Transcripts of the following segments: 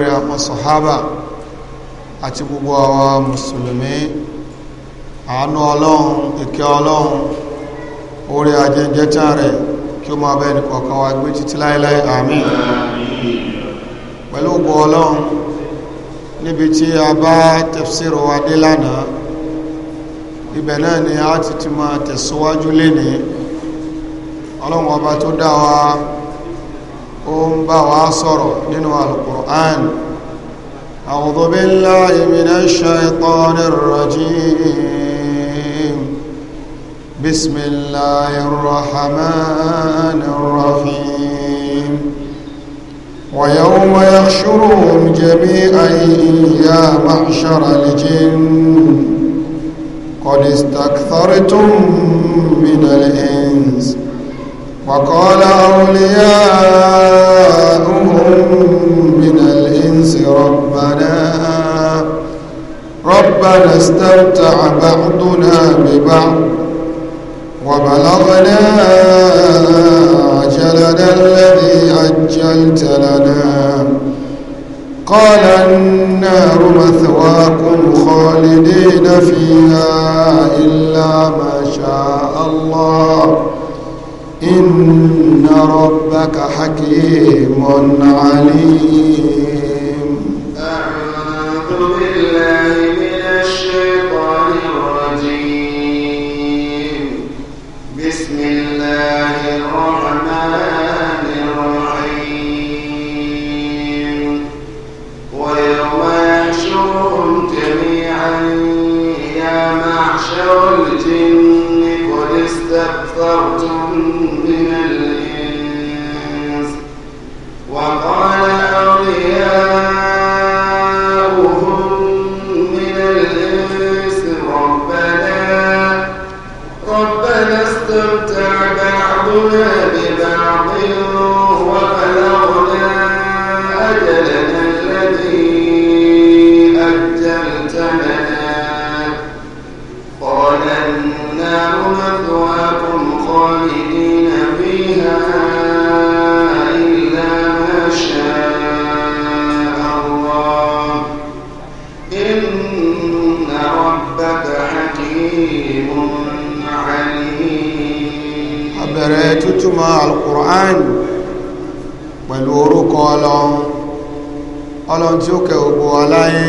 rẹ̀ àwọn sọ̀hábà àti gbogbo àwa mùsùlùmí àánú ọlọ́run ìkẹ́ ọlọ́run orí ajẹ́jẹ́ta rẹ̀ kí ó máa bẹ́ẹ̀ ní kọ̀ọ̀kan wa gbé títí láíláí àmín pẹ̀lú ògbò ọlọ́run níbi tí a bá tafsiru wa dé lánàá ibẹ̀ náà ni a ti ti máa tẹ̀síwájú lénìí ọlọ́run ọba tó dá wa ó ń bá wa sọ̀rọ̀ nínú alukur'an a'udhu billahi minash shaitanir rajim bismillahir rahmanir rahim ويوم يحشرهم جميعا يا معشر الجن قد استكثرتم من الإنس وقال أولياؤهم من الإنس ربنا ربنا استمتع بعضنا ببعض وبلغنا أجلنا الذي أجلت لنا قال النار مثواكم خالدين فيها إلا ما شاء الله إن ربك حكيم عليم أعوذ بالله من الشيطان الرجيم بسم الله الرحمن Al-Qur'an pẹ̀lú orúkọ ọlọ́run ọlọ́run tí ó kẹ gbogbo aláyé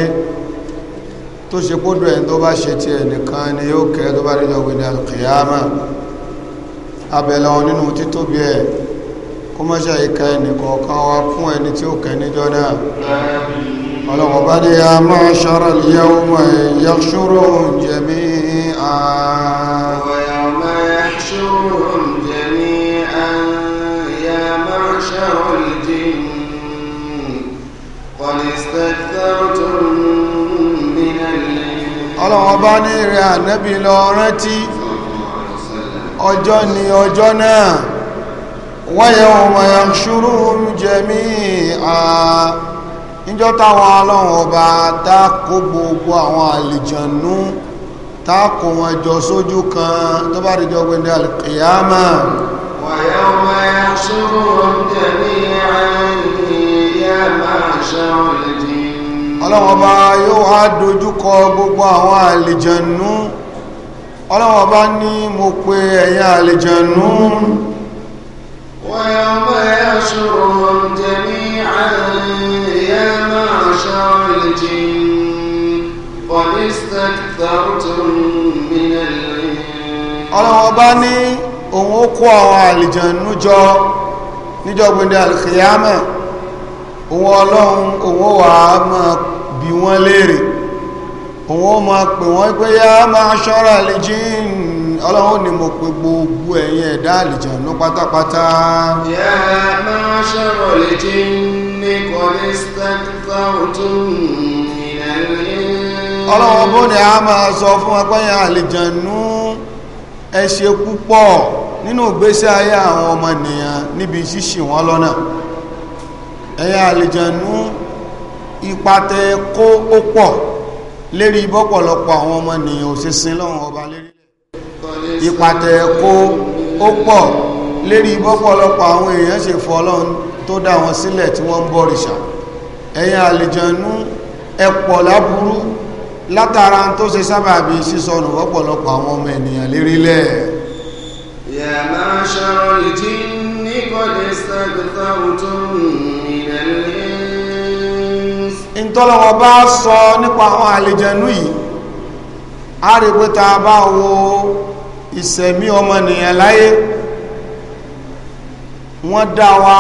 tó ṣe kó dùn ẹ̀ tó bá ṣe tiẹ̀ nìkan ni yóò kẹ tó bá rí lọ́wọ́ ní al-qiyama abẹ̀lẹ̀ wọn nínú títóbi ẹ̀ kó má ṣe ìka ẹnìkọ̀ọ̀kan wá fún ẹni tí ó kẹ níjọ́ náà ọlọ́run bá ní ya ma'shara al-yawma yahshuruhum jami'an ọlọ́wọ́n bá ní rẹ̀ ànábì lọ rántí ọjọ́ ni ọjọ́ náà wáyẹ̀ ọmọ ṣúrú jẹmí níjọ́ táwọn ọlọ́wọ́n bá dákó gbogbo àwọn àlìjànú tákò wọn jọ sójú kan tó bá dìjọ gbẹ̀ndẹ̀ alìkìyàmà ọmọ ọlọ́wọ́n bá yóò wá dojúkọ gbogbo àwọn àlìjànú ọlọ́wọ́n bá ní mo pe ẹ̀yin àlìjànú wọ́n yà mọ́ ẹ̀yà ṣòro jẹ́ ní àárín ẹ̀yà bá ní òun ó kó àwọn àlìjànú jọ níjọ́ gbẹ̀dẹ̀ alìkìyàmẹ́ òun ọlọ́run òun ó wà á máa bi wọ́n léèrè òun ó máa pè wọ́n pé yá máa ṣọ́ra lè jíìn ọlọ́run ni mo pe gbogbo ẹ̀yin ẹ̀dá àlìjànú pátápátá yá máa ṣọ́ra lè jíìn ní kọ́lẹ́sítàkítà òtún ọlọ́run bó ni a máa sọ fún apẹ́yìn àlìjànú ẹ púpọ̀ nínú ìgbésí ayé àwọn ọmọ ènìyàn níbi ṣíṣì wọn lọ́nà ẹ̀yin àlìjànú ipa tẹ kó ó pọ̀ lérí bọ́pọ̀lọpọ̀ àwọn ọmọ ènìyàn òṣèṣin lọ́wọ́n ọba lérí ipa tẹ kó ó pọ̀ lérí bọ́pọ̀lọpọ̀ àwọn èèyàn ṣe fọ́ ọlọ́run tó dá wọn sílẹ̀ tí wọ́n ń bọ̀rìṣà ẹ̀yin àlìjànú ẹ̀pọ̀ láburú látara tó ṣe sábàbí sísọnù bọ́pọ̀lọpọ̀ àwọn ọmọ ènìyàn lérílẹ̀ يا معشر الجن قد استكثرتم ìtọ́lọ́wọ́ bá sọ nípa àwọn àlejànú yìí a rí pé ta bá wo ìṣẹ̀mí ọmọnìyàn láyé wọ́n dá wa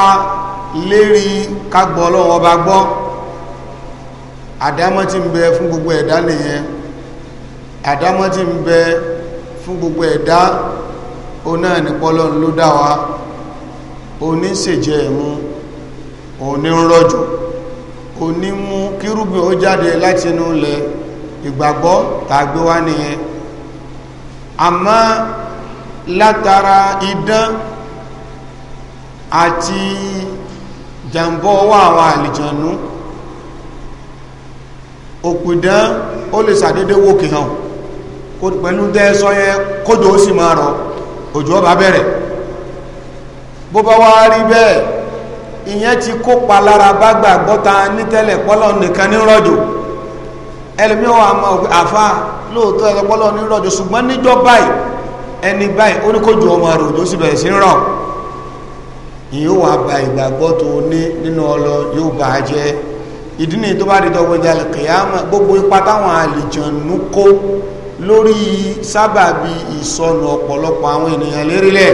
lérí kagbọ́ ọlọ́wọ́ bá gbọ́ àdámọ́ tí ń bẹ fún gbogbo ẹ̀dá nìyẹn àdámọ́ tí ń bẹ fún gbogbo ẹ̀dá òun náà ní pọ́lọ́run ló dá wa oníṣèjẹ́ ẹ̀mú òun ní ń kò ní mú kírúbìn ó jáde láti inú ilẹ̀ ìgbàgbọ́ tàgbé wá nìyẹn àmọ́ látara idán àti jàǹbọ́ wà àwọn àlìjànú òpìdán ó lè sàdédé wókè hàn pẹ̀lú tẹ́ẹ̀sọ́ yẹn kójò ó sì máa rọ òjò ọba bẹ̀rẹ̀ bó bá wá rí bẹ́ẹ̀ ìyẹn ti kópa lára bá gbàgbọ́ ta ní tẹ́lẹ̀ pọ́lọ́ nìkan ní rọ̀jò ẹlòmíì wà mọ àfa lóòótọ́ ẹ̀rọ pọ́lọ́ ní rọ̀jò ṣùgbọ́n níjọ́ báyìí ẹni báyìí ó ní kó ju ọmọ rẹ̀ òjò sì bẹ̀rẹ̀ sí rọ̀ ìyẹn wà bá ìgbàgbọ́ tó ní nínú ọlọ yóò bá a jẹ́ ìdí nìyí tó bá di dọ́gbọ́n jalè kìyàmọ́ gbogbo ipa táwọn àlìjànú kó lórí sábàbí ìsọnù ọ̀pọ̀lọpọ̀ àwọn ènìyàn lérílẹ̀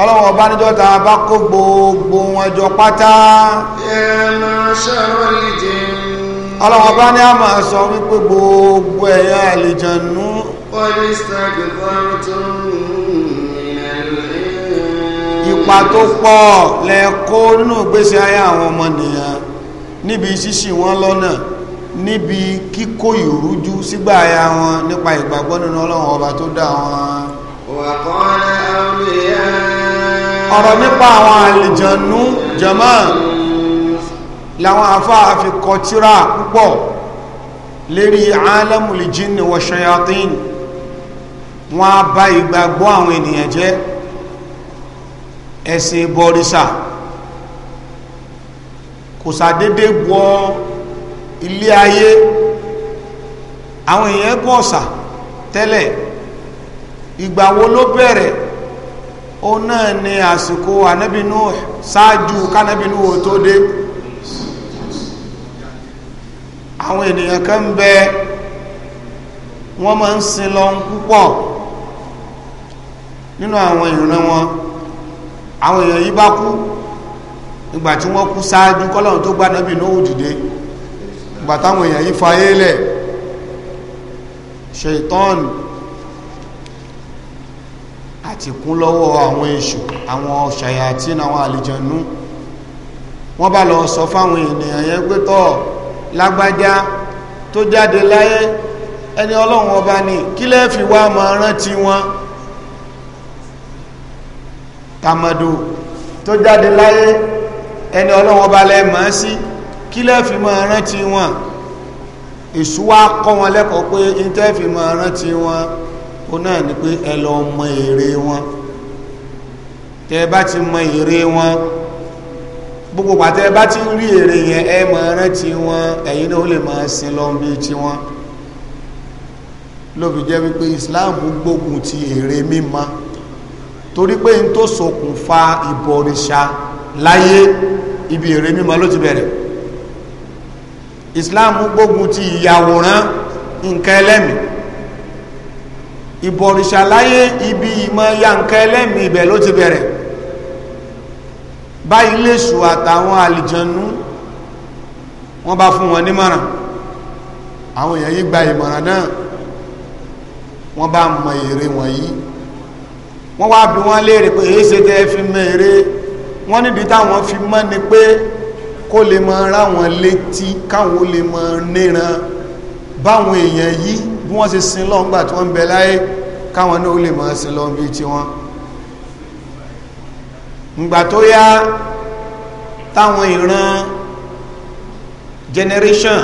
ọlọ́run ọba níjọ́ ta bá kó gbogbo wọn jọ pátá ọlọ́run ọba ní a máa sọ wípé gbogbo ẹ̀yà àlejànú ipa tó pọ̀ lẹ́ẹ̀kọ́ nínú ìgbésí ayé àwọn ọmọ nìyàn níbi ṣíṣì wọn lọ́nà níbi kíkó ìrújú sígbà ayá wọn nípa ìgbàgbọ́ nínú ọlọ́run ọba tó dá wọn wàkọ́ọ́lẹ́ àwọn èèyàn ọ̀rọ̀ nípa àwọn àlìjànú jẹ̀mọ́ làwọn àfáà fi kọ tírà púpọ̀ lérí alamul jinni wa shayatin wọ́n á bá ìgbàgbọ́ àwọn ènìyàn jẹ́ ẹ̀sìn bọ́rísà kò sàdédé wọ ilé ayé àwọn èèyàn bọ̀ọ̀sà tẹ́lẹ̀ ìgbà ló bẹ̀rẹ̀ ó náà ni àsìkò ànábì ṣáájú kánábì Nuh tó dé àwọn ènìyàn kan bẹ wọ́n ń sin lọ púpọ̀ nínú àwọn ìran wọn àwọn èèyàn yìí bá kú ìgbà wọ́n kú ṣáájú kọ́lọ́run tó gbá ànábì dìde àti kún lọ́wọ́ àwọn èṣù àwọn ṣàyàtì àwọn àlìjẹnú wọ́n bá lọ sọ fáwọn ènìyàn yẹn pé tọ́ lágbájá tó jáde láyé ẹni ọlọ́run ọba ni kí lẹ́ fi wá máa rántí wọn tàmàdù tó jáde láyé ẹni ọlọ́run ọba lẹ́ mọ̀ ẹ́ sí kí lẹ́ fi máa rántí wọn èṣù wá kọ́ wọn lẹ́kọ̀ọ́ pé ní fi máa rántí wọn ó náà ni pé ẹ lọ mọ èrè wọn tẹ bá ti mọ èrè wọn gbogbo pàtẹ bá ti rí èrè yẹn ẹ mọ rántí wọn ẹ̀yin náà ó lè máa sin lọ bí tiwọn ló fi jẹ́ wípé Islam gbógun ti èrè mímọ́ torí pé n tó ṣokùnfà ìbọ̀rìṣà láyé ibi èrè mímọ́ ló ti bẹ̀rẹ̀ Islam gbógun ti ìyàwòrán nǹkan ẹlẹ́mìí ìbọ̀rìṣàláyé ibi ìmọ̀ yànkà ẹlẹ́mì ibẹ̀ ló ti bẹ̀rẹ̀ báyìí léṣù àtàwọn àlìjànú wọ́n bá fún wọn nímọ̀ràn àwọn èèyàn yìí gba ìmọ̀ràn náà wọ́n bá mọ èrè wọ̀nyí wọ́n wá bí wọ́n léèrè pé èyí ṣe tẹ́ fi mọ èrè wọ́n níbi táwọn fi mọ́ ni pé kó lè mọ ráwọn létí káwọn lè mọ níran báwọn èèyàn yìí bí wọ́n ṣe sin lọ́n gbà tí wọ́n ń bẹ láyé káwọn náà ó lè máa sin lọ́n bíi tiwọn ngbà tó yá táwọn ìran generation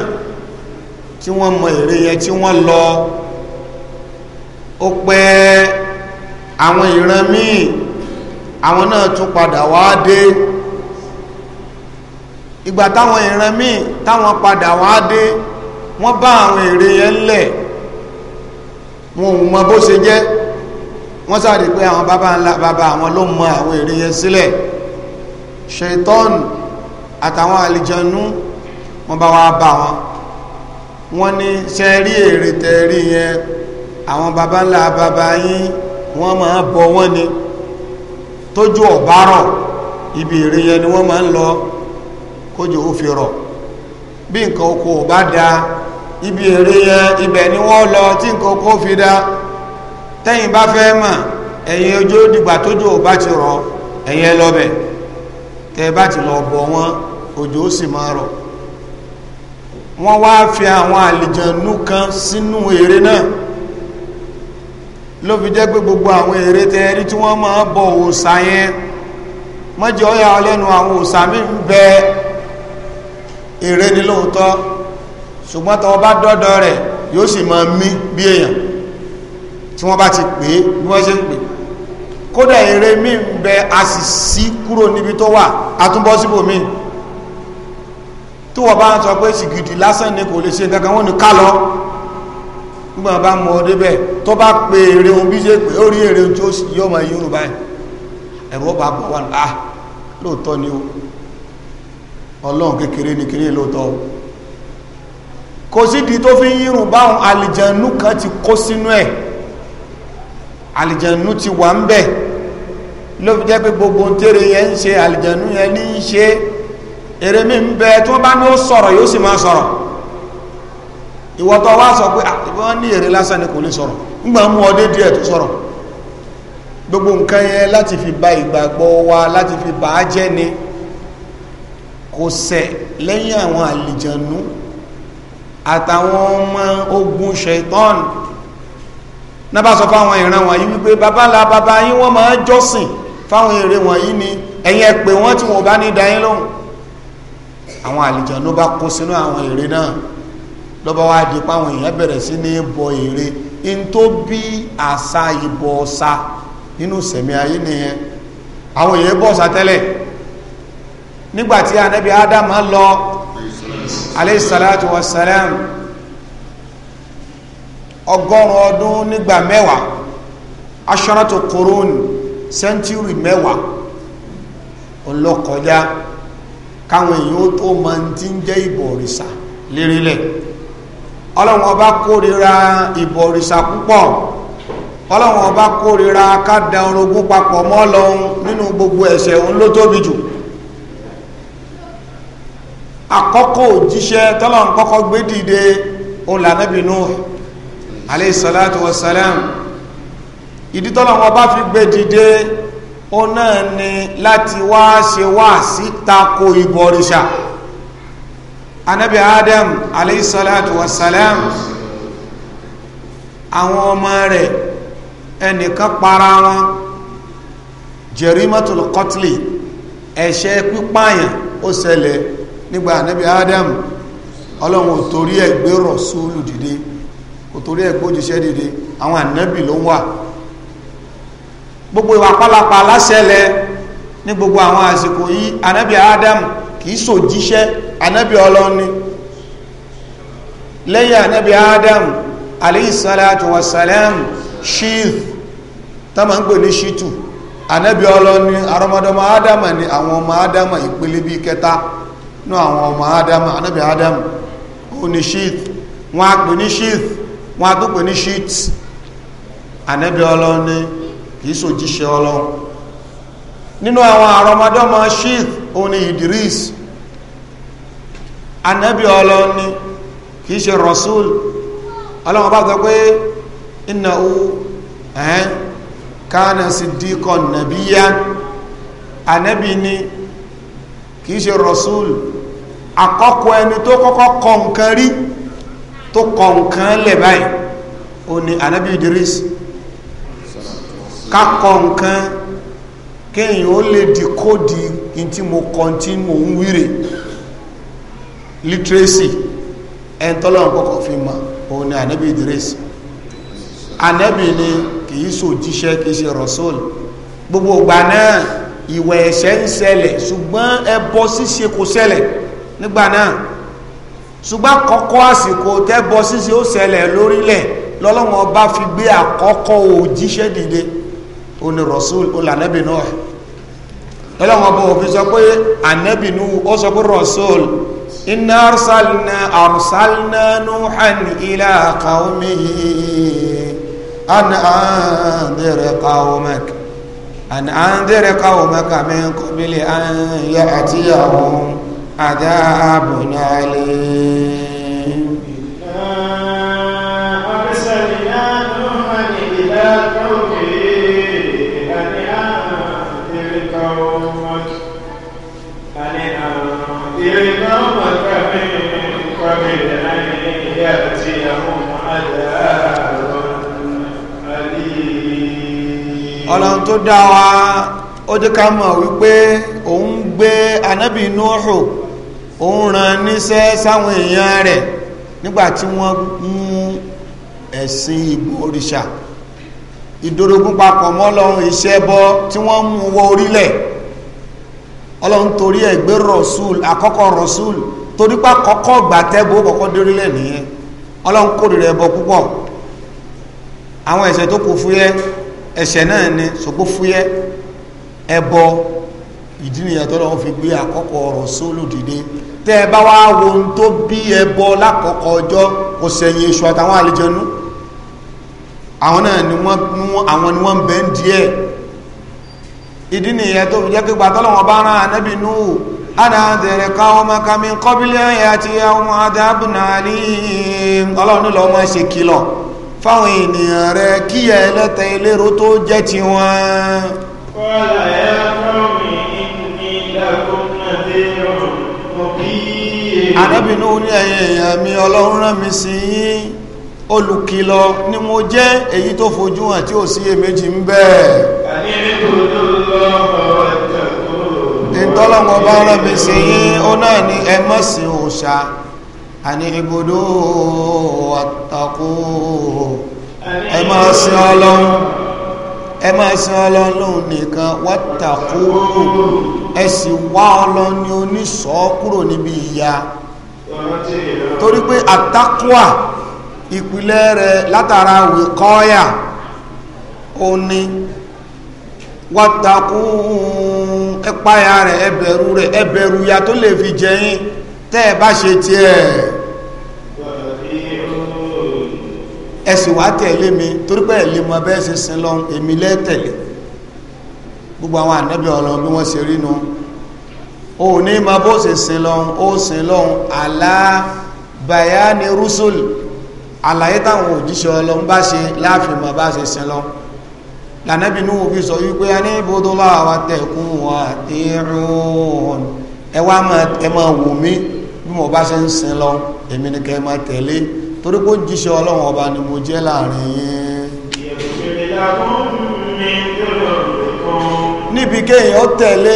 tí wọ́n mọ èrè yẹn tí wọ́n lọ ó pẹ́ àwọn ìran míì àwọn náà tún padà wá dé ìgbà táwọn ìran míì táwọn padà wá dé wọ́n bá àwọn èrè yẹn lẹ̀ wọn ò mọ bó ṣe jẹ́ wọ́n sáré pé àwọn bàbá ńlá bàbá àwọn ló mọ àwọn èrè yẹn sílẹ̀ ṣetán àtàwọn àlìjànú wọ́n bá wá bá wọn wọ́n ní ṣe rí èrè tẹ̀rí yẹn àwọn bàbá ńlá bàbá yín wọ́n máa bọ wọ́n ni tójú ọ̀bárọ̀ ibi èrè yẹn ni wọ́n máa ń lọ kójú ó fi bí nǹkan oko ò bá dáa ibi èrè yẹn ibẹ̀ ni wọ́n lọ tí nǹkan kó fi dá tẹ́yìn bá fẹ́ mọ̀ ẹ̀yin ojú dìgbà tójú ò bá ti rọ̀ ẹ̀yin ẹ lọ bẹ̀ tẹ́ bá ti lọ bọ̀ wọ́n òjò sì máa rọ̀ wọ́n wá fi àwọn àlìjànú kan sínú èrè náà ló fi jẹ́ pé gbogbo àwọn èrè tẹ́ rí tí wọ́n máa bọ òòṣà yẹn mọ́jọ́ ọ̀yà ọlẹ́nu àwọn òòṣà mi ń bẹ èrè ni lóòótọ́ ṣùgbọ́n tọwọ́ bá dọ́dọ̀ rẹ̀ yóò sì máa mí bí èèyàn tí wọ́n bá ti pè é bí wọ́n ṣe ń pè kódà eré mi ń bẹ a sì sí kúrò níbi tó wà àtúbọ̀ síbòmíì tí wọ́n bá ń sọ pé sìgìdì lásán ni kò lè ṣe nǹkan kan wọ́n ní ká lọ nígbà bá mọ ọdẹ bẹ́ẹ̀ tó bá pe èrè ohun bí ṣe pé ó rí èrè ohun tí ó sì yọ ọmọ yorùbá ẹ̀ ẹ̀rọ bá bọ̀ wà ah, lóòótọ́ ni ọlọ́run kékeré ni kéré lóòótọ́ o kò sídìí tó fi ń yírùn báwọn kan ti kó sínú ẹ̀ ti wà ń bẹ̀ ló fi jẹ́ pé gbogbo tẹ́rẹ yẹn ń ṣe àlìjẹ̀nú yẹn ní í ṣe ń bẹ tí wọ́n bá ní ó sọ̀rọ̀ yóò sì máa sọ̀rọ̀ sọ pé ah, ní lásán ni kò sọ̀rọ̀ mú ọdẹ díẹ̀ tó sọ̀rọ̀ gbogbo nǹkan yẹn láti wa láti fi bà á jẹ́ àtàwọn ọmọ ogun ṣẹ̀tọ́n náà bá sọ fáwọn ìran wọ̀nyí wípé babalá baba yín wọ́n máa jọ́sìn fáwọn ère wọ̀nyí ni ẹ̀yin ẹ pè wọ́n tí wọ́n bá ní dá yín lóhùn àwọn àlìjànú bá kó sínú àwọn ère náà lọ́ba wá di páwọn èèyàn bẹ̀rẹ̀ sí ní bọ ère in tó bí àṣà ìbọ ọ̀sà nínú sẹ̀mí ayé nìyẹn àwọn èèyàn bọ̀ ọ̀sà tẹ́lẹ̀ nígbàtí anabi Ádámù lọ aleyhi salatu wa salam ọgọ́rùn ọdún nígbà mẹ́wàá aṣọ́nàtò kòrónì sẹ́ńtúrì mẹ́wàá ọlọ́kọjá káwọn èèyàn tó máa ń ti ń jẹ́ ìbọ̀rìṣà lérílẹ̀ ọlọ́run ọba kórìíra ìbọ̀rìṣà púpọ̀ ọlọ́run ọba kórìíra ká da orogún papọ̀ mọ́ lọ́hún nínú gbogbo ẹ̀ṣẹ̀ òun ló tóbi jù àkọ́kọ́ òjíṣẹ́ tọ́lọ́n kọ́kọ́ gbé dìde olànàbì Nuh alayhi salatu wassalam ìdí tọ́lọ́n wọn bá fi gbé dìde ó náà ni láti wá ṣe wá sí tako ìbọ̀rìṣà anabi Adam alayhi salatu wassalam àwọn ọmọ rẹ̀ ẹnìkan para wọn jerimatul qatli ẹ̀ṣẹ̀ pípààyàn ó ṣẹlẹ̀ nígbà ànábì adam ọlọ́run ò torí ẹ̀ gbé rọ̀súlù dìde kò torí ẹ̀ gbójúṣẹ́ dìde àwọn ànábì ló wà gbogbo ìwà pálapà láṣẹlẹ̀ ní gbogbo àwọn àsìkò yìí ànábì adam kìí sòjíṣẹ́ ànábì ọlọ́run ni lẹ́yìn ànábì adam aleyhisalatu wasalam sheath tọ́mà ń pè ní shitu ànábì ọlọ́run ni àrọmọdọ́mọ adam ni àwọn ọmọ adam ìpele bíi kẹta ní àwọn ọmọ ádámù anábì ádámù ó ní sheath wọ́n á pè ní sheath wọ́n á tó pè ní sheath anábì ọlọ́run ní kìí sòjíṣẹ́ ọlọ́run nínú àwọn àrọmọdọ́mọ sheath ó ní idris anábì ọlọ́run ní kìí ṣe rasul ọlọ́run bá sọ pé innahu ẹ̀ẹ́n kánà siddiqan nabiyyan anábì ní kìí ṣe rasul àkọ́kọ́ ẹni tó kọ́kọ́ kọ nǹkan rí tó kọ nǹkan lẹ̀ báyìí ó ní anabi idris ká kọ nǹkan kéèyàn ó lè di kóòdì in tí mo kọ tí mò ń wíre literacy ẹni tọ́lọ́run kọ́kọ́ fi mọ̀ ó ní anabi idris anabi ni kìí sòjíṣẹ́ kìí ṣe rọ̀sọ́ọ̀lù gbogbo ìgbà náà ìwẹ̀ ẹ̀ṣẹ̀ ń ṣẹlẹ̀ ṣùgbọ́n ẹbọ ṣíṣe kò ṣẹlẹ̀ nígbà náà ṣùgbọ́n àkọ́kọ́ àsìkò tẹ́ bọ ṣíṣe ó ṣẹlẹ̀ lórílẹ̀ lọ́lọ́wọ́n ọba fi gbé àkọ́kọ́ òjíṣẹ́ dìde oní rọ̀ṣúl olànẹ́bì náà lọ́lọ́wọ́n ọba òfin sọ pé ànẹ́bì nú ó sọ pé rọ̀ṣúl iná arsalna arsalna nuhan ila qaumihi an anzir qaumak an anzir qaumaka min qabli an ya'tiyahum عذاب أليم إنا أرسلنا نوحا إلى قومه أن أنذر قومك أن أنذر قومك من قبل أن يأتيهم عذاب أليم ọlọ́run tó dá wa ó dé ká mọ̀ wípé òun gbé anábì Nuhu ó ń ran níṣẹ́ sáwọn èèyàn rẹ̀ nígbà tí wọ́n mú ẹ̀sìn ìgbò òrìṣà ìdórógún papọ̀ mọ́ ọlọ́run iṣẹ́ bọ́ tí wọ́n mú owó orílẹ̀ ọlọ́run torí ẹ̀ gbé rọ̀ṣúl àkọ́kọ́ rọ̀ṣúl torí pa kọ́kọ́ gbàtẹ́bó kọ́kọ́ dórílẹ̀ nìyẹn ọlọ́run kórìíra ẹbọ púpọ̀ àwọn ẹ̀ṣẹ̀ tó kù fúyẹ́ ẹ̀ṣẹ̀ náà ni ṣùgbọ́n fúyẹ́ ẹbọ ìdí nìyẹn tó lọ́wọ́ fi gbé àkọ́kọ́ ọ̀rọ̀ sólù dìde tẹ́ ẹ bá wá wo ohun tó bí ẹbọ lákọ̀ọ́kọ́ ọjọ́ kò sẹ̀yìn èṣù àtàwọn àlejẹnú àwọn náà ni wọ́n àwọn ni wọ́n díẹ̀ ìdí nìyẹn tó ana ká ọmọ kami kọ́bílẹ̀ àti ọmọ adábùnà ní ọlọ́run ṣe kìlọ̀ fáwọn ènìyàn rẹ kíyà tó jẹ́ tiwọn. arábìnú ní ẹ̀yìn èèyàn mi ọlọ́run rán mi sí ni mo jẹ́ èyí tó fojú hàn tí ò sí èméjì ń bẹ́ẹ̀ ìtọ́lọ́wọ́ bá rán mi sí yín ó náà ni ẹ má sìn àní àtàkù ọlọ́run ọlọ́run nìkan wátàkù wá oníṣọ́ kúrò níbi torí pé àtàkùà ìpìlẹ̀ rẹ̀ látara wìkọ́yà ó ní wàtàkù ẹpáyà rẹ̀ ẹbẹ̀rù rẹ̀ ẹbẹ̀rù ya tó lè fi jẹyìn tẹ́ ẹ bá ṣe ti ẹ̀ ẹ̀sì wá tẹ̀lé mi torí pé ẹ̀ lè bẹ́ẹ̀ ṣe sin èmi lẹ́tẹ̀lé gbogbo àwọn ànábì ọlọ́run bí wọ́n ṣe rí nu no o ní ma bó ṣe sin lọ́hun ó sin lọ́hun àlá bayani rusul àlàyé táwọn òjíṣẹ́ ọlọ́hun bá ṣe láàfin ma bá ṣe sin lọ́hun lànàbí inú òbí sọ wípé a ní ibodò láwa tẹ̀kún wa tẹ̀rún ẹ wá ẹ máa wò mí bí mo bá ṣe ń sin lọ èmi ni kẹ́ ẹ tẹ̀lé torí pé jíṣẹ́ ọlọ́run ọba ni mo jẹ́ láàrin yín. ìyẹ̀wò ṣe lè dàgbọ́n mi tó lọ níbi kéèyàn ó tẹ̀lé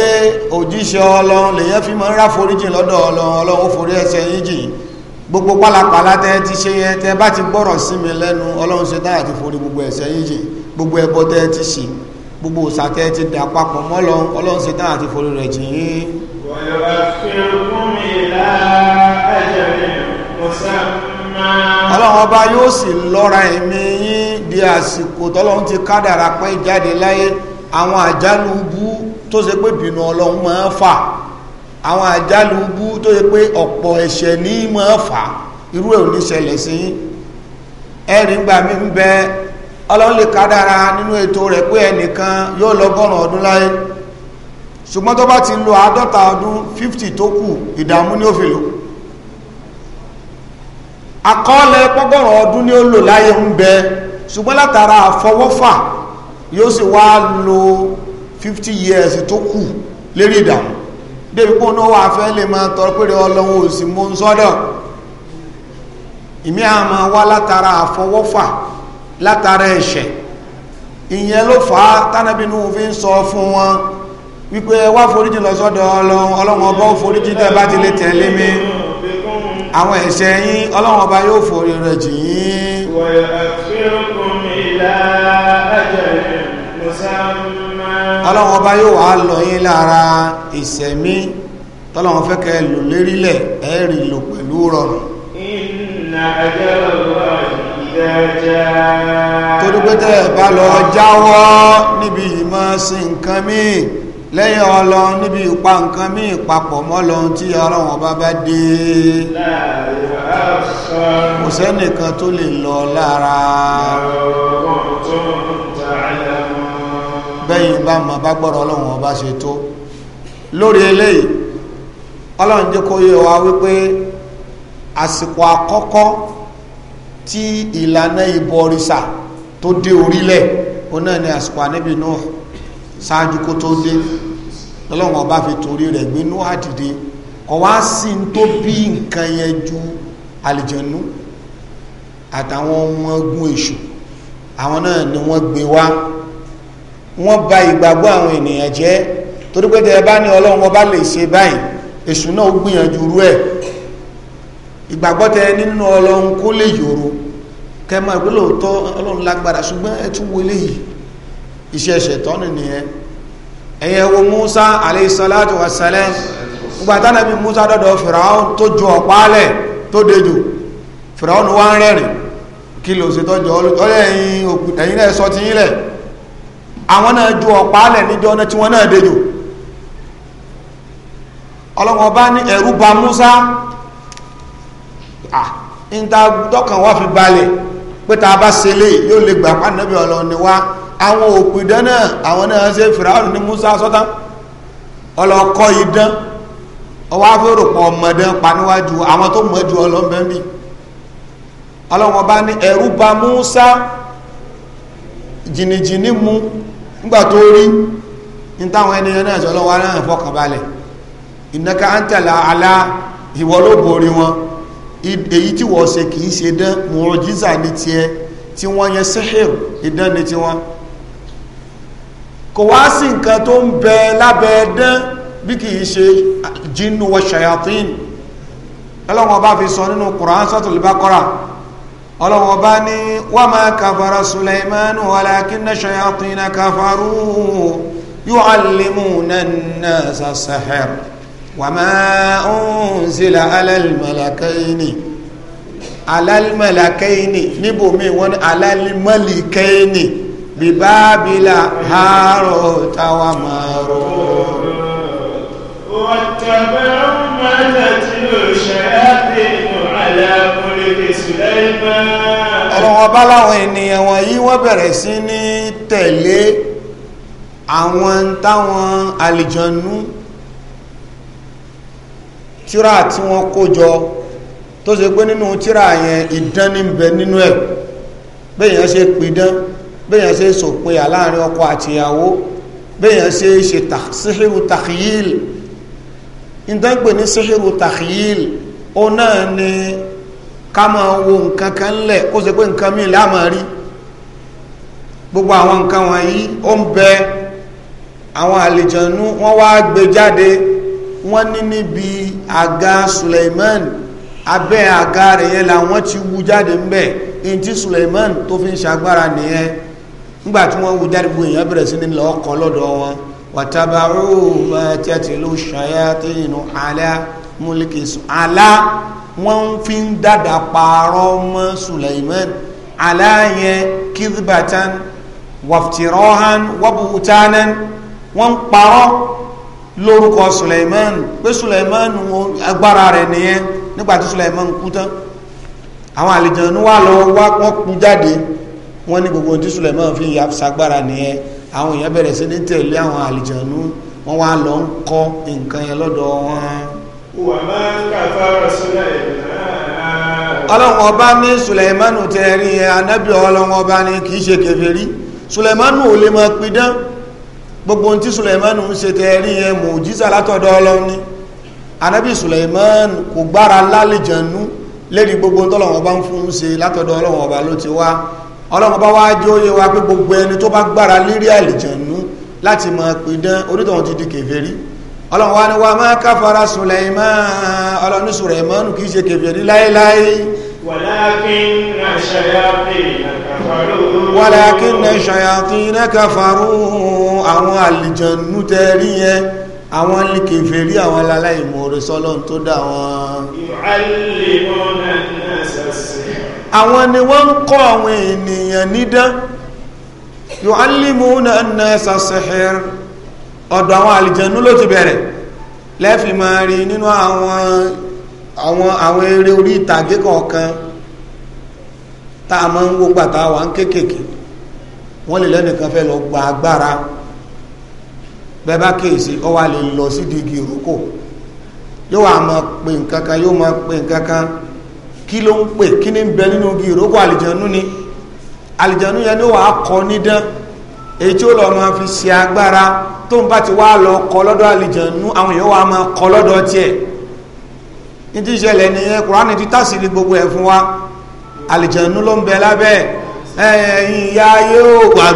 òjíṣẹ́ ọlọ́run lèyàn fi máa ń ráforíjìn lọ́dọ̀ ọlọ́run ọlọ́run forí ẹ̀ṣẹ̀ yín jìn gbogbo pálapàla tẹ́ ti ṣe yẹn tẹ́ bá ti gbọ́rọ̀ sí mi lẹ́nu ọlọ́run ṣe táyà ti forí gbogbo ẹ̀ṣẹ̀ yín jìn gbogbo ẹbọ tẹ́ ti ṣe gbogbo òòṣà tẹ́ ti dà papọ̀ mọ́ ọlọ́run ọlọ́run ṣe táyà ti forí rẹ̀ jìn yín. ọlọ́run ọba yóò sì lọ́ra ẹ̀mí yín di àsìkò tọ́lọ́run ti kádàrá pẹ́ jáde láyé àwọn àjálù bú tó ṣe pé bínú ọlọ́run máa fà àwọn àjálù bú tó ṣe pé ọ̀pọ̀ ẹ̀ṣẹ̀ ní máa fà irú ẹ̀ ò ní ṣẹlẹ̀ sí ẹ̀rín gbà mí ń bẹ ọlọ́run lè ká dára nínú ètò rẹ̀ pé ẹnìkan yóò lọ́gọ́rùn ọdún láyé ṣùgbọ́n tó bá ti lo àádọ́ta ọdún 50 tó kù ìdààmú ní òfèlò àkọọ́lẹ̀ pọ́gọ́rùn ọdún ni ó lò láyé ń bẹ ṣùgbọ́n látara àfọwọ́fà yóò sì wá lo 50 years tó kù lérí ìdààmú débi pé òun wà fẹ́ lè máa tọrọ pé ọlọ́run ò sì mú un sọ́dọ̀ ìmí àmà wá látara àfọwọ́fà látara ẹ̀ṣẹ̀ ìyẹn ló fà á tánàbínú fi ń sọ fún wọn wípé wá foríjì lọ sọ́dọ̀ ọlọ́run ọlọ́run foríjì tẹ́ bá ti lè tẹ̀lé mi àwọn ẹ̀ṣẹ̀ yín ọlọ́run ọba yóò forí rẹ̀ jì yín. wọ́n yà á fi ọkùnrin láàá ọlọ́run ọba yóò wá lọ yín lára ìṣẹ̀mí tọ́lọ́run fẹ́ kẹ́ lò lérílẹ̀ ẹ rí lò pẹ̀lú rọrùn. inna ajalallahi idha jaa. torí pé tẹ́ ẹ bá lọ jáwọ́ níbi ìmọ̀ sí nǹkan míì lẹ́yìn ọlọ́run níbi ìpa nǹkan míì papọ̀ mọ́ lọ́run tí ọlọ́run ọba bá dé. kò sẹ́nìkan tó lè lọ lára. ọ̀rọ̀ ọ̀gbọ̀n tó ń bá mọ bá gbọ́rọ̀ ọlọ́run ọba ṣe tó lórí eléyìí ọlọ́run jẹ́ kó yé wa wípé àsìkò àkọ́kọ́ tí ìlànà ìbọ̀rìṣà tó dé orílẹ̀ òun náà ni àsìkò ànábì Nuh ṣáájú kó tó dé ọlọ́run ọba fi torí rẹ̀ gbé Nuh dìde kọ̀ wá sí ń tó bí nǹkan yẹn ju àlìjẹ̀nú àtàwọn ọmọ ogun èṣù àwọn náà ni wọ́n gbé wá wọ́n ba ìgbàgbọ́ àwọn ènìyàn jẹ́ torí pé tẹ́ bá ní ọlọ́run ọba lè ṣe báyìí èṣù náà ó gbìyànjú rú ẹ̀ ìgbàgbọ́ tẹ nínú ọlọ́run kó lè yòrò kẹ mọ́ ìpé lóòótọ́ ọlọ́run lágbára ṣùgbọ́n ẹ tún wọlé yìí iṣẹ́ ṣẹ̀tọ́ nìyẹn ẹ̀yẹ wo Musa alayhi salatu wassalam gbogbo àtànàbí Musa dọ́dọ̀ Fìràún tó ju ọ̀pálẹ̀ tó dejò Fìràún wá ń rẹ́rìn kí lòsètọ́jọ́ ọlẹ́yìn òkú ẹ̀yìn náà sọ ti yín lẹ̀ àwọn náà ju ọ̀pá alẹ̀ níjọ́ náà tí wọ́n náà dejò ọlọ́wọ́n bá ní ẹ̀rú ba Musa ah níta dọ́kàn wá fi balẹ̀ pé tá a bá ṣe lé yóò lè gbà pàdánù ọlọ́ni wá àwọn òpìdán náà àwọn náà ṣe fìràwọ̀n ní Musa sọ́tán ọlọ́kọ́ idán ọwọ́ afẹ́rò pọ̀ ọmọdán pa níwájú àwọn tó mọ̀ ju ọlọ́mbẹ́mí ọlọ́wọ́n bá ní ẹ̀rú ba Musa jìnnìjìnnì mu nígbà tó rí ní táwọn ẹni yẹn náà sọ lọ́wọ́ aráàlú fọkànbalẹ̀ ìnáka á ń tẹ̀lé alá ìwọ ló borí wọn èyí tí wọ́n ṣe kìí ṣe dán mọ̀rọ̀jísà ní tiẹ̀ tí wọ́n yẹn sẹ́hìr ìdán ní tiwọn kò wá sí nǹkan tó ń bẹ lábẹ́ dán bí kìí ṣe jinnu wa shayatin ọlọ́wọ́n bá fi sọ nínú Qur'an sọ́tùlùbákọ́rà ọlọ́wọ́ bá ní wa ma kàfàrà sulaimanu walakinna shayatina kàfàrú yu'allimuna an-nasa as-sihr wa ma unzila ala al-malakaini alalimẹlakaini níbòmí wọn alalimẹlikaini bíbábílà haro táwa máa rọ. wọ́n tẹ̀wé ọmọ ẹ̀jẹ̀ tí ló ṣe é ọ̀rọ̀ wọn bá láwọn ènìyàn wọ̀nyí wọ́n bẹ̀rẹ̀ sí ní tẹ̀lé àwọn táwọn àlìjọnú tíra tí wọ́n kó jọ tó ṣe pé nínú tíra yẹn ìdán ní bẹ nínú ẹ̀ béèyàn ṣe pidán béèyàn ṣe sòpinyà láàrin ọkọ àtìyàwó béèyàn ṣe ṣe síhìrù tàkìyìl ìdán pè ní síhìrù tàkìyìl ó náà ni ká máa wo nǹkan kan lẹ̀ kó ṣe pé nǹkan míì láàmú rí gbogbo àwọn nǹkan wọ̀nyí ó ń bẹ àwọn àlejànú wọ́n wá gbé jáde wọ́n ní níbi àga Suleiman abẹ́ àga rẹ̀ yẹn làwọn ti wú jáde ń bẹ̀ ní ti Suleiman tó fi ń ṣagbára nìyẹn nígbà tí wọ́n wú jáde gbogbo èèyàn bẹ̀rẹ̀ sí ní lọ́ọ́ kọ́ lọ́dọ̀ wọn wàtàbàrú mẹ́tẹ́tì ló ṣayá tí ìnú alá múlíkì sùn alá wọ́n fi ń dàdà pààrọ̀ mọ́ Suleiman aláyẹ kidbatan waftirohan wabutanan wọ́n parọ́ lórúkọ Suleiman pé Suleiman agbára rẹ̀ nìyẹn nígbàtí Suleiman kú tán àwọn àlejànú wà lọ wọ́n kú jáde wọ́n ní gbogbo tí Suleiman fi yà sagbára nìyẹn àwọn èèyàn bẹ̀rẹ̀ sí ní tẹ̀lé àwọn àlejànú wọ́n wá lọ ń kọ́ nǹkan yẹn lọ́dọ̀ wọn ọlọ́run ọba ní sùlẹ̀mánù tẹ́rí anábì ọlọ́run ọba ní kìí ṣe kèfèrí sùlẹ̀mánù ò lè mọ̀ pidán gbogbo tí sùlẹ̀mánù ń ṣe tẹ́rí ẹ mùjísà látọ̀dọ̀ ọlọ́run ni anábì sùlẹ̀mánù kò gbára lálejànú lérí gbogbo tọ́lọ́run ọba ń fún un ṣe látọ̀dọ̀ ọlọ́run ọba ló ti wá ọlọ́run ọba wá jẹ́ òye wa pé gbogbo ẹni tó bá gbára lérí àlejànú láti mọ̀ pidán onítọ̀hún ti di kèfèrí ọlọ́run wa ni wa ma kafara Sulaiman ọlọ́run Sulaiman kì í ṣe kèfèrí láéláé walakinna shayatina kafaru walakinna shayatina kafaru àwọn àlìjànú tẹ́rí yẹn àwọn ní kèfèrí àwọn aláìmọ̀ọ́rẹ́ sọ́lọ́run tó dá wọn. àwọn ni wọ́n ń kọ́ àwọn ènìyàn nídán yu'allimuna nasa sihr ọ̀dọ̀ àwọn àlìjẹ̀nú ló ti bẹ̀rẹ̀ lẹ́fì rí nínú àwọn àwọn àwọn eré orí ìtàgé kọ̀ọ̀kan tá a máa ń wo gbàtà wà ń wọ́n lè lẹ́nìkan fẹ́ lọ gba agbára bẹ́ẹ̀ bá kéèsì ọ wà lè lọ sí digi yóò wà máa pè nǹkan kan ni ń bẹ nínú igi ni àlìjẹ̀nú èyí tí ó lọ máa fi ṣe agbára tó ń bá ti wá lọ kọ lọ́dọ̀ àlìjànú àwọn èèyàn wa máa kọ lọ́dọ̀ ti gbogbo ẹ̀ fún wa ló ń bẹ lábẹ́ ìyá yóò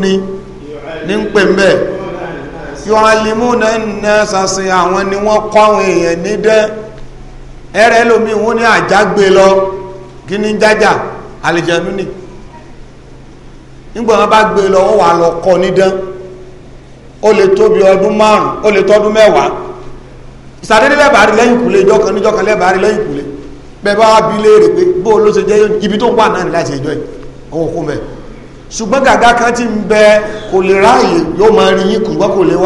ni ní ń pè àwọn ni wọ́n kọ́ ní dẹ́ ẹ̀rẹ́ lómi ní lọ kí ní jájà ni. nígbà wọn bá gbé lọ wà lọ kọ nídán ó lè tóbi ọdún márùn ó lè tọdún mẹ́wàá ìsàdédé lẹ́bàá rí lẹ́yìn kùlé ìjọ kan níjọ kan lẹ́bàá rí lẹ́yìn kùlé bẹ́ẹ̀ bá wá léèrè pé bó ló ṣe jẹ́ ibi tó wà náà láti ẹjọ́ yìí òun kò mẹ́ ṣùgbọ́n gàgá kan ti ń bẹ kò lè ráàyè yóò máa rí yín kò lè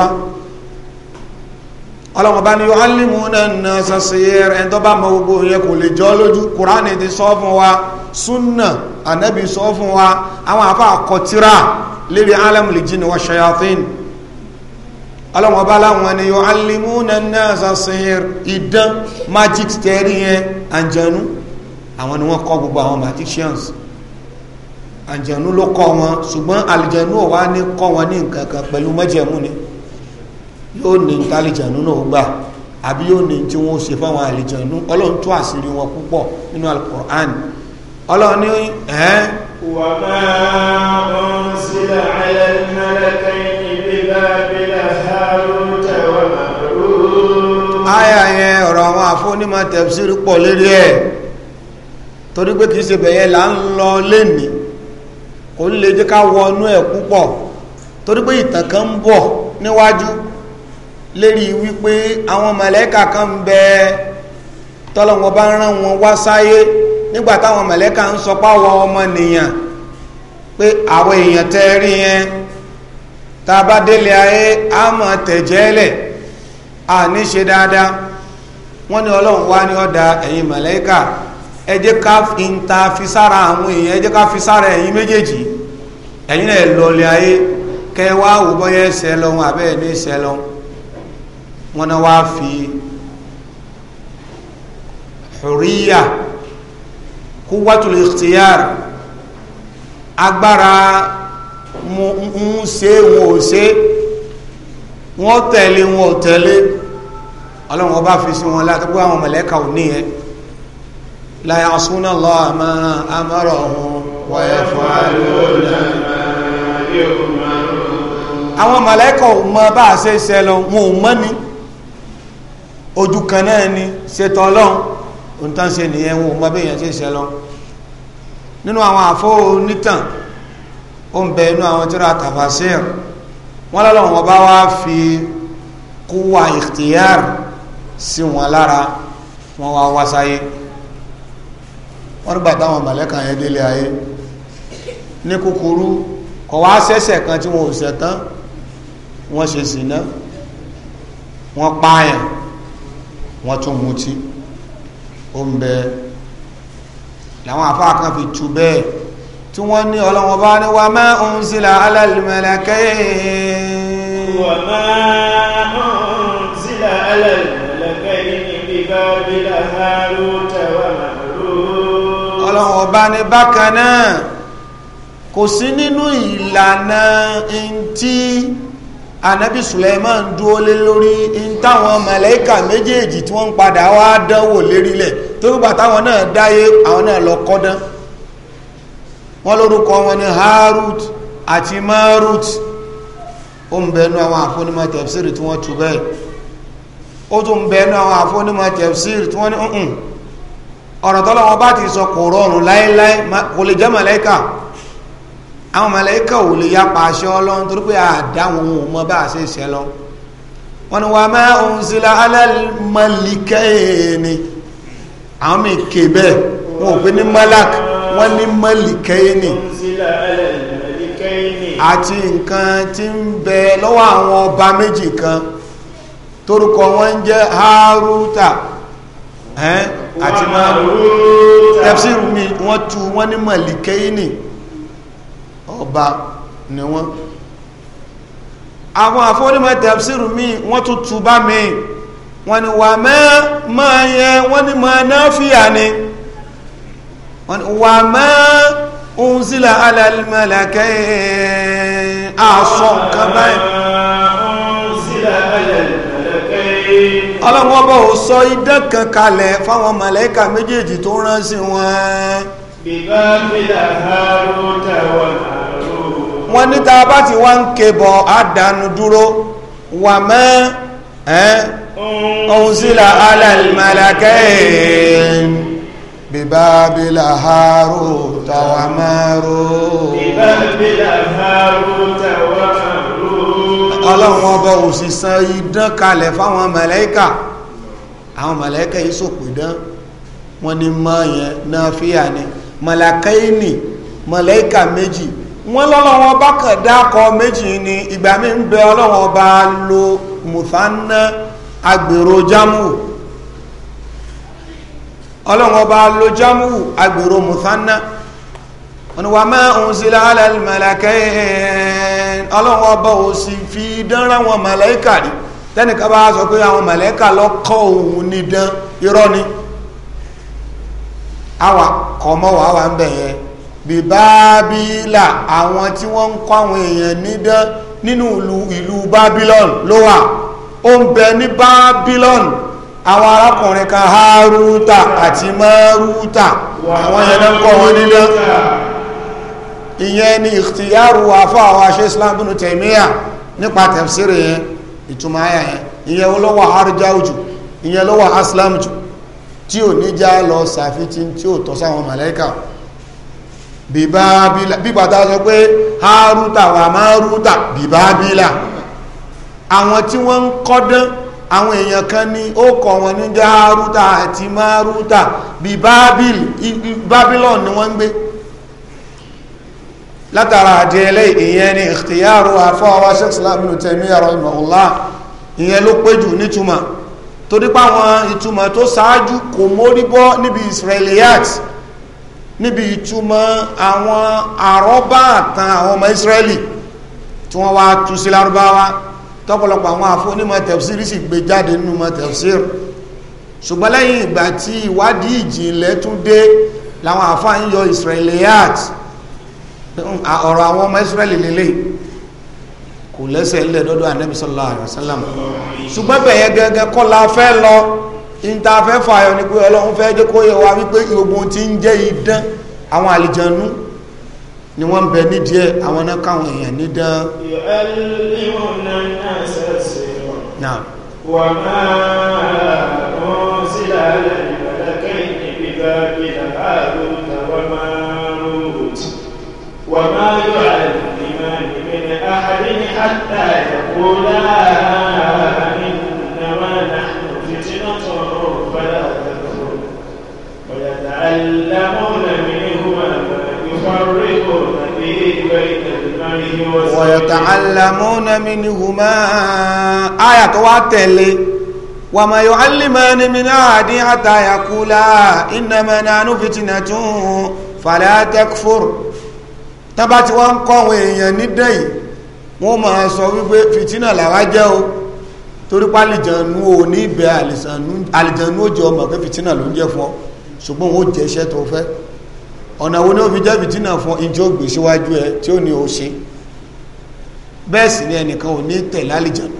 ọlọ́run bá ní yuallimuna an-nasa as-sihr ẹni tó bá mọ gbogbo yẹn kò lè jọ lójú kùránì ti sọ fún wa súnà ànábì sọ fún wa àwọn àfa àkọtíra lérí alamul jinni wa shayatin ọlọ́run ọba láwọn ni yuallimuna an-nasa as-sihr idán magic tẹ́rí yẹn àjẹnú àwọn ni wọ́n kọ́ gbogbo àwọn magicians àjẹnú ló kọ́ wọn ṣùgbọ́n àlìjẹnú ò wá ní wọn ní nǹkan kan pẹ̀lú ni. yóò ní ntálíjànú náà gbà àbí yóò ní tí wọn ṣe fáwọn àlìjànú ọlọ́run tú àṣírí wọn púpọ̀ nínú alukur'an ọlọ́run ní ẹ́. wà á máa ń sílẹ̀ ayé mẹ́lẹ́kẹ́ ibi bábílẹ̀ hàrútẹ̀ wà màrú. àyà yẹn ọ̀rọ̀ àwọn àfọ́nímọ̀ tẹ̀síìrì pọ̀ lérí ẹ̀ torí pé kì í ṣe bẹ̀yẹn là ń lọ lẹ́nìí kò ń lè jẹ́ ká wọnú ẹ̀ púpọ̀ torí pé ìtàn kan ń lérí wípé àwọn mọ̀lẹ́kà kan ń bẹ tọ́lọ́wọ́n bá rán wọn wá sáyé nígbà táwọn mọ̀lẹ́kà ń sọ páwọn ọmọ nìyàn pé àwọn èèyàn tẹ́ rí yẹn tá ama bá délé ayé a mọ̀ tẹ̀jẹ́lẹ̀ a ní ṣe dáadáa wọ́n ní ọlọ́run wá ní ọ̀dà ẹ̀yin mọ̀lẹ́kà ẹ jẹ́ ká ìta fi sára àwọn èèyàn ẹ jẹ́ ká fi sára méjèèjì wọn náà wáá fi hurriya kuwatul ikhtiyar agbára ń ṣe wọn ò ṣe wọn tẹ̀lé wọn ò tẹ̀lé ọlọ́run ọba fi sí wọn láti gbọ́ àwọn mọ̀lẹ́ka ò ní ẹ la ya'suna Allaha ma amarahum wa yaf'aluna ma yu'marun àwọn mọ̀lẹ́ka ò mọ bá a ṣe ṣẹlọ wọn ò mọ́ ni ojú kan náà ni ṣètò ọlọ́run ohun tán ṣe nìyẹn wọn ò mọ bí èèyàn ṣe ṣe lọ nínú àwọn àfọ onítàn ó ń bẹ inú àwọn tíra tafasir wọn lọ́lọ́run wọn bá wá fi kúwà ikhtiyar sí wọn lára wọn wá wá sáyé wọn nígbà táwọn mọ̀lẹ́kà yẹn délé ayé ní kúkúrú kọ̀ wá sẹ́sẹ̀ kan tí wọn ò ṣẹ̀ tán wọ́n ṣe sìná wọ́n pààyàn wọ́n tún mutí ó ń bẹ làwọn àfáà kan fi tu bẹ́ẹ̀ tí wọ́n ní ọlọ́wọ́n bá ní wa ma unzila ala al-malakayn wa ma unzila ala al-malakayn ọlọ́wọ́n bá ní bákan náà kò sí nínú ìlànà ntí anabi suleiman dúró lé lórí in táwọn mẹlẹ́kà méjèèjì tí wọ́n ń padà wá dánwò lérílẹ̀ torígbà táwọn náà dáyé àwọn náà lọ kọ́dán wọ́n lórúkọ wọn ni harut àti marut ó ń bẹnu àwọn àfọ́nímọ̀ tẹ̀fsírì tí wọ́n tu bẹ́ẹ̀ ó tún bẹnu àwọn àfọ́nímọ̀ tẹ̀fsírì tí wọ́n ní ọ̀rọ̀ tọ́lọ́wọ́n bá ti sọ kò rọrùn láéláé kò lè jẹ́ mẹlẹ́kà àwọn màláíkà ò lè yapa aṣọ ọlọ́run torí pé àdá wọn ò mọ bá a ṣe ṣe lọ wọn ni wà má òun sí la alálìmọ́lìkẹ́yẹ̀ni àwọn mi kè bẹ́ẹ̀ wọn ò pé ní malak wọn ní mọ́lìkẹ́yẹ̀ni àti nǹkan tí ń bẹ lọ́wọ́ àwọn ọba méjì kan torúkọ wọn ń jẹ́ haruta àti máa tafsir mi wọ́n tu wọ́n ní mọ̀lìkẹ́yẹ̀ni ọba ni wọ́n àwọn àfọ́nímọ̀ tẹ̀síìrù míì wọ́n tún túbá míì wọ́n ni wà mẹ́ máa yẹ wọ́n ni máa náfíà ni wọ́n ni wà mẹ́ ohun sílẹ̀ alẹ́lẹ́mẹ́lẹ́kẹ́ àṣọ nǹkan báyìí ọlọ́run ọba ò sọ idán kan kalẹ̀ fáwọn màláíkà méjèèjì tó rán sí wọn. bíbá bílà haruta wà náà wọ́n ní tá bá ti wá ń kebọ̀ àdánù dúró wà mọ́ ọ̀hún sílà alàlìmọ̀lákẹ́ bíbábílà haro tàwa márò bíbábílà haro tàwa márò ọlọ́run ọba òṣìṣàn idán kalẹ̀ fáwọn màláíkà àwọn màláíkà yìí sòpò idán wọ́n ní mọ́ yẹn náà fíyà ni màláíkà méjì wọ́n lọ́lọ́wọ́ bá kàn dákọ méjì ni ìgbà mi ń bẹ ọlọ́wọ́ bá lo mùsànná agbèrò jámù ọlọ́wọ́ bá lo jámù agbèrò máa ń ọlọ́wọ́ bá sì fi dánra wọn màlẹ́kà rí tẹ́nìkan bá sọ pé ni àwa kọ̀ wà ń bíbábílà àwọn tí wọ́n ń kọ́ àwọn èèyàn nídán nínú ìlú babylon ló wà ó ń bẹ ní babylon àwọn arákùnrin kan haruta àti maruta àwọn yẹn ló ń kọ́ wọn nídán ìyẹn ni ìtìyàrù àfọ́ àwọn aṣe islam bínú tẹ̀míyà nípa tẹ̀síri yẹn ìtumọ̀ ayà yẹn ìyẹn olówó àrùjáwù jù ìyẹn lówó aslam jù tí ò ní já lọ sàfitì tí ò tọ́ sáwọn màláíkà bíbábílà bíbàtà sọ pé haruta wà maruta bíbábílà àwọn tí wọ́n ń kọ́dán àwọn èèyàn kan ní ó kọ̀ wọn ní jẹ́ haruta àti maruta bíbábíl babylon ni wọ́n ń gbé látara àdìẹ́lẹ́ ìyẹn ni ìkìyàrò àfọwọ́ sẹ́kìsìlámù tẹ̀míyà rahimahullah ìyẹn ló pé jù nítumọ̀ torípàwọn ìtumọ̀ tó ṣáájú kò mórí bọ́ níbi israeliyat níbi ìtumọ̀ àwọn àrọ́bá àtàn àwọn ọmọ Israẹli tí wọ́n wá tú sí lárúbáwá tọ́pọ̀lọpọ̀ àwọn àfọ́nímọ̀ tẹ̀fsìrì sì gbé jáde nínú mọ̀ tẹ̀fsìrì ṣùgbọ́n lẹ́yìn ìgbà tí ìwádìí ìjìnlẹ̀ tún dé làwọn àfáà ń yọ Israeliyat ọ̀rọ̀ àwọn ọmọ Israẹli lélẹ̀ kò lẹ́sẹ̀ ńlẹ̀ dọ́dọ̀ Ànábì sallallahu alaihi wasallam ṣùgbọ́n bẹ̀yẹ gẹ́gẹ́ kọ́ la fẹ́ lọ níta fẹ́ fààyàn ni pé ọlọ́run fẹ́ jẹ́ kó yẹ wa wípé gbogbo tí ń jẹ́ idán àwọn àlìjànú ni wọ́n bẹ nídìí ẹ̀ àwọn náà káwọn èèyàn nídán. وما يعلمان من أحد حتى يقولا ويتعلمون منهما آية واتلي وما يعلمان من أحد حتى يقولا إنما نحن فتنة فلا تكفر tábàtí wọ́n ń kọ́ àwọn èèyàn nídẹ̀ yìí wọ́n máa sọ wípé fìtínà làwa jẹ́ o torí pálíjànú ò ní ibẹ̀ àlìjànú òjò ọmọ pé fìtínà ló ń jẹ́ fún ọ ṣùgbọ́n ó jẹ́ iṣẹ́ tó fẹ́ ọ̀nà wo ni ó fi jẹ́ fìtínà fún ìjọ ògbè síwájú ẹ tí ó ní ó ṣe bẹ́ẹ̀ sì ni ẹnìkan ò ní tẹ̀lé àlìjànú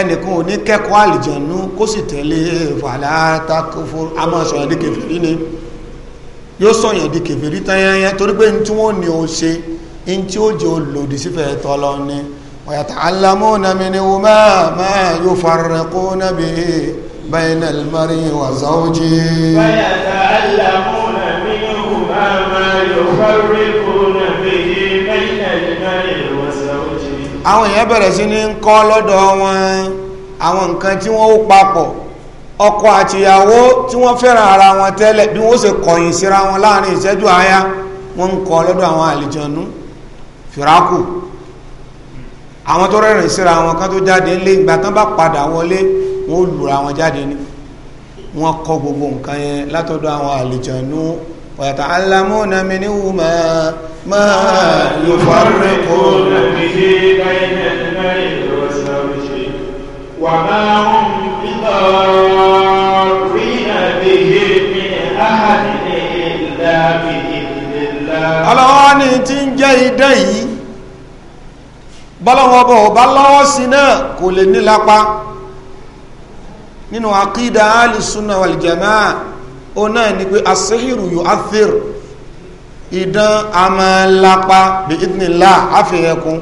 ẹnìkan ò ní kẹ́kọ̀ọ́ àlìjànú kó sì tẹ̀lé fàlàtàkùfù amọ̀sọ̀yàn di kèfèrí ni yóò sọ̀yàn di kèfèrí tanyanya torí pé tí wọ́n ní ó ṣe in tí ó jẹ́ olòdì sífẹ̀ẹ́ tọ́lọ́ ni wàyàtà alámúnamínú máa máa yóò farẹ̀kún náà بين المرء وزوجه ويتعلمون منهما ما يفرقون به بين المرء وزوجه àwọn èèyàn bẹ̀rẹ̀ sí ní ń kọ́ lọ́dọ̀ wọn àwọn nǹkan tí wọ́n ó papọ̀ ọkọ àtìyàwó tí wọ́n fẹ́ràn ara wọn tẹ́lẹ̀ bí wọ́n ṣe kọ̀yìn síra wọn láàrin ìṣẹ́jú àáyá wọ́n ń kọ́ lọ́dọ̀ àwọn àlìjọ̀nú fìrákù àwọn tó rẹ̀rìn síra wọn kan tó jáde ńlé ìgbà tán bá padà wọlé wọn ò lùra wọn jáde ni wọn kọ gbogbo nǹkan yẹn látọ̀dọ̀ àwọn àlìjànú ọ̀yàtà alámúna mi ní wùmá máa yóò fọ́rẹ́ kó lóbi dé báyìí náà ìrọ̀sà òṣè wà máa ń bíbọ̀ rí àbẹ̀yẹ mi áhàdì ìlà ìlà. ọlọ́wọ́ ni ti ń jẹ́ idán yìí bọ́lọ́wọ́ bọ̀ bá lọ́wọ́ sí náà kò lè nílapa nínú àkídà alìsúnà wàlìjàmá ó náà ni pé asẹ́hìrù yóò áfẹ́r ìdán amálápá bí ìdínlá àfihẹ́kún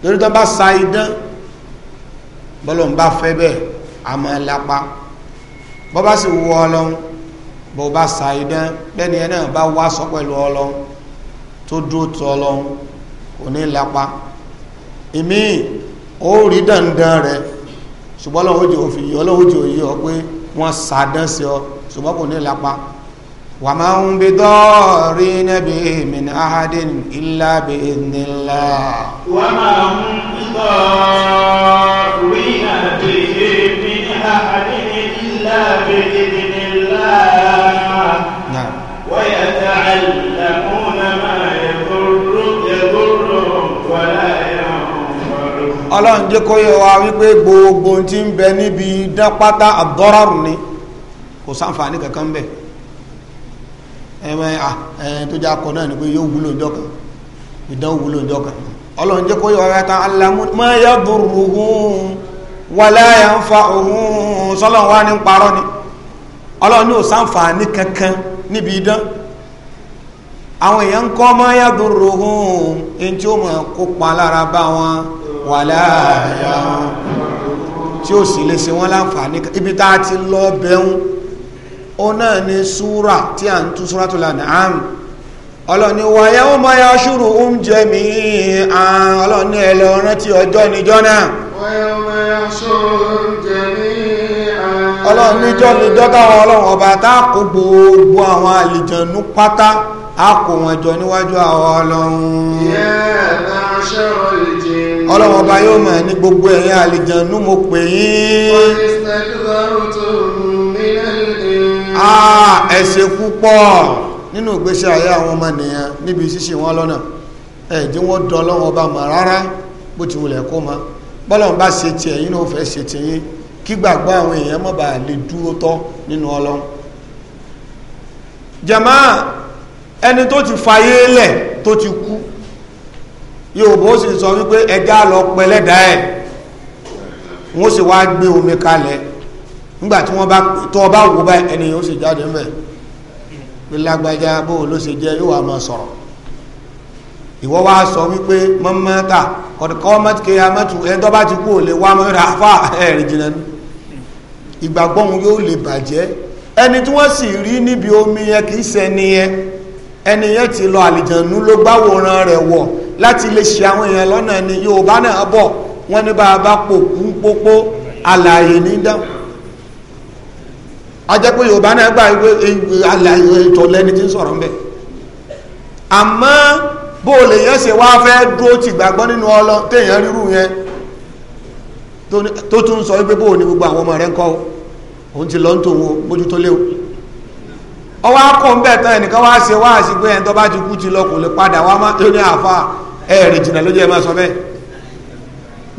torí tó bá sa ìdán bọ́lọ̀ ń bá fẹ́ bẹ́ẹ̀ amálápá bọ́ bá sì wọ ọlọ́run bọ́ bá sa ìdán bẹ́ẹ̀ ni ẹ náà bá wá sọ pẹ̀lú ọlọ́run tó dúró tọ ọlọ́run kò ní lápá ìmíì ó rí dandan rẹ̀ ṣùgbọ́n lọ́wọ́ jò fi yọ lọ́wọ́ jò yọ pé wọ́n sàdán sí ọ ṣùgbọ́n kò ní lápá wà máa ń bí dọ́ọ̀rí nẹ́bí min ahadin illa bi idhnillah wà máa ń bí dọ́ọ̀rí nẹ́bí min ahadin illa bi idhnillah wà yàtà àlù ọlọ́run jẹ́ kó yẹ wa wípé gbogbo tí ń bẹ níbi idán pátá àdọ́rọ̀rù ni kò sáǹfààní kankan bẹ̀ ẹ̀mẹ́ tó jẹ́ akọ náà ni pé yóò wúlò ìjọ kan ìdán wúlò ìjọ kan ọlọ́run jẹ́ kó yẹ wa wípé alamu ma yadurruhum wala yanfa'uhum sọ́lọ́run wá ní parọ́ ni ọlọ́run ní ò sáǹfààní kankan níbi idán àwọn èèyàn ń kọ́ ma yadurruhum èyí tí ó mọ̀ kópa lára bá wọn wàlá àyà tí ó sì lè ṣe wọ́n láǹfààní ibi tá a ti lọ bẹ̀rún ó náà ni súrà tí a ń tú Suratul An'am ọlọ́ni wàyà ó máa ya ṣúrù oúnjẹ mi ọlọ́ni ẹ̀lẹ́ ọ̀rán tí ọjọ́ níjọ́ náà ọlọ́ni níjọ́ níjọ́ táwọn ọlọ́run ọba tá kó gbogbo àwọn àlìjànú pátá a kó wọn jọ níwájú àwọn ọlọ́run. yẹ́ẹ̀ náà ṣẹ́wọ̀n ọlọ́run ọba yóò mọ̀ ní gbogbo ẹ̀yin àlìjànú mo pè yín ah, ẹ̀ṣẹ̀ púpọ̀ nínú ìgbésí ayé àwọn ọmọ nìyàn níbi ṣíṣe wọn lọ́nà ẹ̀dí wọn dán ọlọ́run ọba mọ̀ rárá bó ti wulẹ̀ kó ma bọ́lọ̀n bá ṣe tiẹ̀ yín náà fẹ́ ṣe tiẹ̀ yín kí gbàgbọ́ àwọn èèyàn má bàa lè dúró tọ́ nínú ọlọ́run jàmáà ẹni tó ti fayé lẹ̀ tó ti kú yóòbó sì sọ wípé ẹja lọ pẹlẹ́dà ẹ̀ wọ́n sì wá gbé omi kalẹ̀ nígbà tí wọ́n bá tọ́ bá wò bá ẹni yóò sì jáde mẹ́ pé lágbájá bó ló ṣe jẹ́ yóò wá máa sọ̀rọ̀ ìwọ wá sọ wípé mọ́mọ́ta kọ̀dùkọ́ mọ́tìkẹ́ amẹ́tù ẹ̀dọ́ bá ti kú ò lè wá mọ́ra fà ẹ̀rìn jìnnà ní ìgbàgbọ́ wọn yóò lè bàjẹ́ ẹni tí wọ́n sì rí níbi omi yẹn kì í ṣẹni yẹn ẹni yẹn ti lọ àlìjànú ló gbáwòrán rẹ̀ wọ̀ láti lè ṣe àwọn èèyàn lọ́nà ni bá náà bọ̀ wọ́n ní bá a bá pòkú pópó àlàyé ní dán ajẹ́ pé bá náà gbà wípé àlàyé ètò lẹ́ni tí ń sọ̀rọ̀ mbẹ́ àmọ́ bó o lè yẹn ṣe wá fẹ́ gbàgbọ́ nínú ọlọ téèyàn rírù yẹn tó tún sọ wípé bó o ní gbogbo àwọn ọmọ rẹ ń kọ́ òun ti ń ẹ̀rìn jìnnà lójú ẹ̀ máa sọ bẹ́ẹ̀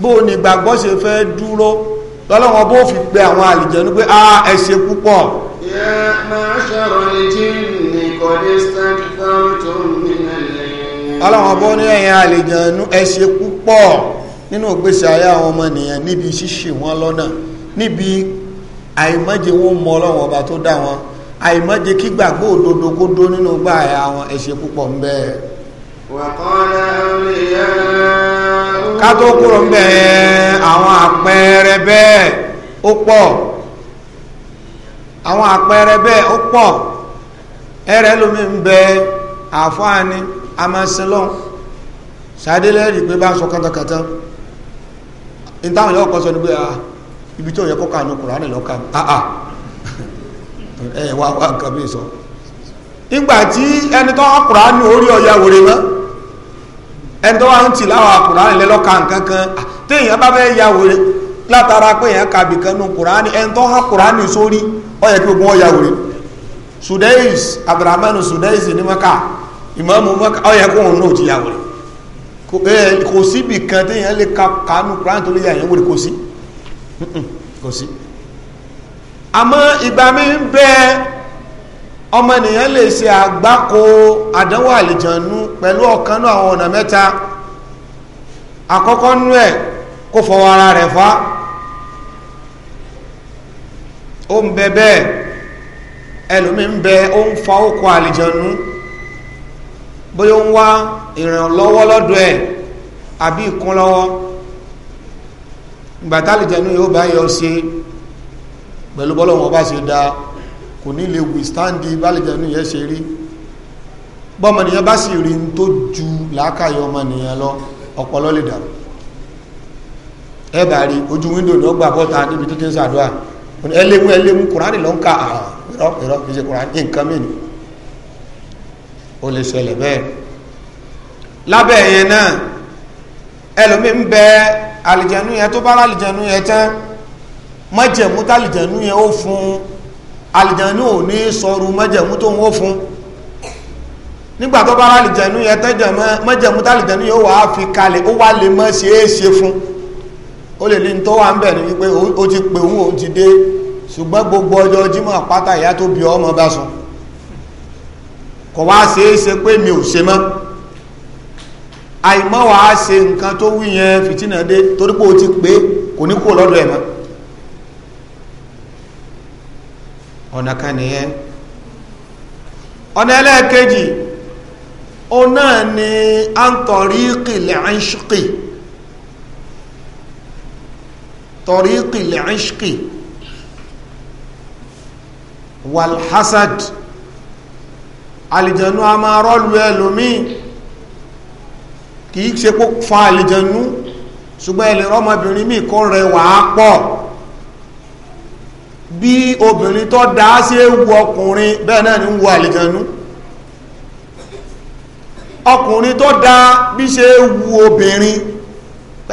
bó o ní gbàgbọ́ ṣe fẹ́ dúró lọ́lọ́wọ́ bó fi pe àwọn àlìjẹ̀nu pé a ẹ ṣe púpọ̀. yẹ máa ṣọ̀rọ̀ létí nìkan ní stanley fáwọn tó ń gbìyànjú ọlọ́wọ́n bó ní ẹ̀yìn àlìjẹ̀nu ẹ ṣe púpọ̀ nínú ìgbésí ayé àwọn ọmọnìyàn níbi ṣíṣì wọn lọ́nà níbi àìmọ́jẹ wọn mọ ọlọ́wọ́n ọba tó dá wọn àìmọ́jẹ kígbàgbọ́ òdodo kó dó nínú gbàyà wọn ẹ ṣe púpọ̀ ń bẹ́ẹ̀. ká tó kúrò ń bẹ̀ àwọn àpẹẹrẹ bẹ́ẹ̀ ó pọ̀ àwọn àpẹẹrẹ bẹ́ẹ̀ ó pọ̀ ẹrẹ lómi ń bẹ àfáàní amasilọ́n sàdélẹ́ rí pé bá ń sọ kátàkátà ìtàwọn ìlọ́pọ̀ sọ ní pé ha ah, ibi tí ó yẹ kọ́kà ní ha lọ́kà àà ẹ̀ wá wá nǹkan bí sọ tí ẹni tó orí wòrè mọ́ ẹni tó wá ń tì láwọn akùnrin lẹ́lọ́ka nǹkan téèyàn bá fẹ́ ya látara pé èèyàn kàbì kan nu kùránì ẹni tó há sórí ó kí gbogbo wọn ya wèrè sudais abdulrahman sudais ní maka ìmáàmù maka ó kí òun náà ya ka kánú kùránì tó lè ya èèyàn kò sí kò ọmọ ènìyàn lè ṣe àgbákò àdánwò àlìjànú pẹ̀lú ọ̀kanú àwọn ọ̀nà mẹ́ta àkọ́kọ́ nú ẹ̀ kó fọwọ́ ara rẹ̀ fá ó ń bẹ bẹ́ẹ̀ ẹlòmí ń bẹ ó ń fa okò àlìjànú bóyá ó ń wá ìrànlọ́wọ́ yọ pẹ̀lú bọ́lọ́wọ́n bá ṣe kò ní lè withstand bálẹ̀jẹ̀nú yẹn ṣe rí bọ́mọnìyàn bá sì rí tó ju làákàyè ọmọnìyàn lọ ọpọlọ lè dàrú ẹ bá rí ojú wíńdò ní ọgbà bọ́ta níbi tó ti ń ṣàdúrà ẹlẹ́mú ẹlẹ́mú kùránì ló ń ka àrùn ìrọ́ ìrọ́ kìí ṣe kùránì nǹkan mìíràn ó lè ṣẹlẹ̀ bẹ́ẹ̀ alìjẹ̀nú ò ní sọrù mẹ́jẹ̀mú tó ń wó fún nígbà tó bá alìjẹ̀nú yẹ tẹ́jẹ̀ mẹ́jẹ̀mú tálìjẹ̀nú yóò á fi kalẹ̀ ó wà lè mọ́ sí é fún ó lè ní tó wà ń ní wípé ó ti pè ti dé ṣùgbọ́n gbogbo ọjọ́ jímọ̀ pátá ìyá tó bí ọmọ bá sùn kò wá ṣe pé mi ò ṣe mọ́ àìmọ́ ṣe nǹkan tó yẹn fìtínà dé o ti pé kò ní ọ̀nà kan nìyẹn ọ̀nà ẹlẹ́ẹ̀kejì òun náà ni à ń tọ̀rí kìlẹ̀ àńṣùkì tọ̀rí kìlẹ̀ àńṣùkì walhasad alìjẹ̀nú a máa rọ́lù ẹlòmíì kìí ṣe kó fa alìjẹ̀nú ṣùgbọ́n ẹlẹ́rọ ọmọbìnrin míì kó rẹwà á pọ̀ bí obìnrin tó dá sí ewu ọkùnrin bẹ́ẹ̀ náà ni ń wo àlìjànú ọkùnrin tó dá bí ṣe wu obìnrin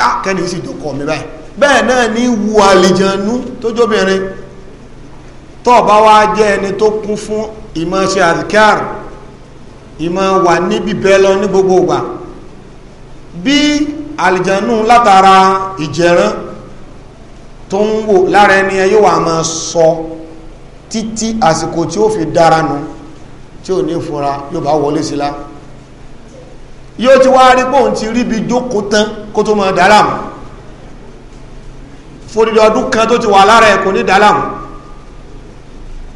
ah, kẹ́ni sì dọ́kọ̀ mi báyìí bẹ́ẹ̀ náà ni wu àlìjànú tó jóbìnrin tó bá wá jẹ́ ẹni tó kún fún ìmọ̀ ṣe àdìkárì ìmọ̀ wà níbi bẹ́ẹ̀ lọ ní gbogbo ìgbà bí àlìjànú látara ìjẹran tó ń wò lára ẹni ẹ yóò wà mọ sọ títí àsìkò tí ó fi dára nù tí ò ní fura yóò bá wọlé sí la yóò ti wá rí pòun ti ríbi jókòó tán kó tó máa dára fòdìdì ọdún kan tó ti wà lára ẹ̀ kò ní dàlámù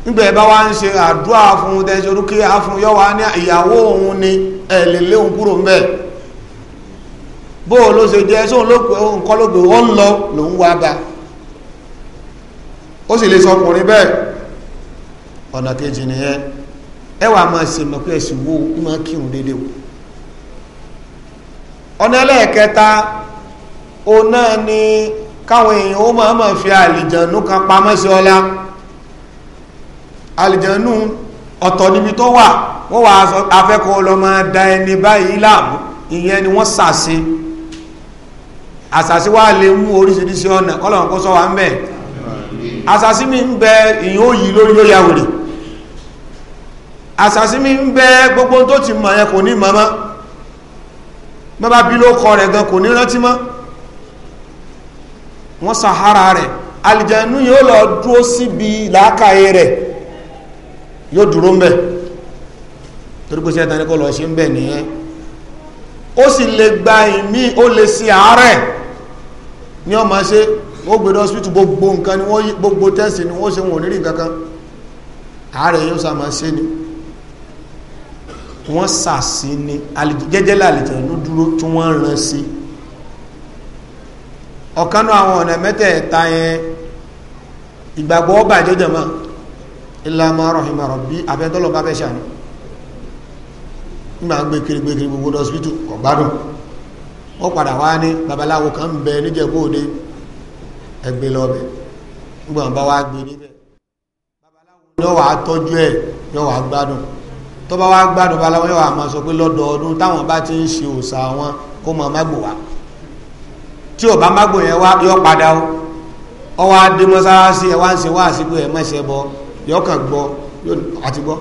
ń ṣe àdúrà fún yọ́wà ní ni òun kúrò ń bẹ̀ ló ṣe jẹ́ sóun ó sì lè sọ ọkùnrin bẹ́ẹ̀ ọ̀nà kejì nìyẹn ẹ wàá máa ṣe mọ̀ pé ẹ̀sìn wo ń máa kírun déédéé o ọ̀nà ẹlẹ́ẹ̀kẹta òun náà ni káwọn èèyàn ó máa máa fi àlìjànú kan pamọ́ sí ọlá àlìjànú ọ̀tọ̀ níbi tó wà wọ́n wà afẹ́kọ̀ọ́ lọ máa da ẹni báyìí láàmú ìyẹn ni wọ́n sàṣe àṣàṣe wà lè mú oríṣiríṣi ọ̀nà kọ́lọ̀n kó sọ wà ń bẹ̀ àṣàsí mi ń bẹ ìyìn òyì lórí yóò yàwòrì àṣàsí mi ń bẹ gbogbo tó ti mọ̀ yẹn kò ní mọ́mọ́ bàbá bí ló kọ rẹ̀ gan kò ní rántí mọ́ wọ́n sàhárà rẹ̀ alìjẹ̀nú yóò lọ dúró síbi làákàyè rẹ̀ yóò dúró ń bẹ̀ torí pé sẹ́tàn ní kò lọ ṣe ń bẹ̀ nìyẹn ó sì lè gba ìmí ó lè ṣe àárẹ̀ ní ọmọ ṣe wọ́n gbé lọ síbítù gbogbo nǹkan ni wọ́n gbogbo tẹ́sì ni wọ́n ṣe wọn ò ní rí nǹkan kan ààrẹ yóò sá máa ṣe ni wọ́n sàṣì ni jẹ́jẹ́lẹ̀ àlìjẹ̀ ló dúró tí wọ́n rán sí ọ̀kan àwọn ọ̀nà mẹ́tẹ̀ẹ̀ta yẹn ìgbàgbọ́ ọba àjọjọ mọ́ ìlànà rahima rabbi abẹ́tọ́lọ́ bá fẹ́ ṣàní nígbà gbé kiri gbé kiri gbogbo hospital kò gbádùn wọ́n padà wá ní babaláwo kan ń bẹ níjẹ̀bú òde ẹgbẹ́ lọ́bẹ̀ nígbà wọn bá wá gbé níbẹ̀ babaláwo yóò wá tọ́jú ẹ̀ yóò wá gbádùn tó bá wá gbádùn babaláwo yóò wá máa sọ pé lọ́dọọdún táwọn bá ti ń ṣe òòṣà wọn kó mọ mágbò wá tí ò bá mágbò yẹn wá yóò padà ó ọwọ́ adé mọ́sálásí ẹ̀ wá ń ṣe wá àsìkò ẹ̀ mọ́ṣẹ́ bọ yóò kàn gbọ́ àti gbọ́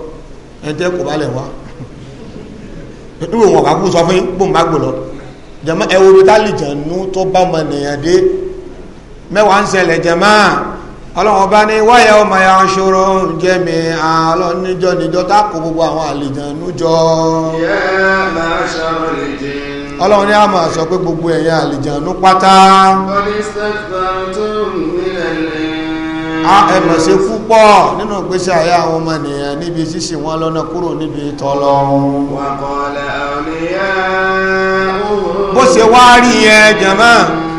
ẹ̀ tẹ́ kò bá lẹ̀ wá níbo wọn kà kú sọ fún yín bó ń gbò lọ jẹmọ ẹ wo bí tá lè jẹnu tó bá ọmọ nìyàn dé mẹ́wàá ń ṣẹlẹ̀ jẹ̀máà ọlọ́run ọba ní wáyà ọmọ ya ṣòro ń jẹ́ mi tá gbogbo àwọn àlejàn nújọ. ọlọ́run ní a sọ pé gbogbo ẹ̀yin àlejàn nú pátá. a ẹ̀mọ̀ ṣe púpọ̀ nínú ìgbésí ayé àwọn ọmọ ènìyàn níbi ṣíṣì wọn lọ́nà kúrò níbi bó ṣe wá rí yẹn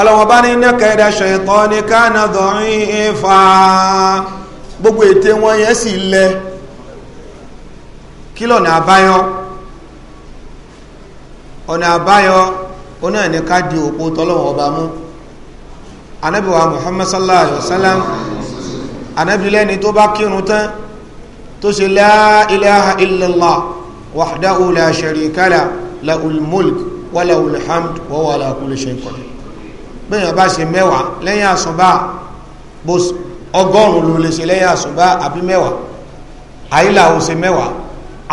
ọlọ́wọ́n bá ní nẹ́kẹ̀ẹ́dẹ́ ṣẹ̀tọ́ ní kánà dọ̀rin ìfà gbogbo ète wọn yẹn sì lẹ kí lọ́nà àbáyọ ọ̀nà àbáyọ onáà ní ká di òpó tọ́lọ́wọ́n ọba mú anábìwá Muhammad sallallahu alayhi wa sallam anábìlẹ́ni tó bá kírun tán tó ṣe la ilaha illallah wahdahu la la lahul mulk wa lahul hamd wa bẹ́yàn bá ṣe mẹ́wàá lẹ́yìn àsùnbà ọgọ́rùn-ún ló lè ṣe lẹ́yìn àsùnbà àbí mẹ́wàá àyílà ò ṣe mẹ́wàá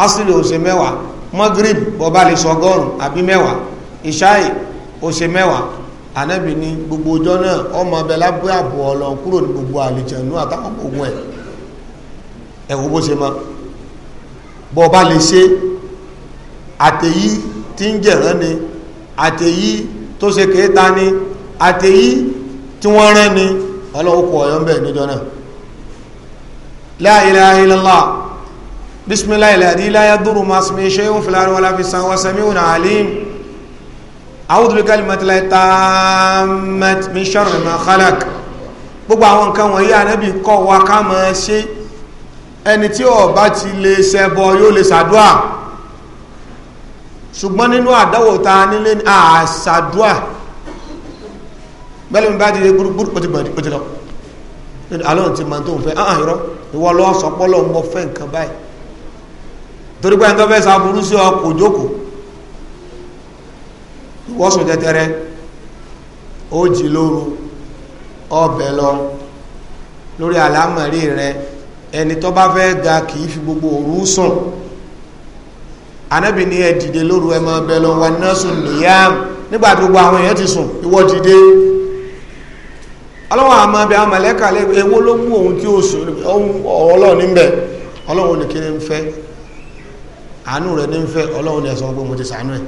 asiri ò ṣe mẹ́wàá magrib bọba lè ṣe ọgọ́rùn-ún àbí mẹ́wàá ìṣáì ò ṣe mẹ́wàá ànábì ní gbogbo ọjọ́ náà ọmọ ọbẹ lábẹ́ ààbò Ọlọ́run kúrò ní gbogbo àlejànú àtàwọn ogun ẹ ẹwọ bó ṣe mọ bọba lè ṣe àtẹyí tí ń jẹrán ni àtẹyí tó ṣe kéta ni àtèyí tí wọ́n rán ni ọlọ́wọ́ kọ ọ̀yọ́ ń bẹ̀ níjọ́ náà la ilaha illallah bisimilahi ladi la yaduru ma ismi shay'un fil ardi wala fis samawati sami'un alim a'udhu bi kalimati llahi tammati min sharri ma khalaq ṣùgbọ́n nínú àdáwò ta nílé àṣàdúà bẹ́ẹ̀ ni bá dìde gbúrúgbúrú ó ti lọ alóhùn ti máa tó ń fẹ́ ahàn irọ́ ìwọ lọ́wọ́ sọpọ́lọ́ mọ fẹ́ nǹkan báyìí torí pé nǹkan fẹ́ sàbúrú sí ọ kò jókòó ìwọ sùn tẹtẹrẹ ó jí lóru ọbẹ̀ lọ lórí àlámọ̀rí rẹ ẹni tó bá fẹ́ ga kì í fi gbogbo òru sùn anábì ní ẹ dìde lóru ẹ máa bẹ lọ nìyá nígbà gbogbo àwọn èèyàn ti sùn ìwọ dìde ọlọ́wọ́ àmọ́ bí àwọn mọ̀lẹ́kà lẹ́gbẹ̀ẹ́ ewó ló mú ohun tí ó sùn ọlọ́run níbẹ̀ ọlọ́run ní kí ní fẹ́ àánú rẹ̀ ní fẹ́ ní ẹ̀sán mo ti ẹ̀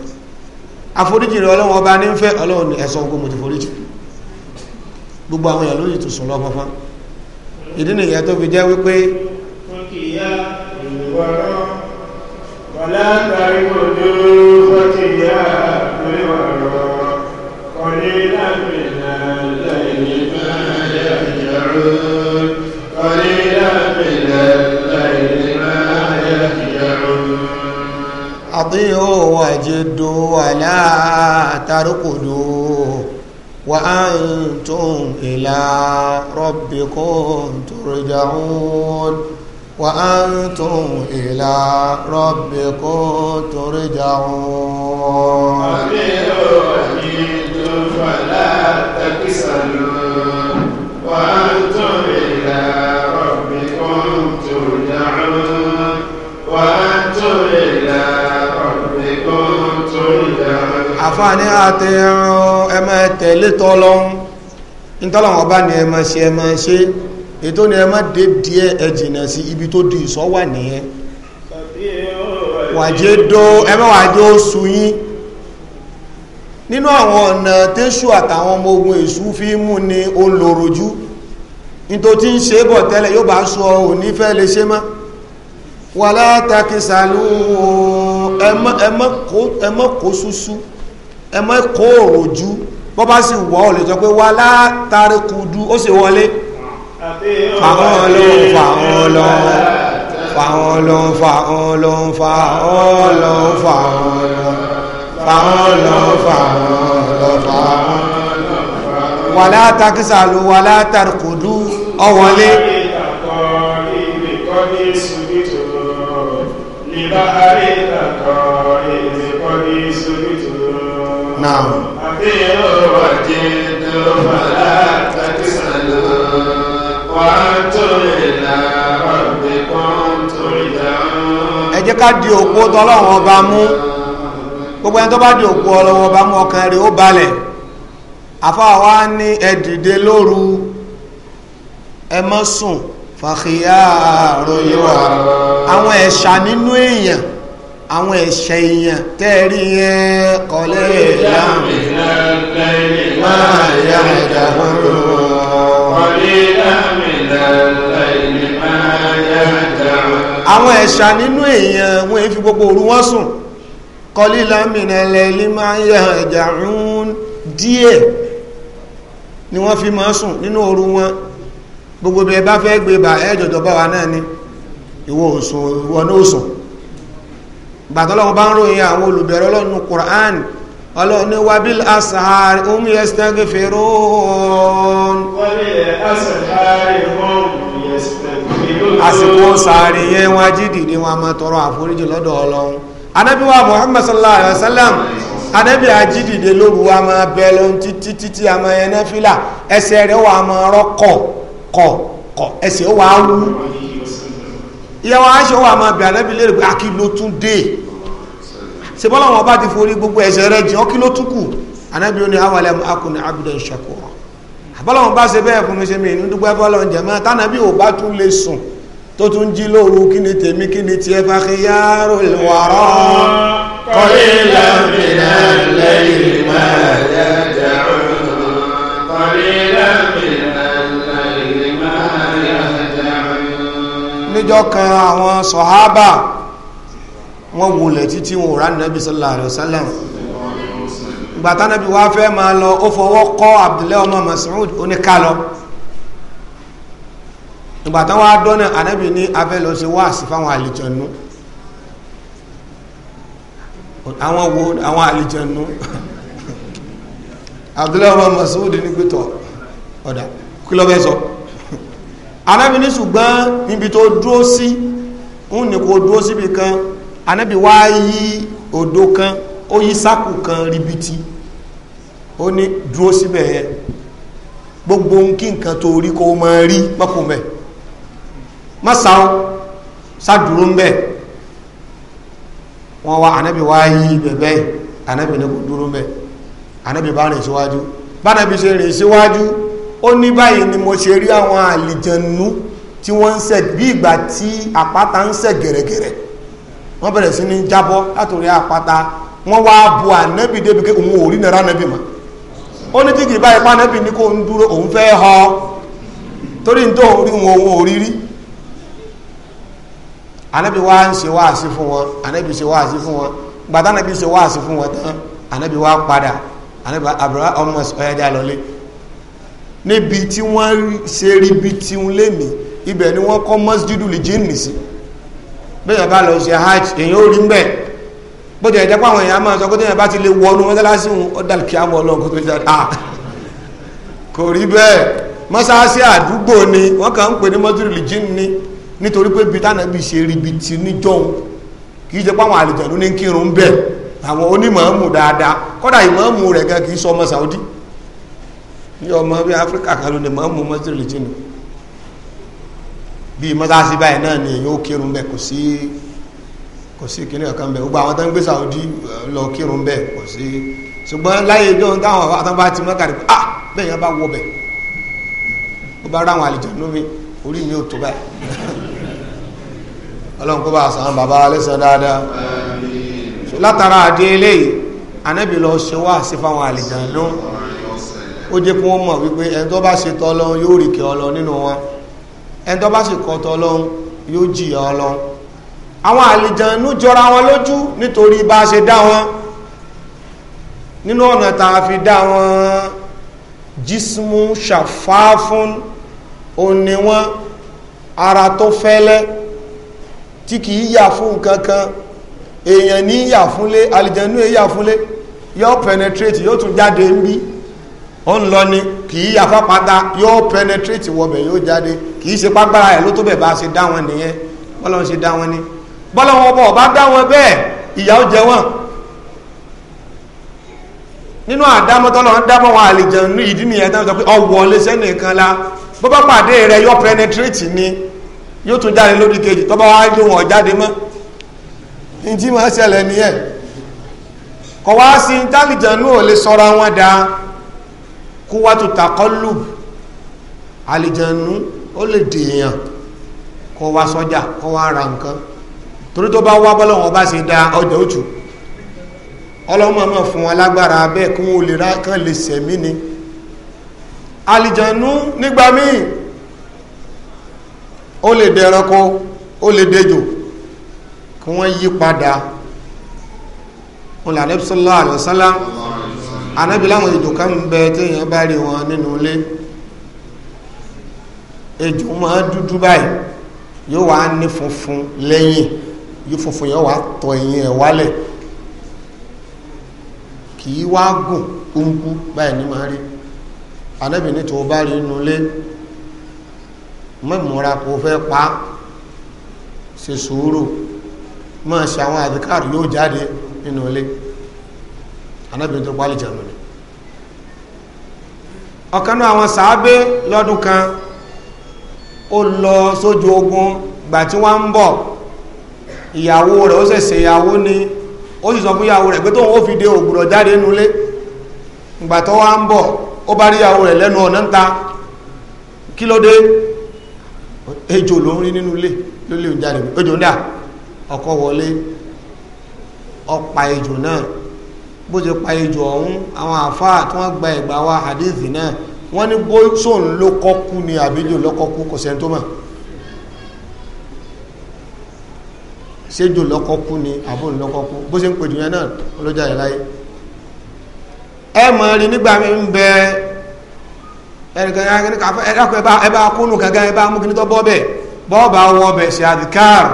àforíjì rẹ̀ ọba ní fẹ́ ọlọ́run ní ẹ̀sán pé mo ti foríjì gbogbo àwọn èèyàn ló sì tún sùn lọ ìdí nìyẹn tó fi jẹ́ wípé أطيعوا وجدوا ولا تركضوا وأنتم إلى ربكم ترجعون وأنتم إلى ربكم ترجعون أطيعوا وجدوا ولا تكسلون وأنتم àfáà ní àtẹ̀rùn ẹ máa tẹ̀lé tọ́lọ́hún nítọ́lọ́hún ọba ni ẹ ṣe ẹ ṣe ètò ni ẹ má dé díẹ̀ ẹ sí ibi tó di ìsọ́ wà nìyẹn wàjẹ́ dó ẹ má wàjẹ́ oṣù yín nínú àwọn ọ̀nà tẹ́ṣù àtàwọn ọmọ ogun èṣù fi mú ni ó ń lò rojú nítorí tí ń ṣe é bọ̀ tẹ́lẹ̀ yóò bá sọ òní fẹ́ lè ṣe mọ́ wàlá takisàlú ẹ má kó súsú ẹ mọ́ kó òròjú bọ́ bá sì wọ́ ò lè sọ pé wà látàríkùdú ó sì wọlé fàwọn ọlọ́run fàwọn ọlọ́run fàwọn ọlọ́run fàwọn ọlọ́run fàwọn ọlọ́run fàwọn ọlọ́run fàwọn ọlọ́run wà látàkísàlù wà látàríkùdú ọwọlé ní bá a náà. àbíyẹ̀wò ọ̀jẹ̀ tó fàlà tàkìsàlù wà tó ìlà ọ̀gbẹ̀ kan tó ìjà. ẹ jẹ́ ká di òpó tọ́lọ́wọ́n ọba mú gbogbo ẹni tó bá di òpó ọlọ́wọ́ ọba mú ọkàn rẹ̀ ó balẹ̀ àfáàwá ní ẹ lóru ẹ fàkìyà àròyìn wa àwọn ẹ̀ṣà nínú èèyàn àwọn ẹ̀ṣẹ̀ èèyàn tẹ́rí ẹ kọlẹ̀ láàmìnà lẹ́yìn máa yá ẹ̀dà ọ̀rọ̀ kọlẹ̀ láàmìnà lẹ́yìn máa yá ẹ̀dà ọ̀rọ̀ àwọn ẹ̀ṣà nínú èèyàn wọ́n fi gbogbo òru wọ́n sùn díẹ̀ ni wọ́n fi máa sùn nínú òru wọn gbogbo bí bá fẹ́ gbé bá ẹ bá wa náà ni ìwọ òsùn ìwọ náà sùn gbàtọ́lọ́wọ́ bá ń ròyìn àwọn olùbẹ̀rẹ̀ ọlọ́nu Qur'an ọlọ́ni wabil asahari um yastaghfirun àsìkò sàárì yẹn wọn ají dìde wọn a máa tọrọ àforíjì lọ́dọ̀ ọlọ́run anábí wa Muhammad sallallahu alaihi wasallam anábí ají dìde lóru wa máa bẹ lóhun títí títí a máa ẹsẹ̀ rẹ̀ wà máa rọ́ kọ̀ kọ̀ ẹsẹ̀ wà á wú ìyàwó aṣọ wà máa bẹ̀ ànábì lérè pé akí ló tún dé ṣe bọ́lá wọn bá ti forí gbogbo ẹ̀ṣẹ̀ rẹ̀ jìn ọkí ló tún kù ànábì ó ní awàlẹ̀ akùnrin abudan shakura àbọ́lá wọn bá ṣe bẹ́ẹ̀ fún mi ṣe mi ní dúpẹ́ bọ́lá oúnjẹ mọ́ tánàbí ò bá tún lè sùn tó tún jí lóru kí ni tèmi kí ni tiẹ̀ fàkíyàrò ìwàrọ̀ kọ́lé lẹ́mìnà lẹ́yìn níjọ́ kan àwọn sọ̀hábà wọ́n wulẹ̀ títí wọn ò rá nàbí sallallahu alaihi wasallam ìgbà tánábì wá fẹ́ máa lọ ó fọwọ́ kọ́ Abdullahi ọmọ Mas'ud oníkálọ́ ìgbà táwọn adọ́nà ànábì ní abẹ́ lọ sí wáàsí fáwọn àlìjọ̀nú àwọn wo àwọn àlìjọ̀nú Abdullahi ọmọ Mas'ud ní pẹ̀tọ̀ ọ̀dà kí ló fẹ́ sọ. So anábì ní ṣùgbọ́n níbi tó dúró sí ń ní kò dúró síbi kan anábì wá yí odó kan ó yí sáàkù kan ribiti ó ní dúró síbẹ̀ yẹn gbogbo kí nǹkan tó rí kó máa rí mọ́kùn bẹ̀ má sáwọn sádúró ń bẹ̀ wọ́n wá anábì wá yí bẹ̀bẹ̀ anábì ní kò dúró ń bẹ̀ anábì bá rìn síwájú bá anábì ṣe rìn síwájú ó ní báyìí ni mo ṣe rí àwọn àlìjẹnú tí wọ́n ń sẹ̀ bí ìgbà tí àpáta ń sẹ̀ gẹ̀rẹ̀gẹ̀rẹ̀ wọ́n bẹ̀rẹ̀ sí ní jábọ́ látòrí àpáta wọ́n wá bu ànábì débi pé òun ò rí nara ànábì mọ́ ó ní tíkì báyìí pa ànábì ní kó ń dúró òun fẹ́ họ torí ní tó òun rí wọn òun ò rí rí ànábì wá ń ṣe wáàsí fún wọn ànábì ṣe wáàsí fún wọn gbàtà ṣe wáàsí fún wọn tán ànábì wá padà ànábì Abrahamu ọmọ ọ̀yájà lọlé níbi tí wọ́n ṣe rí bí tí ń lé ní ibẹ̀ ni wọ́n kọ́ mọ́sídìdù lè jí nì sí bẹ́ẹ̀ bá lọ ṣe hajj èyàn ò rí mbẹ́ bó ti ẹ̀jẹ̀ pé àwọn èèyàn máa sọ pé téèyàn bá ti lè wọnú mọ́sálásí òun ó dàlù kí ọlọ́run kó tó à kò rí bẹ́ẹ̀ mọ́sálásí àdúgbò ni wọ́n kàn ń pè ní mọ́sídìdù lè jí ní nítorí pé bí tánà bí ṣe rí bí ti ní kírun bẹ́ẹ̀ kì í sọ ọmọ Saudi ní ọmọ bí áfíríkà kan ló ní mọ́ mú mọ́tò lè jìnnà bíi mọ́sáàsì báyìí náà ni yóò kírun bẹ́ẹ̀ kò sí kò sí kíní ọ̀kan bẹ́ẹ̀ gbogbo àwọn tó ń gbé Saudi lọ kírun bẹ́ẹ̀ kò sí ṣùgbọ́n láyé ìjọ táwọn àtàwọn bá ti mọ́ kàrí ah bẹ́ẹ̀ yẹn bá wọ bẹ́ẹ̀ ó bá ráwọn àlejò nú mi orí mi ò tó báyìí ọlọ́run kó bá a sàn bàbá alẹ́sàn dáadáa látara àdé eléyìí anábì lọ ṣe wá sí fáwọn àlejò náà ó jẹ́ kí wọ́n mọ̀ wípé ẹni tó bá ṣe tọ́lọ́run yóò rí kẹ́ Ọlọ́run nínú wọn ẹni tó bá sì kọ̀ tọ́lọ́run yóò jìyà Ọlọ́run àwọn àlìjànú jọra wọn lójú nítorí bá a ṣe dá wọn nínú ọ̀nà tá a fi dá wọn jísmù ṣàfáfún òní wọn ara tó fẹ́lẹ́ tí kì í yà fún nǹkan kan èèyàn ní yà fúnlé àlìjànú èyà fúnlé yóò penetrate yóò tún jáde ń bí ó ń lọ ni kì í afọ́pátá yóò penetrate wọbẹ̀ yóò jáde kì í ṣe págbára ẹ̀ ló tó bẹ̀ bá ṣe dá wọn nìyẹn bọ́lọ́n ṣe dá wọn ni bọ́lọ́n wọn bọ̀ bá dá wọn bẹ́ẹ̀ ìyà ó jẹ wọn nínú àdámọ́tọ́lọ́ ń dábọ̀ wọn àlejò ní ìdí nìyẹn tán sọ pé ọwọ́ léṣẹ́ nìkan la bó bá pàdé rẹ yóò penetrate ni yóò tún jáde lórí kejì tó bá wá lé wọn jáde mọ́ ní tí máa ṣẹlẹ̀ nìyẹn kọ̀ wá sí intelligent náà lè sọra wọn dáa kúwàtú takọ́lù àlìjẹ̀nu ó lè dèèyàn kó wá sọ́jà kó wá ra nǹkan torí tó bá wá bọ́lọ̀ wọn bá ṣe da ọjà òtù ọlọ́mọ mọ̀ fún wọn lágbára bẹ́ẹ̀ kí wọ́n lè ra kán lè sẹ̀mí ni àlìjẹ̀nu nígbà míì ó lè dẹ ẹranko ó lè dejò kí wọ́n yí padà wọn làdẹ́bísọ́lá àlọ́sálá ànábi láwọn ejò kan ń bẹ téèyàn bá rí wọn nínú ilé ejò máa dúdú báyìí yóò wá ní funfun lẹ́yìn yóò funfun yóò wá tọ ẹ̀yìn ẹ̀ wálẹ̀ kì í wá gùn kúnkún báyìí ní máa rí ànábi ní tó bá rí nínú ilé mọ̀mọ́ra kò fẹ́ pa ṣe sùúrù máa ṣe àwọn àdìkáàrù yóò jáde nínú ilé anábìnrin tó pálí jẹun ọ̀kan náà àwọn sàábé lọ́dún kan ó lọ sójú ogun gbà tí wọ́n ń bọ̀ ìyàwó rẹ̀ ó ni ó sì sọ fún ìyàwó rẹ̀ pé tóun ó fi de ògbùrọ̀ jáde nulé ìgbà tó ń bọ̀ ó bá rí ìyàwó rẹ̀ lẹ́nu ọ̀nà ta kí ló dé ejò ló ń rí nínú ilé ló lè jáde ejò bó ti pa ejò ọ̀hún àwọn àfáà tí wọ́n gba ìgbà wa hadith náà wọ́n ní bolson ló kọ́kú ni àbílẹ̀ lọ́kọ́kú kò sẹ́ni tó mọ̀ séjò lọ́kọ́kú ni àbóhùn lọ́kọ́kú bó ṣe ń pè jùlọ náà olójà ìláyé ẹ mọ̀ rí nígbà mi ń bẹ ẹnìkan ẹ̀dàkùn ẹ̀bá kúnnù kankan ẹ̀bá mú kí ní tọ́ bọ́ bẹ̀ bọ́ọ̀bà wọ bẹ̀ ṣe àdìkáàrù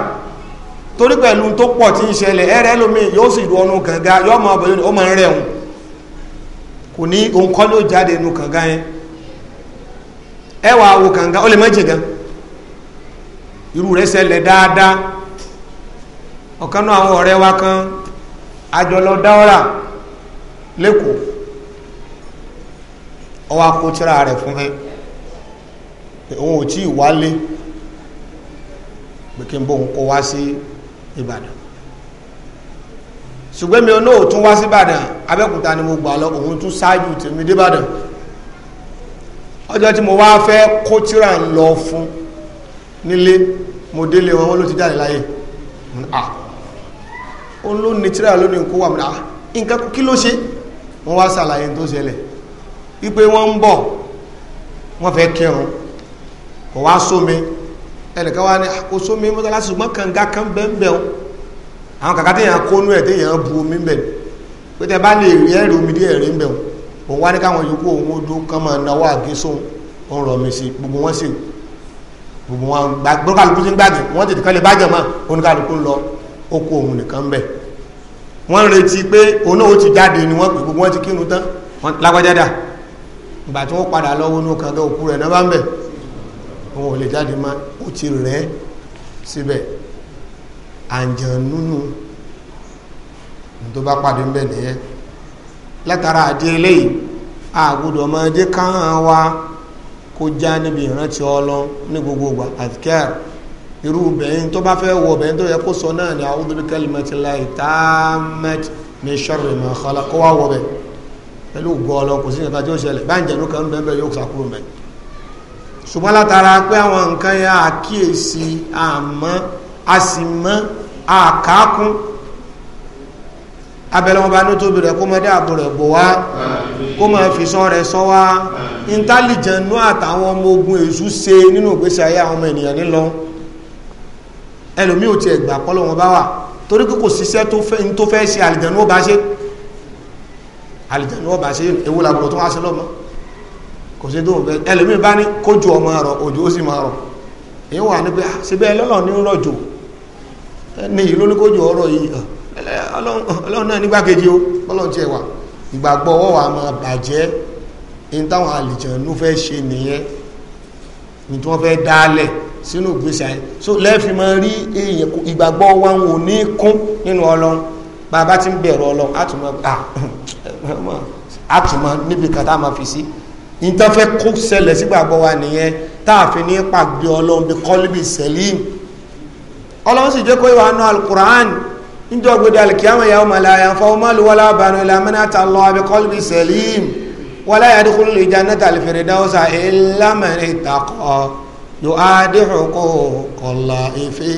torí pẹ̀lú tó pọ̀ tí ń ṣẹlẹ̀ ẹ̀rẹ́ lómi yóò sì ru ọnụ kànga yóò rẹ̀ kò ní òun kọ́ ló jáde nu kànga yẹn ẹ wàá kànga ó lè má jìn irú rẹ̀ ṣẹlẹ̀ dáadáa ọ̀kan náà wa kan àjọlọ dáwọ́rà lẹ́kọ̀ọ́ ọwọ́ rẹ̀ fún òun ò tí ì wálé pé Ìbàdàn ṣùgbọ́n mi ò náà tún wá sí Ìbàdàn Abẹ́òkúta ni mo gbà lọ òun tún ṣáájú tèmi dé Ìbàdàn ọjọ́ tí mo wá fẹ́ kó tíra ń lọ fún nílé mo délé wọn wọn ló ti jáde láyé òun ló ní tíra lónìí kó wà mí nǹkan kí ló ṣe wọ́n wá ṣàlàyé tó ṣẹlẹ̀ wípé wọ́n ń bọ̀ wọ́n fẹ́ kírun kò wá sómi ẹnìkan wá ní ah, kò sómi mọ́sálásí ṣùgbọ́n kànga kan bẹ́ẹ̀ àwọn kàkà téèyàn kónú ẹ̀ téèyàn bu omi bẹ̀ pé tẹ bá lè rí ẹ̀rí omi díẹ̀ rí bẹ̀ òun wá ní káwọn yòókù òun ó dún kán máa náwó àgé sóhun ó ń rọ̀ mí sí gbogbo wọn sì gbogbo wọn gbogbo kálukú sí ń gbàgbé wọn tètè kán lè bájẹ̀ mọ́ oníkálukú ń lọ oko òun nìkan bẹ̀ wọ́n retí pé òun náà ó ti ni wọ́n pè gbogbo wọn ti kírun tán lágbájá dà ìgbà tí wọ́n padà lọ́wọ́ inú wọn ò lè jáde má ó ti rẹ̀ síbẹ̀ àjànúnú tó bá pàdé ń bẹ̀ nìyẹn látara àdí eléyìí àgùdọ̀ máa jẹ́ káhàn wa kó já níbi ìrántí ọlọ ní gbogbo ìgbà àtikẹ́r irú bẹ̀yìn tó bá fẹ́ wọ bẹ̀yìn tó yẹ kó sọ náà ni a'udhu bi kalimatillahi tammati min sharri ma khalaq kó wá wọ bẹ̀ pẹ̀lú ògbọ́ ọlọ kò sí ìrìnkà tí ó ṣẹlẹ̀ bá ń jẹ̀nú kan bẹ́ẹ̀ yóò sàkúrò bẹ́ẹ̀ ṣùgbọ́n látara pé àwọn nǹkan yẹn àkíyèsí àmọ́ àsìmọ́ àkákún abẹ́lẹ́ wọn bá ní tóbi rẹ̀ kó mọ́ dé àbò rẹ̀ bò wá kó mọ́ fi sọ rẹ̀ sọ wá intelligent àtàwọn ọmọ ogun èṣù ṣe nínú ìgbésí ayé àwọn ọmọ ènìyàn nílọ ẹlòmí ò ti ẹ̀gbà pọ́lọ́ wọn bá wà torí pé kò síṣẹ́ tó fẹ́ ṣe àlìjẹ̀nú ọba ṣe àlìjẹ̀nú ọba ṣe ewu làbùrọ̀ tó wá ṣe lọ́mọ́ kò sí tó ń bẹ ẹlòmíì bá ní kójú ọmọ rọ òjò ó sì máa rọ èyí wà ní pé síbẹ̀ ah, lọ́lọ́ ní rọ̀jò ní ìlú ní kójú ọ̀rọ̀ yìí ah, ọlọ́run náà nígbàkejì ó bọ́lọ́n tiẹ̀ wà ìgbàgbọ́ ọwọ́ wa máa bàjẹ́ ní táwọn àlìjànú fẹ́ ṣe nìyẹn ní tí wọ́n fẹ́ dálẹ̀ sínú ìgbésí ayé so lẹ́ẹ̀fì máa rí èèyàn ìgbàgbọ́ wa ń ò ní kún nínú ọlọ́run bàbá ti ń bẹ̀rù ọlọ́run àtùmọ̀ àtùmọ̀ ah, níbi kan tá a máa fi sí nǹkan fẹ́ kó ṣẹlẹ̀ sígbàgbọ́ wa nìyẹn táàfin ní pàgbé ọlọ́run bí kọ́líbì sẹ́lìm ọlọ́run sì jẹ́ kó ìwà nù alukur'an níjọ́ gbèdé alikiyama yàwó malaya fọwọ́ máa lu wọlé abànú ilẹ̀ amínátà lọ àbí kọ́líbì sẹ́lìm wọlé yàrá kúrò lè jẹ́ anátà àlìfèrè dáwọ́sà ìlàmẹ̀rẹ̀ ìtàkọ́ yóò á dé xókó kọ̀lá ìfẹ́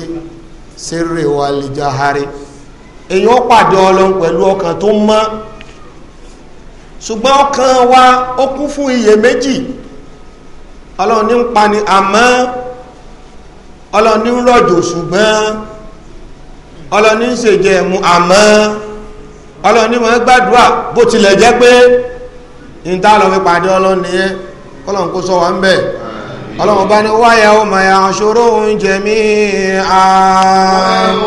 èyí ó pàdé ọlọ́run pẹ̀lú ọkàn tó mọ́ ṣùgbọ́n ọkàn wa ó kún fún iyèméjì ọlọ́run ní ń pani àmọ́ ọlọ́run ní ń rọ̀jò ṣùgbọ́n ọlọ́run ń ṣèjẹ́ mu àmọ́ ọlọ́run ní wọ́n gbàdúrà bó tilẹ̀ jẹ́ pé níta lọ fi pàdé ọlọ́run nìyẹn ọlọ́run kó sọ wá ń bẹ̀ ọlọ́run bá ní wáyà ó màyà ṣòro oúnjẹ mi ààrùn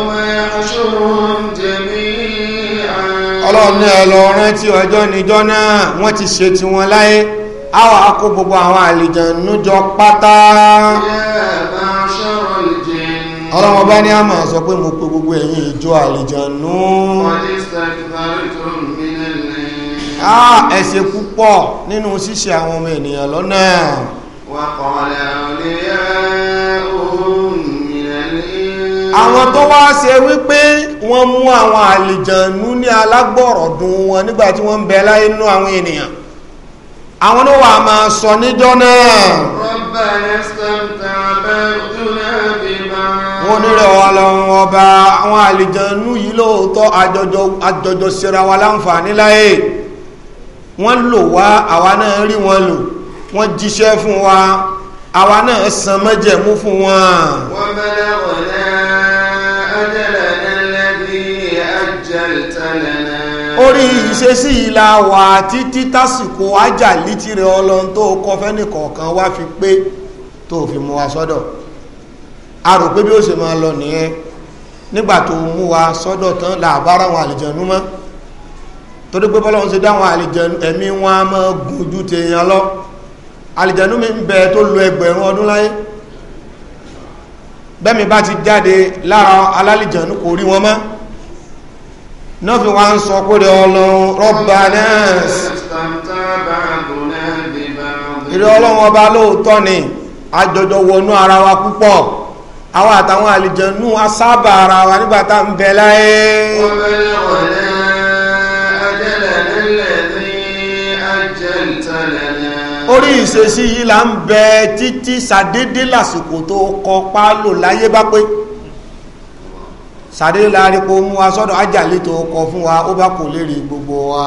ọlọ́run ní ẹ lọ rántí ọjọ́ níjọ́ náà wọ́n ti ṣe tiwọn láyé àwọn akó gbogbo àwọn àlìjànú jọ pátá ọlọ́wọ́n bá ní a máa sọ pé mo pe gbogbo ẹ̀yin ìjọ àlìjànú ẹ̀ṣẹ̀ púpọ̀ nínú ṣíṣe àwọn ọmọ ènìyàn lọ́nà wàkọ̀ọ̀lẹ̀ òní àwọn tó wá ṣe wípé wọ́n mú àwọn àlìjànú ní alágbọ̀rọ̀dún wọn nígbà tí wọ́n ń bẹ láyé nú àwọn ènìyàn àwọn ló wà máa sọ níjọ́ náà wọ́n nílẹ̀ ọlọ́run ọba àwọn àlìjànú yìí lóòótọ́ àjọjọ síra wa láǹfààní láyé wọ́n lò wá àwa náà rí wọn lò wọ́n jíṣẹ́ fún wa àwa náà san mọ́jẹ̀mú fún wọn. wọ́n bẹ́lẹ̀ wọ̀ náà ajẹ́lẹ̀ nílẹ́bí ajẹ́lẹ̀tẹ̀lẹ̀nà. orí ìṣesí ìlà wà títí tásìkò ajálí tirẹ̀ ọlọ́run tó kọ́ fẹ́nìkọ̀ọ̀kan wá fi pé tó fi mú wa sọ́dọ̀ a rò pé bí ó ṣe máa lọ nìyẹn nígbà tó mú wa sọ́dọ̀ tán làbára àwọn àlìjẹ̀nú mọ́ torí pé bọ́lá wọn ṣe dáwọn àlìjẹ̀nú ẹ̀mí wọn á máa gùn ju tèèyàn lọ àlìjànú mi ń bẹ tó lo ẹgbẹ̀rún ọdún láyé bẹ́mi bá ti jáde lára alálìjànú kò rí wọn mọ́ náà fi wá ń sọ pé rẹ ọlọ́run rọ́bà náà ìrẹ ni àjọjọ wọnú ara púpọ̀ àwọn àtàwọn àlìjànú asábà ara wa nígbà ń bẹ láyé. ọmọ ẹlẹ́wọ̀n orí ìṣesí yìí là ń bẹ títí sàdédé lásìkò tó kọ pálò láyé bá pé sàdédé láàrin kó mú wa sọ́dọ̀ ajáàlè tó kọ fún wa ó bá kò lérí gbogbo wa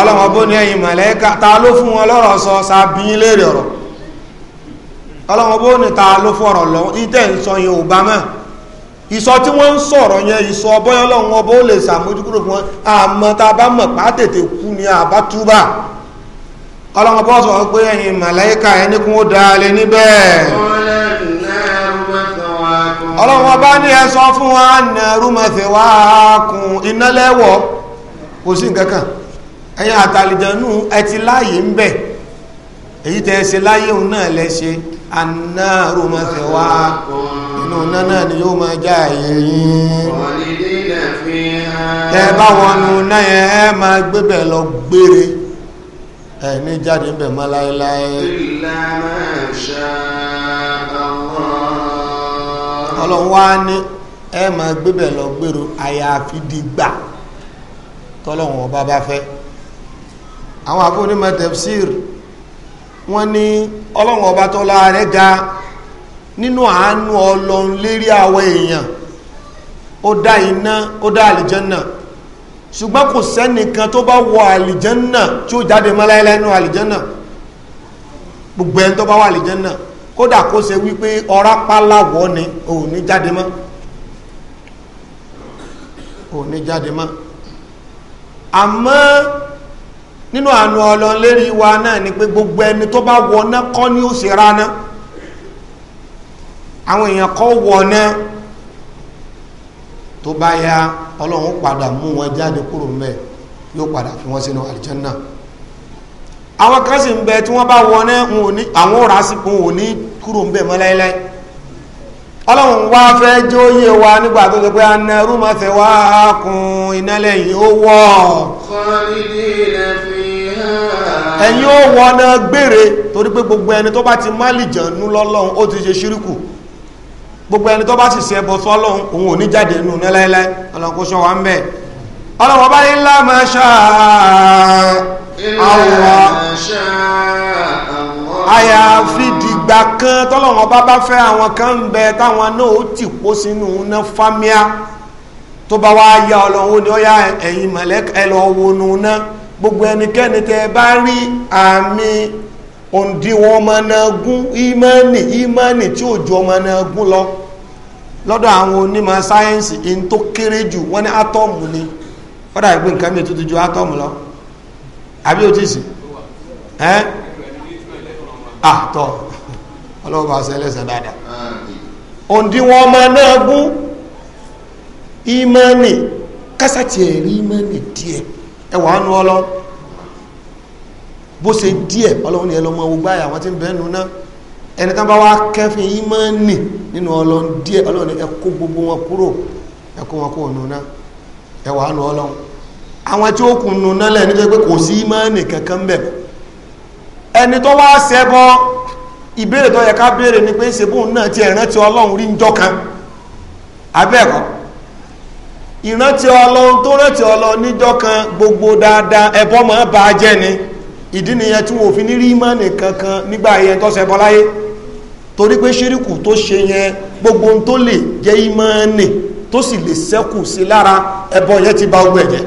ọlọ́wọ́n bó ní ẹ̀yin mọ̀lẹ́ka ta ló fún wọn lọ́rọ̀ sọ sàbíyín léèrè ọ̀rọ̀ ọlọ́wọ́n bó ní ta ló fọ̀rọ̀ lọ ìtẹ̀ ń sọ yóò bá mọ́ ìsọ tí wọ́n ń sọ̀rọ̀ yẹn ìsọ bọ́yọ́ lọ́wọ́ ọba ó lè sàmójúkúrò fún wọn àmọ́ tá a bá mọ̀ pa tètè kú ni àbá túbà ọlọ́wọ́ bọ́ sọ pé ẹ̀yin màláíkà ẹni kún ó da alẹ́ níbẹ̀ ọlọ́wọ́ bá ní ẹ sọ fún wa nà rúmọ̀fẹ́ wá kun iná lẹ́wọ̀ kò sí nǹkan kan ẹ̀yin àtàlìjẹ̀nù ẹ ti láàyè ń bẹ̀ èyí tẹ́ ṣe láyé òun náà lẹ ṣe anáàrò máa fẹ́ wá inú náà náà ni yóò máa já ẹ̀yẹ yín ẹ bá wọn nu náà ẹ máa gbébẹ̀ lọ gbére ẹ ní jáde bẹ̀ mọ́ láéláé ọlọ́run wá ní ẹ máa gbébẹ̀ lọ gbèrò àyàfi dìgbà tọ́lọ́run ọba bá fẹ́ àwọn àfọwọ́nímọ̀ tẹ̀síìrì wọ́n ní ọlọ́run ọba tọ́lá rẹ̀ ga nínú àánú ọlọ́run lérí àwọn èèyàn ó dá iná ó dá àlìjẹ́nà ṣùgbọ́n kò sẹ́nìkan tó bá wọ àlìjẹ́nà tí ó jáde mọ́ láíláí nínú àlìjẹ́nà gbogbo ẹni tó bá wà àlìjẹ́nà kódà kó ṣe wípé ọ̀rá pálawọ̀ ni ò jáde mọ́ ò jáde mọ́ àmọ́ nínú àánú Ọlọ́run lérí wa náà ni pé gbogbo ẹni tó bá wọná kọ́ ni ó sì ráná àwọn èèyàn kọ́ wọná tó bá ya Ọlọ́run padà mú wọn jáde kúrò mbẹ̀ yóò padà fi wọn sínú àlìjánná àwọn kan sì ń bẹ tí wọ́n bá wọná àwọn òrà sí kún òní kúrò mbẹ̀ mọ́ láíláí ọlọ́run wá fẹ́ jóyè wa nígbà tó sọ pé anẹ́rú máa fẹ́ kún iná lẹ́yìn ó wọ́ ẹ̀yin ó wọná gbére torí pé gbogbo ẹni tó bá ti má lì jànú lọ́lọ́run ó ti ṣe ṣíríkù gbogbo ẹni tó bá sì ṣe ẹbọ sọ́lọ́run òun ò ní jáde nù ní láéláé ọlọ́run kó ṣọ́ wa ń bẹ̀ ọlọ́run bá ní ńlá máa ṣá àwọ̀ àyàfi dìgbà kan tọ́lọ́run ọba bá fẹ́ àwọn kan ń bẹ táwọn náà ó tì kó sínú ná fámíà tó bá wá yá ọlọ́run ó ní ó yá ẹ̀yin mọ̀lẹ́kẹ́ lọ wọnú náà gbogbo ẹnikẹ́ni tẹ́ bá rí àmì òǹdíwọ̀n ọmọ náà gún ìmánì ìmánì tí ò ju ọmọ lọ lọ́dọ̀ àwọn onímọ̀ sáyẹ́nsì in tó kéré jù wọ́n ní átọ́ọ̀mù ni fọ́dà ìgbé nǹkan mi tó ti ju átọ́ọ̀mù lọ àbí o ti sì ẹ́ àtọ̀ ọlọ́ọ̀bà sẹ́lẹ̀sẹ̀ dáadáa òǹdíwọ̀n ọmọ náà gún ìmánì kásàtì ẹ̀rí ìmánì díẹ̀ ẹwà ánú ọlọ bó ṣe díẹ̀ ọlọ́run ni ẹlọmọ ogbá wọ́n tí ń bẹ́ẹ̀ náà ẹni tán bá wá kẹfì yìí máa ń nì nínú ọlọ́run díẹ̀ ọlọ́wọ́ ẹ gbogbo wọn kúrò wọn nùnà ẹwà àwọn tí ó kù nùnà pé kò sí máa ń nì kankan ẹni tó wá ìbéèrè tó yẹ ká béèrè ni pé ìrántí ọlọ́run tó rántí ọlọ́run níjọ́ kan gbogbo dáadáa ẹbọ máa bà jẹ́ ni ìdí nìyẹn tí wọn ò fi ní rí mọ́ nìkan kan nígbà yẹn tó ṣẹbọ láyé torí pé ṣíríkù tó ṣe yẹn gbogbo tó lè jẹ́ ìmọ̀ọ́nì tó sì lè ṣẹ́kù sí lára ẹbọ yẹn ti ba ogun ẹ̀jẹ̀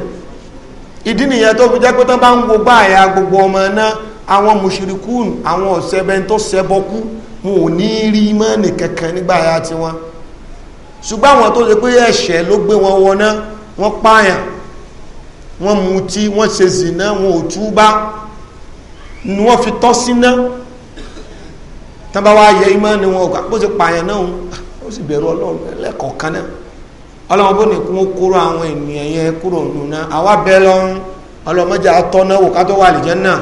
ìdí nìyẹn tó fi jẹ́ pé tán bá ń wo báyà gbogbo ọmọ náà àwọn mùṣírikùn àwọn ọ̀sẹ̀bẹ̀ tó ṣẹbọ kú wọn ò ní rí mọ́ nìkan nígbà yẹn tiwọn ṣùgbọ́n àwọn tó ṣe pé ẹ̀ṣẹ̀ ló gbé wọn wọná wọ́n pààyàn wọ́n mutí wọ́n ṣe zìnà wọn ò túbá ni wọ́n fi tọ́ síná tán bá wá yẹ imọ́ ni wọn ò gbà bó ṣe pààyàn náà ó sì bẹ̀rù ọlọ́run lẹ́kọ̀ọ̀kan náà ọlọ́run bó ní kí wọ́n kúrò àwọn ènìyàn yẹn kúrò nùnà àwa bẹ́ lọ́run ọlọ́mọdé atọ́nà wò ká tó wà àlìjánnà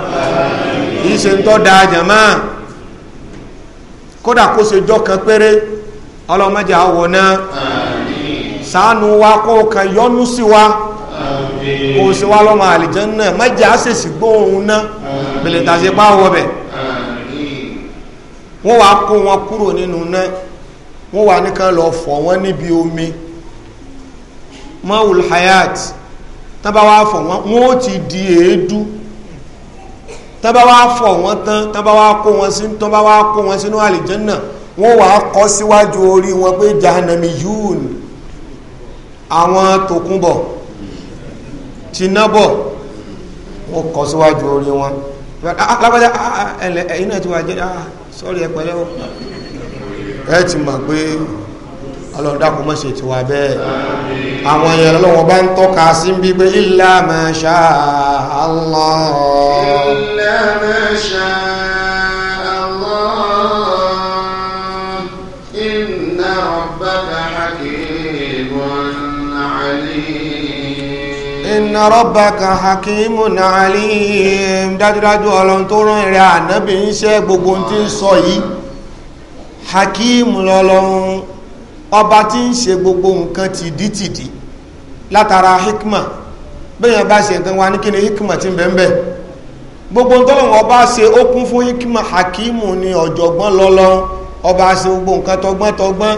kì í ṣe ń tọ́ da àjàmá kódà kó ṣe jọ́ kan péré ọlọ́mọdé àwọ̀ náà ṣàánú wa kó kan yọ́nú sí wa kó sí wa lọ́mọ àlìjànnà mẹ́jẹ̀ á sì sì gbóhùn náà bẹ̀lẹ̀ tàṣe pa wọ bẹ̀ wọ́n wá kó wọn kúrò nínú náà wọ́n wá nìkan lọ fọ̀ wọ́n níbi omi mawul hayat tábà wá fọ̀ wọ́n wọ́n ti di èédú tábà wá fọ̀ wọ́n tán tábà wá kó wọn sínú àlìjànnà náà wọ́n wàá kọ́ síwájú orí wọn pé jahannami yún àwọn tòkunbọ̀ tinábọ̀ wọ́n kọ́ síwájú orí wọn ah, lápẹ́lẹ́ ah, ah, ẹ̀lẹ́ ẹ̀yìn náà ti wà jẹ́ sọ́rí ẹ̀pẹ́lẹ́ o ẹ ti mọ̀ pé ọlọ́dàkùn mọ́ ṣe ti wà bẹ́ẹ̀ àwọn èèyàn lọ́wọ́ bá ń tọ́ka sí bí pé illa ma Allah inna rabbaka hakimun alim dájúdájú ọlọ́run tó rán ìrẹ́ ànábì ń gbogbo tí sọ yìí hakim lọ́lọ́run ọba ti gbogbo ti tìdítìdí látara hikma bẹ́yàn bá ṣe nǹkan wa ní kí hikma ti gbogbo ọba se hikma hakimu ni ọba se gbogbo togbon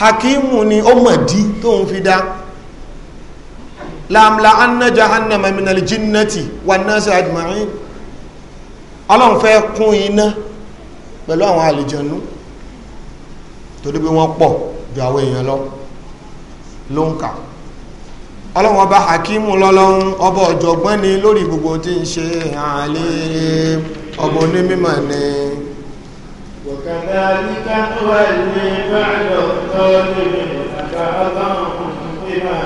hakimu ni ó mọ̀ dí tó ń fi dá láàmlà anna jahannama minal jinnati wà náà sí ajma'in ọlọ́run fẹ́ kún iná pẹ̀lú àwọn àlìjànú torí bí wọ́n pọ̀ ju àwọn èèyàn lọ ló ń kà ọlọ́run ọba hakimu lọ́lọ́run ọba ọ̀jọ̀gbọ́n ni lórí gbogbo tí ń ṣe àlè ọba onímọ̀ ni. وكذلك نولي بعد الظالمين بعضهم بما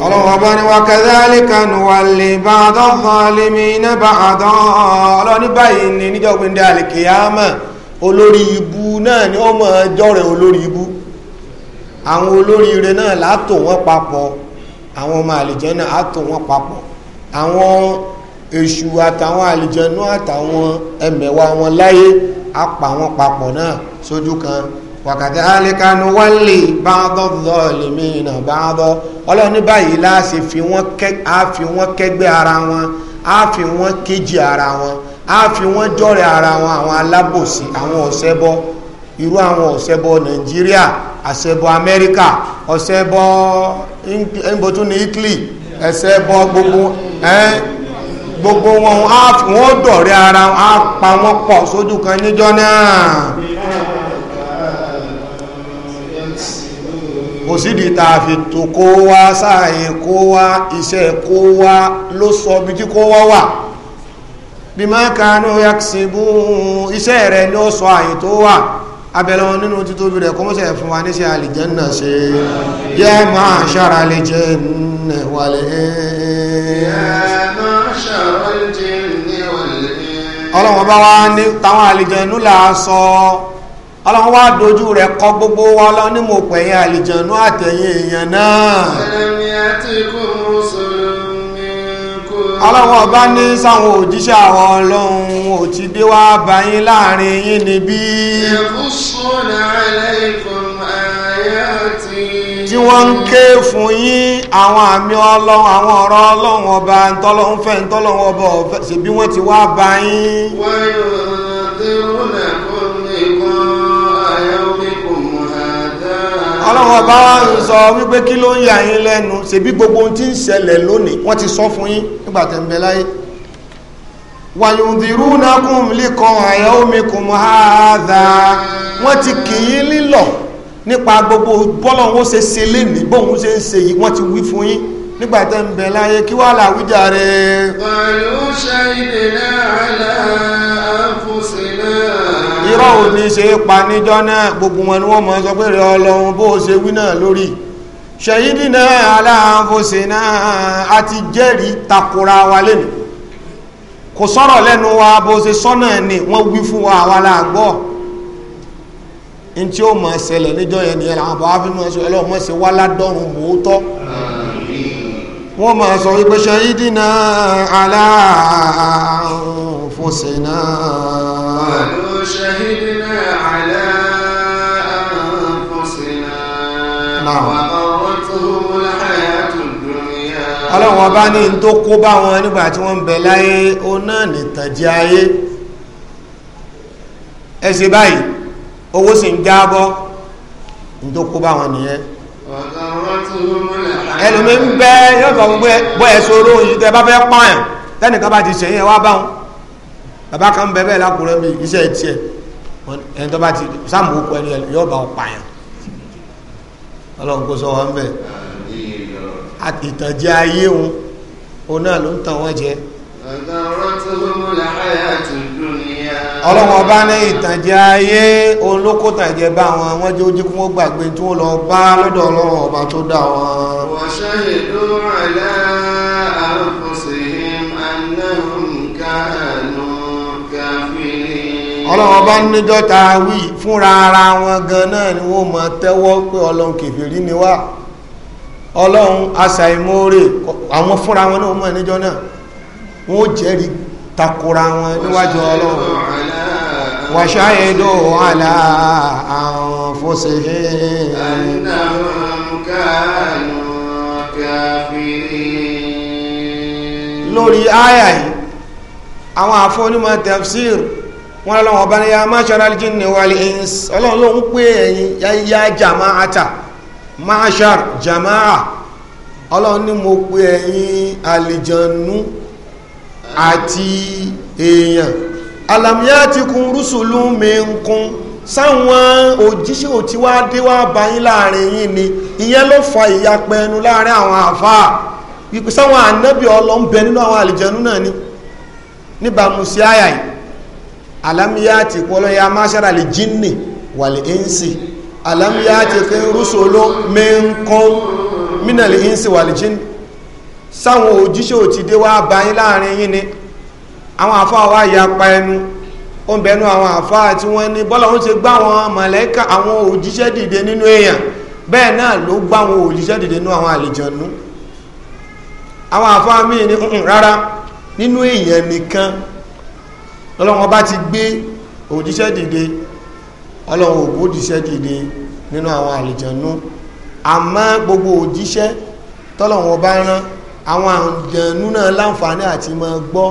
ọlọ́run ọba ni wa kadhalika nuwalli ba'da zalimina ba'da ọlọ́ni báyìí ni níjọ́gbìn dé alìkìyàmọ̀ olórí ibu náà ni ó mọ̀ ẹjọ́ rẹ̀ olórí ibu àwọn olórí náà látò wọ́n papọ̀ àwọn ọmọ èṣù àtàwọn àlìjẹnú àtàwọn ẹmẹ̀wà wọn láyé apà wọn papọ̀ náà sójú kan wàkàtí alikanu wálé báńdọ́ lọ́ọ̀lẹ́mí náà báńdọ́ ọlọ́ọ̀ní báyìí la ṣe fi wọ́n kẹ́ á fi wọ́n kẹ́gbẹ́ ara wọn á fi wọ́n kéjì ara wọn á fi wọ́n jọ̀rẹ̀ ara wọn àwọn alábòsí àwọn ọ̀ṣẹbọ irú àwọn ọ̀ṣẹbọ nàìjíríà àṣẹbọ amẹ́ríkà ọ̀ṣẹbọ ẹ̀ńbọ̀tún ní italy ẹ̀ṣẹbọ gbogbo ẹ̀ gbogbo wọn wọ́n dọ̀rẹ́ ara wọn á pa wọ́n pọ̀ sójú kan níjọ́ náà kò sídìí tá a fi tò kó wá sáàyè kó wá iṣẹ́ kó wá ló sọ bí tí kó wá wà bí máa kanú yaksibu iṣẹ́ rẹ̀ ni ó sọ àyè tó wà abẹ́lẹ̀ wọn nínú títóbi rẹ̀ kọ́mọ́sẹ̀ fún wa níṣẹ́ àlìjẹ́nà ṣe yẹ́ máa ṣára lè jẹ́ wà lè ọlọ́run bá wá ní táwọn àlìjẹ̀nú là á sọ ọlọ́run wá dojú rẹ̀ kọ gbogbo wa lọ ní mo pè yín àlìjẹ̀nú àtẹ̀yìn èèyàn náà ọlọ́run ọba ní sáwọn òjíṣẹ́ àwọn ọlọ́run ò ti dé wá bá yín láàrin yín níbí ẹ̀kú sọ́nà aláìkọ̀ọ́ tí wọ́n ń ké fún yín àwọn àmì ọlọ́run àwọn ọ̀rọ̀ ọlọ́run ọba ntọ́lọ́run fẹ́ ntọ́lọ́run ọba ọ̀fẹ́ ṣe bí wọ́n ti wá bá yín. ọlọ́run ọba ń sọ wípé kí ló ń yà yín lẹ́nu ṣebí gbogbo ohun tí ń ṣẹlẹ̀ lónìí wọ́n ti sọ fún yín nígbà tẹ̀ ń bẹ láyé wàyùndìrúnakùn àyà omi kùn àádá wọ́n ti kì í lílọ̀ nípa gbogbo bọ́lọ̀ ó ṣe ṣe lé ní bóun ṣe ń ṣe yìí wọ́n ti wí fún yín nígbà tẹ́ ń bẹ láyé kí wàá là wíjà rẹ̀. pẹ̀lú ṣe ìdènà àlà àfòsílẹ̀. irọ́ ò ní ṣe é pa níjọ́ náà gbogbo wọn ni wọ́n mọ̀ sọ pé rẹ̀ ọlọ́run bó ṣe wí náà lórí. ṣèyídì náà a ti jẹ́rìí takora wa lẹ́nu kò sọ̀rọ̀ lẹ́nu wa bó ṣe sọ́nà ni wọ́n wí fún wa àwa làgbọ́ n tí ó máa ṣẹlẹ̀ níjọ́ yẹn nìyẹn làwọn bàbá fi máa sọ ẹlọ́wọ́ mọ̀ sí wá ládọ́run mòótọ́ wọ́n máa sọ wípé ṣahidina ala anfusina ṣahidina ala anfusina wà ọ̀rọ̀ tó múlá ọlọ́wọ́n bá ní tó kó bá wọn nígbà tí wọ́n ń bẹ láyé ó náà nìtànjẹ ayé ẹ ṣe báyìí owó sì ń jábọ́ ní tó kó bá wọn nìyẹn ẹlòmí ń bẹ yóò fọ gbogbo bọ́ ẹ̀ sọ̀rọ̀ yìí tẹ́ bá fẹ́ pààyàn tẹ́nìkan bá ti ṣe yẹn wá báwọn bàbá kan bẹ bẹ́ẹ̀ lákùrẹ́ mi iṣẹ́ tiẹ̀ ẹni tó bá ti sáàmù òkú ẹni yóò bá wọn pààyàn ọlọ́run kò sọ wọn bẹ́ẹ̀ ìtànjẹ ayé wọn òun náà ló ń tàn wọn jẹ. ọ̀gá ọ̀rọ̀ tó mú làáyà tó dùn ní ọlọ́wọ́n bá ní ìtànjẹ ayé òun ló kó tànjẹ bá wọn àwọn jẹ́ ojú kún ó gbàgbé tí wọ́n lọ bá lọ́dọ̀ ọlọ́wọ́n ọba tó dá wọn. wọ́n ṣáyè tó ràn lá àrùkùsìn anáhùn káànù káfíìnì. ọlọ́wọ́n bá níjọ́ ta wí fúnra ara wọn gan náà ni wọ́n mọ̀ tẹ́wọ́ pé ọlọ́run kèfèrí ni wá ọlọ́run aṣàìmóore àwọn fúnra wọn náà mọ̀ níjọ́ náà wọ́n jẹ́rìí takora wọn níwájú ọlọ́run وشهدوا على أنفسهم أنهم كانوا كافرين lórí àyà yìí àwọn àfọ́nímọ̀ tafsir wọ́n lọ́wọ́ ọba ní ya masharal jinni wal ins ọlọ́run ló ń pè ẹ̀yìn ya jama'ata mashar jama'a ọlọ́run ni mo pè ẹ̀yìn alijanu àti èèyàn alamiyatikum rusulun minkum sáwọn òjíṣẹ́ ò ti wá dé wá bá yín láàrin yín ni ìyẹn ló fa ìyapẹ ẹnu láàrin àwọn àfáà wípé sáwọn ànábì Ọlọ́hun bẹ nínú àwọn àlìjẹnú náà ni níbàámu sí àyà yìí alamiyatikum ya mashara lil jinni wal insi alamiyatikum rusulun minkum minal insi wal jinni sáwọn òjíṣẹ́ ò dé wá bá láàrin yín ni àwọn àfáà wa ya pa ẹnu ó ń bẹnu àwọn àfáà tí wọ́n ní bọ́lá wọn ṣe gbá àwọn mọ̀lẹ́kà àwọn òjíṣẹ́ dìde nínú èèyàn bẹ́ẹ̀ náà ló gbá àwọn òjíṣẹ́ dìde nínú àwọn àlejànú àwọn àfáà míì ní rárá nínú èèyàn nìkan lọ́lọ́wọ́n bá ti gbé òjíṣẹ́ dìde ọlọ́run ò gbódìṣẹ́ dìde nínú àwọn àlejànú àmọ́ gbogbo òjíṣẹ́ tọ́lọ́wọ́n bá rán àwọn àjànú náà láǹfààní àti máa gbọ́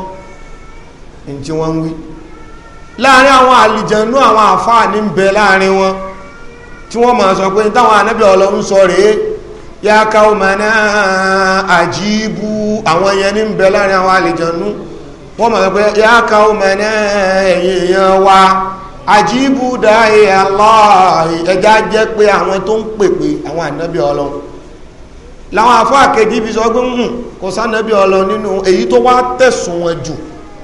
ní tí wọ́n wí láàrin àwọn àlìjànú àwọn àfáà ní ń bẹ láàrin wọn tí wọ́n máa sọ pé táwọn anábì ọlọ́run sọ rèé yá káwọ́ máa ná àjíbú àwọn yẹn ní ń bẹ láàrin àwọn àlìjànú wọ́n máa sọ pé yá káwọ́ máa ná ẹ̀yìn èèyàn wa àjíbú dáhì aláàrí ẹjá jẹ́ pé àwọn tó ń pèpè àwọn ànábì ọlọ́run láwọn àfáà kejì fi sọ pé kò sánábì ọlọ́run nínú èyí tó wá tẹ̀sùn wọn jù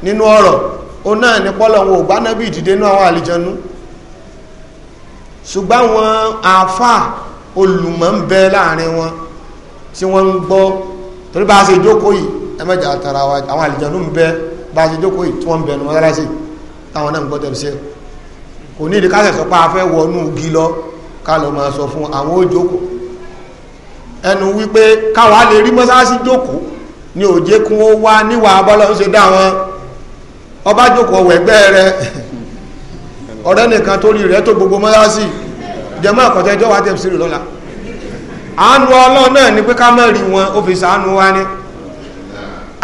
nínú ọ̀rọ̀ ó náà ní pọ́lọ̀ wọn ò bá nábì ìdìde nú àwọn àlìjẹnú ṣùgbọ́n àwọn àáfàá olùmọ̀ ń bẹ láàrin wọn tí wọ́n ń gbọ́ torí bá a ṣe jókòó yìí ẹmẹ́jà àtàrà àwọn àlìjẹnú ń bẹ bá a ṣe jókòó yìí tí wọ́n ń bẹ nínú ọlọ́sì táwọn náà ń gbọ́ tẹ̀lé kò ní ìdí káṣẹ̀ sọ pé a fẹ́ wọnú igi lọ ká lọ máa sọ fún àwọn ó ẹnu wípé káwa lè rí mọ́sáàsì jókòó ni òjé kún ó wá níwà abọ́lọ́ ń ṣe dá ọba jókòó wẹ̀gbẹ́ rẹ ọ̀rẹ́ nìkan tó rí rẹ tó gbogbo mọ́lásì jẹmọ́ ẹ̀kọ́tẹ́ ìjọba tẹ̀síìrì lọ́la àánú ọlọ́run náà ni pé ká mọ́ rí wọn ó fi sàánú wa ni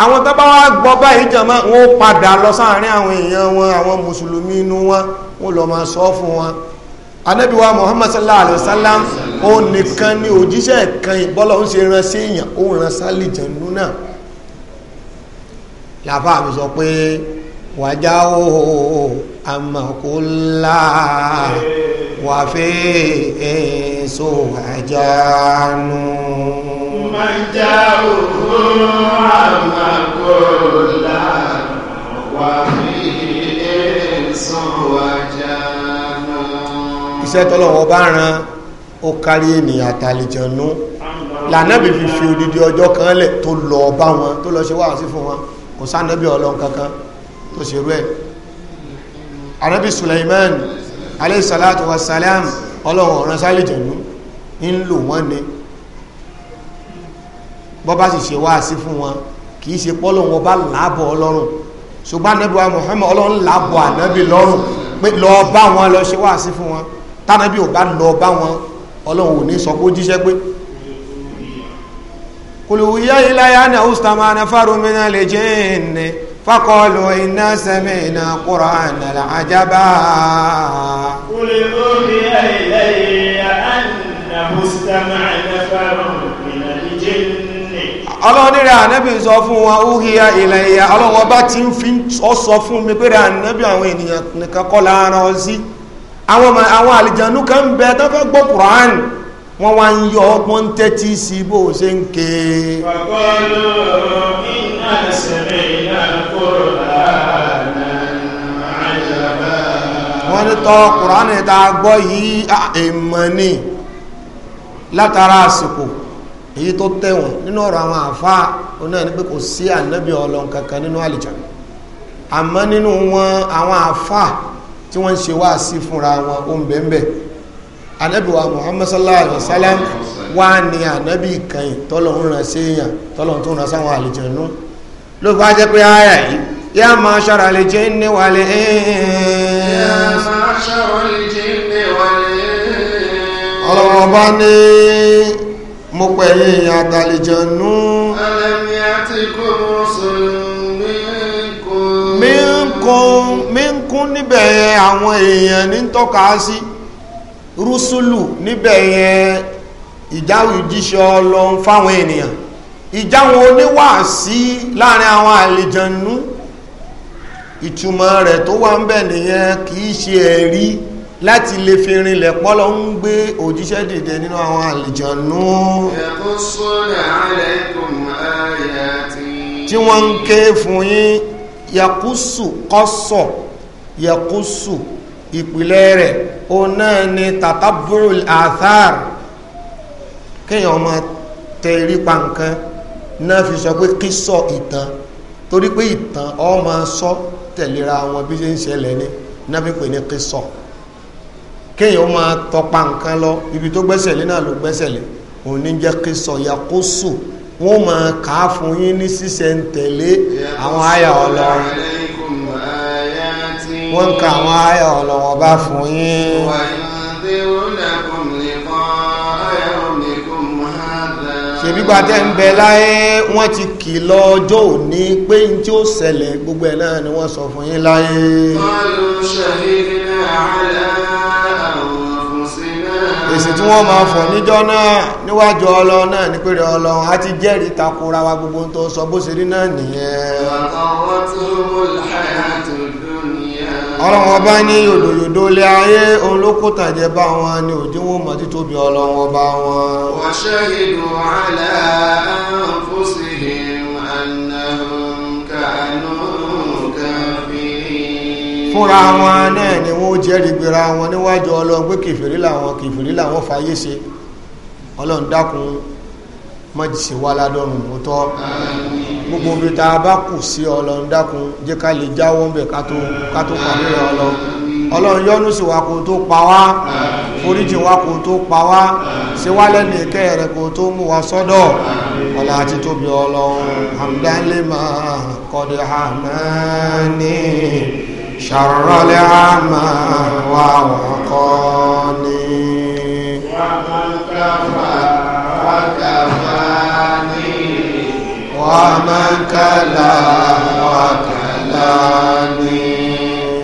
àwọn tó bá wá gbọ́ báyìí jẹmọ́ wọn ó padà lọ sáàárín àwọn èèyàn wọn àwọn mùsùlùmí inú wọn wọn lọ máa sọ fún wọn Ànábì Muhammad sallallahu alayhi wa sallam ó nìkan ni òjíṣẹ́ kan ìbọ́lọ̀ ń ṣe ran sí èèyàn ó ran sálì jẹ̀nu náà làbá mi sọ pé وجوه أما كلا وفي سهجان من جاءه أما كلا وفي سهجان iṣẹ́ tọ́lọ́wọ́ bá ran ó kárí ènìyàn àtàlìjànú lànàbì fi fi odidi ọjọ́ kan lẹ̀ tó lọ bá wọn tó lọ ṣe wáhásí fún wọn kò sáà nàbì kankan tó ṣe rú ẹ̀ arabi Sulaiman alayhi salatu wa salam ọlọ́wọ̀n ọ̀rán sálì jẹ̀nú ń lò wọ́n ni bọ́ bá sì ṣe wáàsí fún wọn kì í ṣe pọ́lọ̀ wọn bá làábọ̀ ọlọ́run ṣùgbọ́n anábì wa Muhammad ọlọ́run làábọ̀ anábì lọ́rùn pé lọ bá wọn lọ ṣe wáàsí fún wọn tánábì ò bá lọ bá wọn ọlọ́run ò ní sọ pé ó jíṣẹ́ pé kùlùwìyá ìlàyà náà ó sàmà náà lè jẹ́ ẹ̀ẹ́nẹ́ فقالوا إنا سمعنا قرآنا العجبا قل أوحي إلي أنه استمع نفر من الجن ọlọ́run rẹ̀ ànẹ́bì ń sọ fún wọn ó híya ilẹ̀ ìyá ọlọ́run ọba tí fún mi pé rẹ̀ àwọn ènìyàn nìkan kọ́ láàárọ̀ ọ sí àwọn àlìjànú kan ń bẹ tó Qur'an wọ́n wá ń yọ ọgbọ́n tẹ́tí sí bó ṣe ń ké. ọgọ́rùn-ún iná sẹ̀rẹ̀ wọ́n ní tọ́ kùránì a gbọ́ yìí èèmọ̀ ni látara àsìkò èyí tó tẹ̀wọ̀n nínú ọ̀rọ̀ àwọn àfáà onáà ní pé kò sí ànábì ọlọ́run kankan nínú àlìjánnà àmọ́ nínú wọn àwọn àfáà tí wọ́n ń ṣe wá sí fúnra wọn ó ń bẹ̀ẹ̀bẹ̀ ànábì wa muhammad sallallahu alaihi wasallam wá ní ànábì kan tọ́lọ̀ ń ràn sí èèyàn tọ́lọ̀ tó ràn sáwọn àlìjánnà ló bá jẹ́ pé áyà yìí يا معشر الجن والإنس يا معشر الجن والإنس ọlọ́wọ́ bá ní mo pẹ̀yìn àtàlìjẹ̀nú ألم يأتكم رسل منكم منكم منكم níbẹ̀ yẹn àwọn èèyàn ní tọ́ka sí rúsùlù níbẹ̀ yẹn ìjáwìjíṣẹ́ ọlọ́run fáwọn ènìyàn ìjáwọn oníwàásí láàrin àwọn àlìjẹ̀nú ìtumọ̀ rẹ̀ tó wà ń bẹ̀ nìyẹn kìí ṣe ẹ̀rí láti lè fi rinlẹ̀ pọ́lọ́ ń gbé òjíṣẹ́ dìde nínú àwọn àlìjànú tí wọ́n ń ké fún yín yakusu kọ́sọ̀ yakusu ìpìlẹ̀ rẹ̀ o náà ni tataburu athar kéèyàn ọmọ tẹ ìrípa nǹkan náà fi sọ pé kí sọ ìtàn torí pé ìtàn ọmọ sọ so, tẹ̀lera wọn bí ṣe ń ṣẹlẹ̀ ní nábì pè ní kíso kéèyàn máa tọpa nǹkan lọ ibi tó gbẹ́sẹ̀ lé náà ló gbẹ́sẹ̀ lé òun ní jẹ́ kíso yakoso wọ́n máa kà á fún yín ní ṣíṣẹ̀ ń tẹ̀lé àwọn àyà ọlọ́run wọ́n ń ka àwọn àyà ọlọ́run ọba fún yín. ìgbà tẹ́ ń bẹ láyé wọ́n ti kìlọ̀ ọjọ́ òní pé n tí ó ṣẹlẹ̀ gbogbo ẹ̀ náà ni wọ́n sọ fún yín láyé. èsì tí wọ́n máa fọ̀ níjọ́ náà níwájú ọlọ́run náà ní pèrè ọlọ́run á ti jẹ́rìí takora wa gbogbo tó sọ bó ṣe rí náà nìyẹn. àtàwọn tó mú láyé àti ọlọ́run ọba ní òdòdó lé ayé olókó tàjẹ bá wọn ní òdíwọ̀n mọ̀ títóbi ọlọ́run ọba wọn wa shahidu ala anfusihim annahum kanu fúnra wọn náà ni wọ́n jẹ́rìí gbéra wọn níwájú ọlọ́run kìfìrí làwọn kìfìrí làwọn fàyè ṣe ọlọ́run dákun májèsè wá ládọ́rùn mọ́tọ́ gbogbo omi tá a bá kù sí ọlọ́run dákun jẹ́ ká lè jáwọ́ ń bẹ̀ ká tó pàdé ọlọ́run ọlọ́run yọ́nú sí wa kò tó pa wá oríjì wa kò tó pa wá sí wá lẹ́nu ìkẹ́ rẹ̀ kò tó mú wa sọ́dọ̀ ọlá àti tóbi ọlọ́run àmdálẹ́mà kọ́dẹ̀ àmánì ṣàrọ̀lẹ́ àmà wà wọ́n kọ́ ni. ومن كلا وكلاني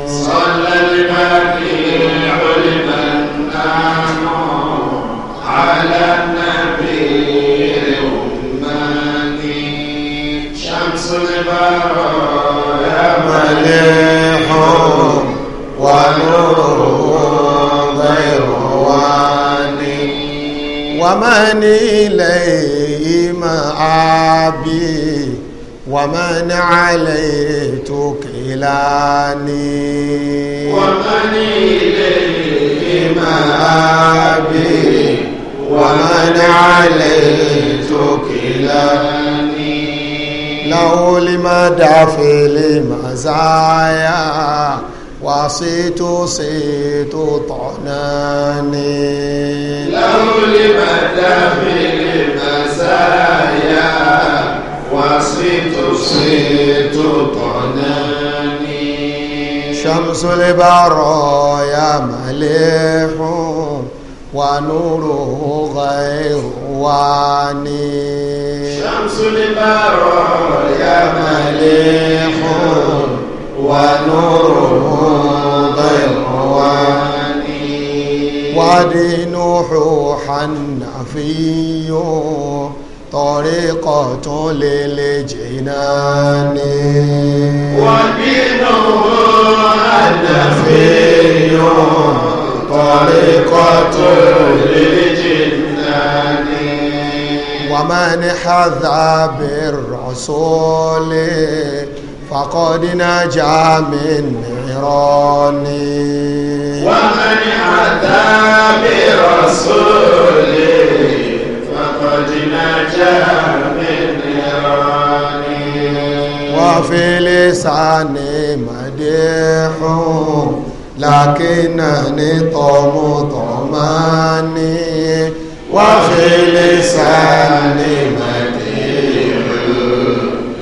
صلى الباقي علما النام على النبي الأماني شمس يا مليح ونور ومن إليه مآبي ومن عليه تكلاني ومن إليه مآبي ومن عليه تكلاني له لمدى في المزايا وصيت صيت طعناني لو لمدى في المسايا وصيت صيت طعناني شمس البرايا مليح ونوره غير واني شمس البرايا مليح ونور ضرواني وعدي نوح حنفي طريقة للجنان ودينه حنفي طريقة للجنان ومن حذى بالرسول فقد نجا من عران ومن أتى برسول فقد نجا من عران وفي لسان مديح لكنني طم طماني وفي لسان مديح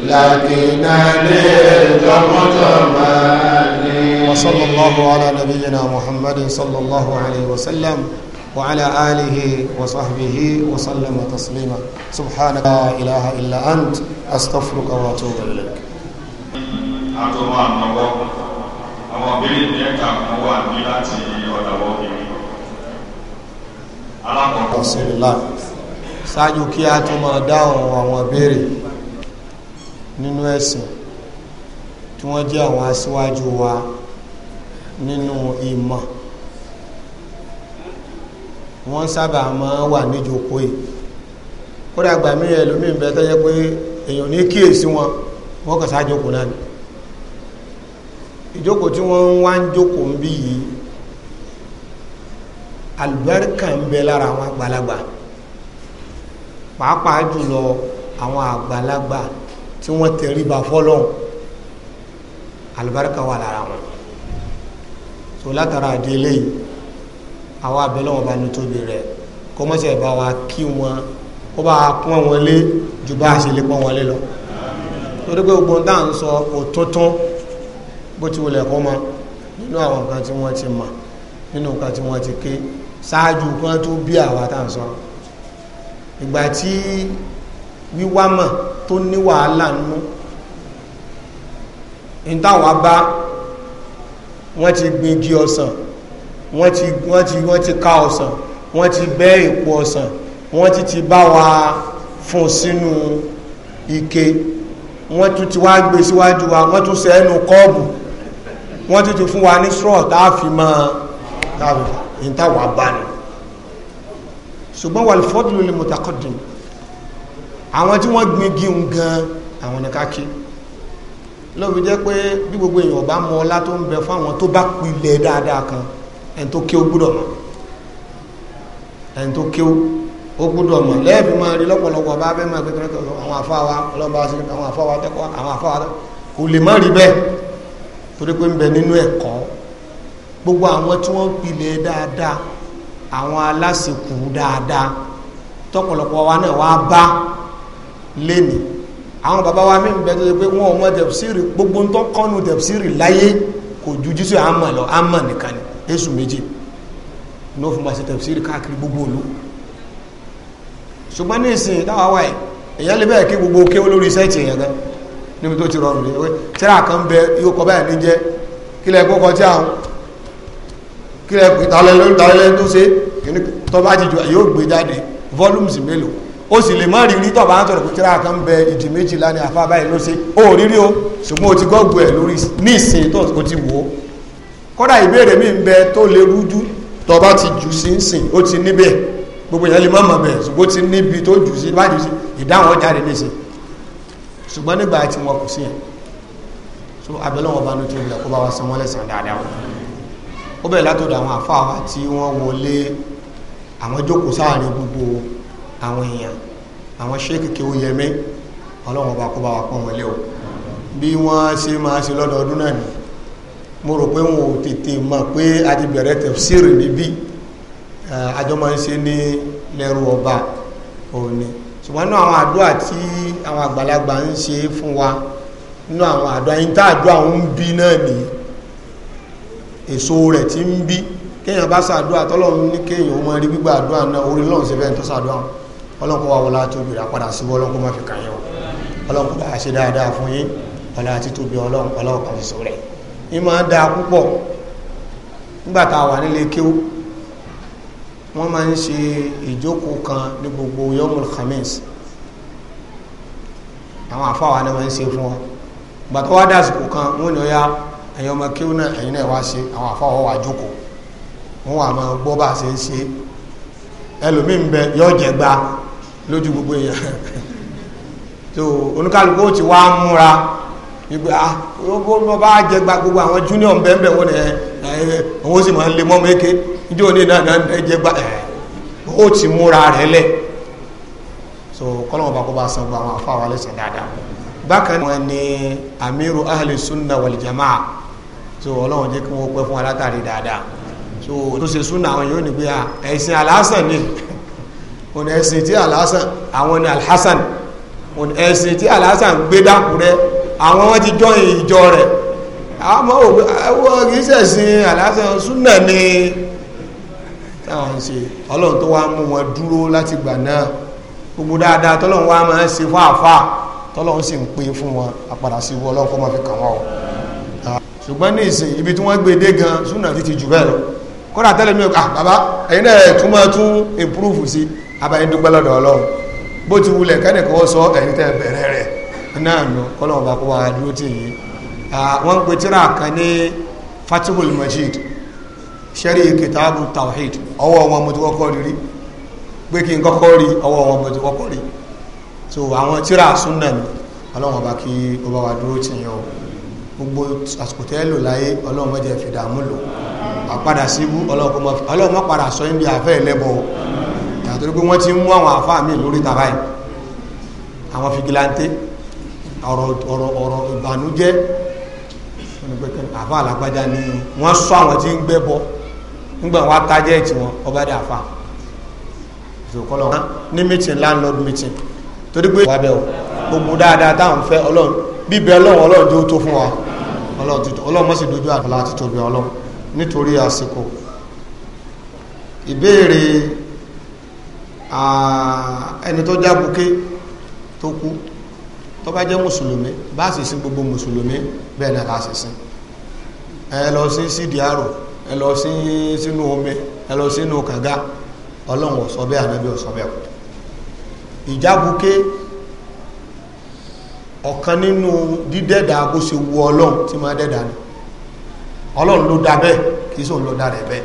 لكن للمتمنين وصلى الله على نبينا محمد صلى الله عليه وسلم وعلى آله وصحبه وسلم تسليما سبحانك لا إله إلا أنت أستغفرك وأتوب إليك àtọwọ́ àtọwọ́ àwọn ìbéèrè mẹ́ta kan wà ní láti ọ̀dàwọ́ obìnrin alákọ̀ọ́kọ́ sílẹ̀ láà ṣáájú kí a tún máa dáhùn àwọn ìbéèrè nínú ẹ̀sìn tí wọ́n jẹ́ àwọn aṣíwájú wa nínú ìmọ̀ wọ́n sábà máa wà níjókòó yìí kódà àgbà mí ẹ̀ lómi ìbẹ́ tó yẹ pé èèyàn ní kíyèsí wọn wọ́n kàn sáà jókòó náà ni ìjókòó tí wọ́n wá ń jókòó ń bí yìí àlùbáríkà ń bẹ lára àwọn àgbàlagbà pàápàá jùlọ àwọn àgbàlagbà tí wọ́n tẹríba fọ́lọ́hun alibarika wà lára wọn so látara àdélé yìí àwa abẹ́lẹ́ wọn bá ní tóbi rẹ̀ kọ́mọ́sẹ̀ bá wa kí wọn ó bá pọ́n wọn lé ju bá a ṣe lè pọ́n wọn lé lọ torí pé gbogbo tá à ń sọ kò tuntun bó ti wulẹ̀ kọ́ mọ nínú àwọn nǹkan tí wọ́n ti mọ̀ nínú nǹkan tí wọ́n ti ké ṣáájú kan tó bí àwa tá à ń sọ ìgbà tí wíwámọ̀ tó ní wàhálà nú ìtawà bá wọ́n ti gbin igi ọsàn wọ́n ti wọ́n ti wọ́n ti ká ọsàn wọ́n ti bẹ́ èpo ọsàn wọ́n ti ti bá wa fún sínú ike wọ́n tún ti wá gbé síwájú wa wọ́n tún sẹ́ ẹnu kọ́ọ̀bù wọ́n tún ti fún wa ní straw tá a fi mọ́ ìtawà bá ni ṣùgbọ́n wal fadlu lil mutaqaddim àwọn tí wọ́n gbin igi gan àwọn ní kákí lóbi jẹ́ pé bí gbogbo èèyàn bá mọ ọlá tó ń bẹ fún àwọn tó bá pilẹ̀ dáadáa kan ẹni tó kéwú gbúdọ̀ mọ̀ ẹni tó kéwú ó gbúdọ̀ mọ̀ lẹ́ẹ̀bí máa rí lọ́pọ̀lọpọ̀ bá bẹ́ẹ̀ máa pẹ́kẹ́rẹ́ kọ́ àwọn afáwa ọlọ́ba sí àwọn afáwa tẹ́kọ́ àwọn afáwa kò lè má rí bẹ́ẹ̀ torí pé ń bẹ nínú ẹ̀kọ́ gbogbo àwọn tí wọ́n pilẹ̀ dáadáa àwọn aláṣekù dáadáa tọ́pọ̀lọpọ̀ wa náà wá bá léni àwọn bàbá wa mí bẹ tó ṣe pé wọn ò mọ tẹfsiri gbogbo tó kọ́nu tẹfsiri láyé kò ju jísù àmọ́ lọ àmọ́ nìkan ni èṣù méjì ní ó fún bá ṣe tẹfsiri káàkiri gbogbo òlu ṣùgbọ́n ní ìsìn táwa wáyé èyàn lè bẹ́ẹ̀ kí gbogbo kéwó lórí iṣẹ́ ìtì èèyàn gan níbi tó ti rọrùn lé wé tíra kan bẹ yóò kọ báyìí ní jẹ kí lẹ kókọ tí àwọn kí lẹ kìtàlẹ lórí tàlẹ tó ṣe tọ́ bá jìjọ yóò gbé jáde volumes mélòó ó sì lè mọ́ rírí tọ̀ bá ń sọ̀rọ̀ kúkúrá kan bẹ ìdí méjìlá ní àfa báyìí ló ó rírí o ṣùgbọ́n o ti gọ́ọ̀gù ẹ̀ lórí ní ìsìn tó o ti wò ó kódà ìbéèrè mi ń bẹ tó lè rújú tọ́ bá ti jù sí ń sìn ó ti níbẹ̀ gbogbo ìyẹn lè mọ̀mọ̀ bẹ̀ ṣùgbọ́n ó ti níbi tó jù sí bá jù sí ìdáhùn ọjà rẹ̀ léṣe ṣùgbọ́n nígbà tí wọn kò sí yẹn so abẹ́lẹ́wọ̀n bá ní àwọn èèyàn àwọn ṣéèkìkì ó yẹmí ọlọ́run ọba kó bá wa pọ́n wọlé o bí wọ́n ṣe máa ṣe lọ́dọọdún náà ni mo rò pé wọn ò tètè mọ̀ pé a ti bẹ̀rẹ̀ tẹ̀síìrì níbí àjọ máa ń ṣe ní lẹ́rù ọba òun ni ṣùgbọ́n nínú àwọn àdúrà tí àwọn àgbàlagbà ń ṣe fún wa nínú àwọn àdúrà yín tá àdúrà ń bí náà nìyí èso rẹ̀ ti ń bí kéèyàn bá ṣàdúrà tọ́lọ́run ní kéèyàn ó mọ rí gbígbà àdúrà náà orí lọ́run ṣe fẹ́ tó ṣàdúrà wọn ọlọ́nkọ́ wa wọlá tóbi rà padà síbọ̀ ọlọ́nkọ́ má fi kàn yín o ọlọ́nkọ́ bá ṣe dáadáa fún yín ọlá àti tóbi ọlọ́nkọ́ ọlọ́nkọ́ fi sọ̀rọ̀ ẹ̀ yín máa dáa púpọ̀ nígbà tá a wà nílé kéwú wọ́n máa ń ṣe ìjókòó kan ní gbogbo yomul khamis àwọn àfáwà náà máa ń ṣe fún ọ gbàtọ́ wá dásìkò kan wọ́n ní ọya ẹ̀yin ọmọ kéwú náà ẹ̀yin náà wá ṣe àwọn àfáwà wà jókòó wọ́n wà máa gbọ́ bá a ṣe ń ṣe ẹlòmíín bẹ yọ jẹ gba lójú gbogbo èèyàn so oníkálukú ó ti wá múra ìgbà ah, gbogbo ọmọ bá jẹ gba gbogbo àwọn junior bẹ́ẹ̀bẹ́ẹ̀ wọ́n ẹ̀ eh, eh, òun sì máa ń lè mọ́ méke níjẹ́ òní náà náà ẹ jẹ gba ẹ̀ eh, ó ti múra rẹ̀ lẹ̀ so kọ́lọ́mọ̀ bá kó bá san gba àwọn afáwa lẹ́sẹ̀ dáadáa bákan náà ni amiru ahli sunna wal jamaa so ọlọ́run jẹ́ kí wọ́n pẹ́ fún wa látàrí dáadáa so tó ṣe sunna àwọn yóò ní pé ah, ẹ̀sìn alásàn ni òní ẹ̀sìn tí alhassan àwọn ni alhassan òní ẹ̀sìn tí alhassan gbé dákúrẹ́ àwọn wọn ti jọ ìjọ rẹ̀ àmọ́ ẹwọ́ kìí sẹ̀sìn alhassan súnà ni táwọn ń ṣe ọlọ́run tó wá mú wọn dúró láti gbà náà gbogbo dáadáa tọ́lọ́run wá máa ń ṣe fáàfáà tọ́lọ́run sì ń pè fún wọn àpàdà sí wọ ọlọ́run kó máa fi kàn wọ́n o ṣùgbọ́n ní ìsìn ibi tí wọ́n gbé dé gan súnà ti ti jù bẹ́ẹ̀ lọ kọ́dà tẹ́lẹ̀ mi ò kà ah, bàbá ẹ̀yin náà ẹ̀ tún máa tún improve sí i abayé dúpẹ́ lọ́dọ̀ ọlọ́run bó ti wulẹ̀ kẹ́nìkan ó sọ ẹ̀yìn tẹ́ bẹ̀rẹ̀ rẹ̀ náà nù kọ́lọ́run bá kó wa dúró tì yín wọ́n ń pe tíra kan ní fatihul majid sẹ́rí kìtàbù tawhid ọwọ́ wọn mo ti kọ́kọ́ rí pé kí n kọ́kọ́ rí ọwọ́ wọn mo ti kọ́kọ́ rí so àwọn tíra súnà ni ọlọ́run ọba kí ó bá wa dúró tì yín o gbogbo àsìkò tẹ́ lò láyé ọlọ́run mọ́jẹ́ fìdààmú lò àpadà síbú ọlọ́run má padà sọ bí àfẹ́ ẹlẹ́bọ̀ọ́ torí pé wọ́n ti mú àwọn àfáà mi lórí tàbá yìí àwọn fìgìláńtẹ́ ọ̀rọ̀ ọ̀rọ̀ ọ̀rọ̀ ìbànújẹ́ àfáà làgbájá ni wọ́n sọ àwọn tí ń gbẹ́ bọ nígbà wọn atajẹ́ tí wọn ọba dé àfáà ìṣòkọlọ wọn ní meeting landlord meeting torí pé wà bẹ́ẹ̀ o gbogbo dáadáa táwọn fẹ́ ọlọ́run bíbẹ ọlọ́run ọlọ́run tó tó fún wa ọlọ́run ti ọlọ́run mọ̀ sí dojú àgbàlá àti tóbi ọlọ́run nítorí àsìkò ìbéèrè ẹni tó jábuké tó kú tó bá jẹ́ mùsùlùmí bá sì sin gbogbo mùsùlùmí bẹ́ẹ̀ náà láti sin ẹ lọ sí sídìí àrò ẹ lọ sí sínú omi ẹ lọ sínú kànga ọlọ́run ọ̀sọ́ bẹ́ẹ̀ ànábì ọ̀sọ́ bẹ́ẹ̀ kù ìjábuké ọ̀kan nínú dídẹ́dà bó ṣe wu ọlọ́run tí máa dẹ́dà ni ọlọ́run ló dá bẹ́ẹ̀ kì í sóun ló rẹ̀ bẹ́ẹ̀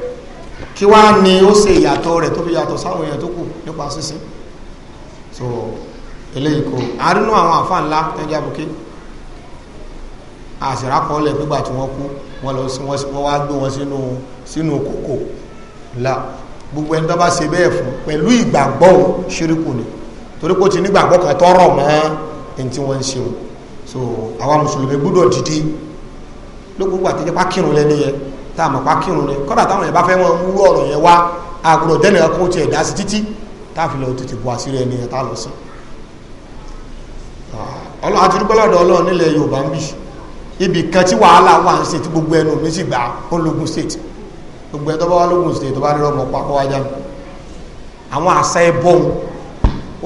kí wá ní ó ṣe ìyàtọ̀ rẹ̀ tó fi yàtọ̀ sáwọn èèyàn tó kù nípa sísìn so eléyìí kò àárínú àwọn àfa ńlá ẹjẹ àbùké àṣìrá kọ́lẹ̀ nígbà tí wọ́n kú wọ́n lọ sí wọ́n wá gbé wọn sínú sínú kòkò la gbogbo ẹni tó bá ṣe bẹ́ẹ̀ fún pẹ̀lú ìgbàgbọ́ ṣíríkù ni torí kò ti nígbàgbọ́ kan tọrọ mọ́ ẹni tí wọ́n ń ṣe o so àwa mùsùlùmí gbọ́dọ̀ dìde lókùnkùn àtẹjẹpá kírun lẹ́ni yẹn tá a mọ̀ pa kírun ni kọ́dà táwọn yẹn bá fẹ́ wọn wúrú ọ̀rọ̀ yẹn wá àgùrọ̀ tẹ́lẹ̀ kan kó tiẹ̀ dá títí tá a fi lọ tètè bu àṣírí ẹni yẹn tá a lọ sí. Ah, ọlọ́run àti dúpẹ́ lọ́dọ̀ ọlọ́run nílẹ̀ Yorùbá ń bì ibì kan tí wàhálà wà ń ṣe tí gbogbo ẹnu mi sì gbà ó lógun state gbogbo ẹ tó bá wà lógun state tó bá rírọ ọmọ pápá wájà mi àwọn àṣà ẹbọ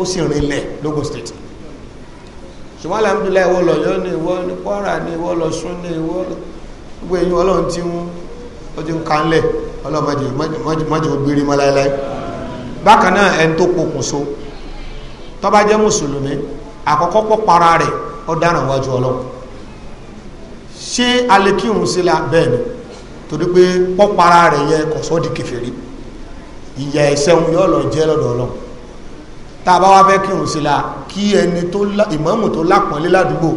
ó sì rinlẹ̀ lógun state ṣùgbọ́n alhamdulilayi ìwọ lọ ni ìwọ ní Kwara ni ìwọ lọ Ṣun ni ìwọ gbogbo ẹ̀yin ọlọ́run ti ń ó ti ń kanlẹ̀ ọlọ́mọdé mọ́jọ́ gbére mọ́ láéláé bákan náà ẹni tó pokùnso tó bá jẹ́ mùsùlùmí àkọ́kọ́ pọ̀ para rẹ̀ ó dáràn wájú ọlọ́run ṣé alẹ́ kírun sí la bẹ́ẹ̀ ni torí pé pọ̀ para rẹ̀ yẹ kò sọ́ di kèfèrí ìyà ẹ̀ṣẹ̀ òun yóò lọ jẹ́ lọ́dọ̀ ọlọ́run tá a bá wá fẹ́ kírun sí la kí ẹni tó ìmáàmù tó lápọ̀nlé ládùúgbò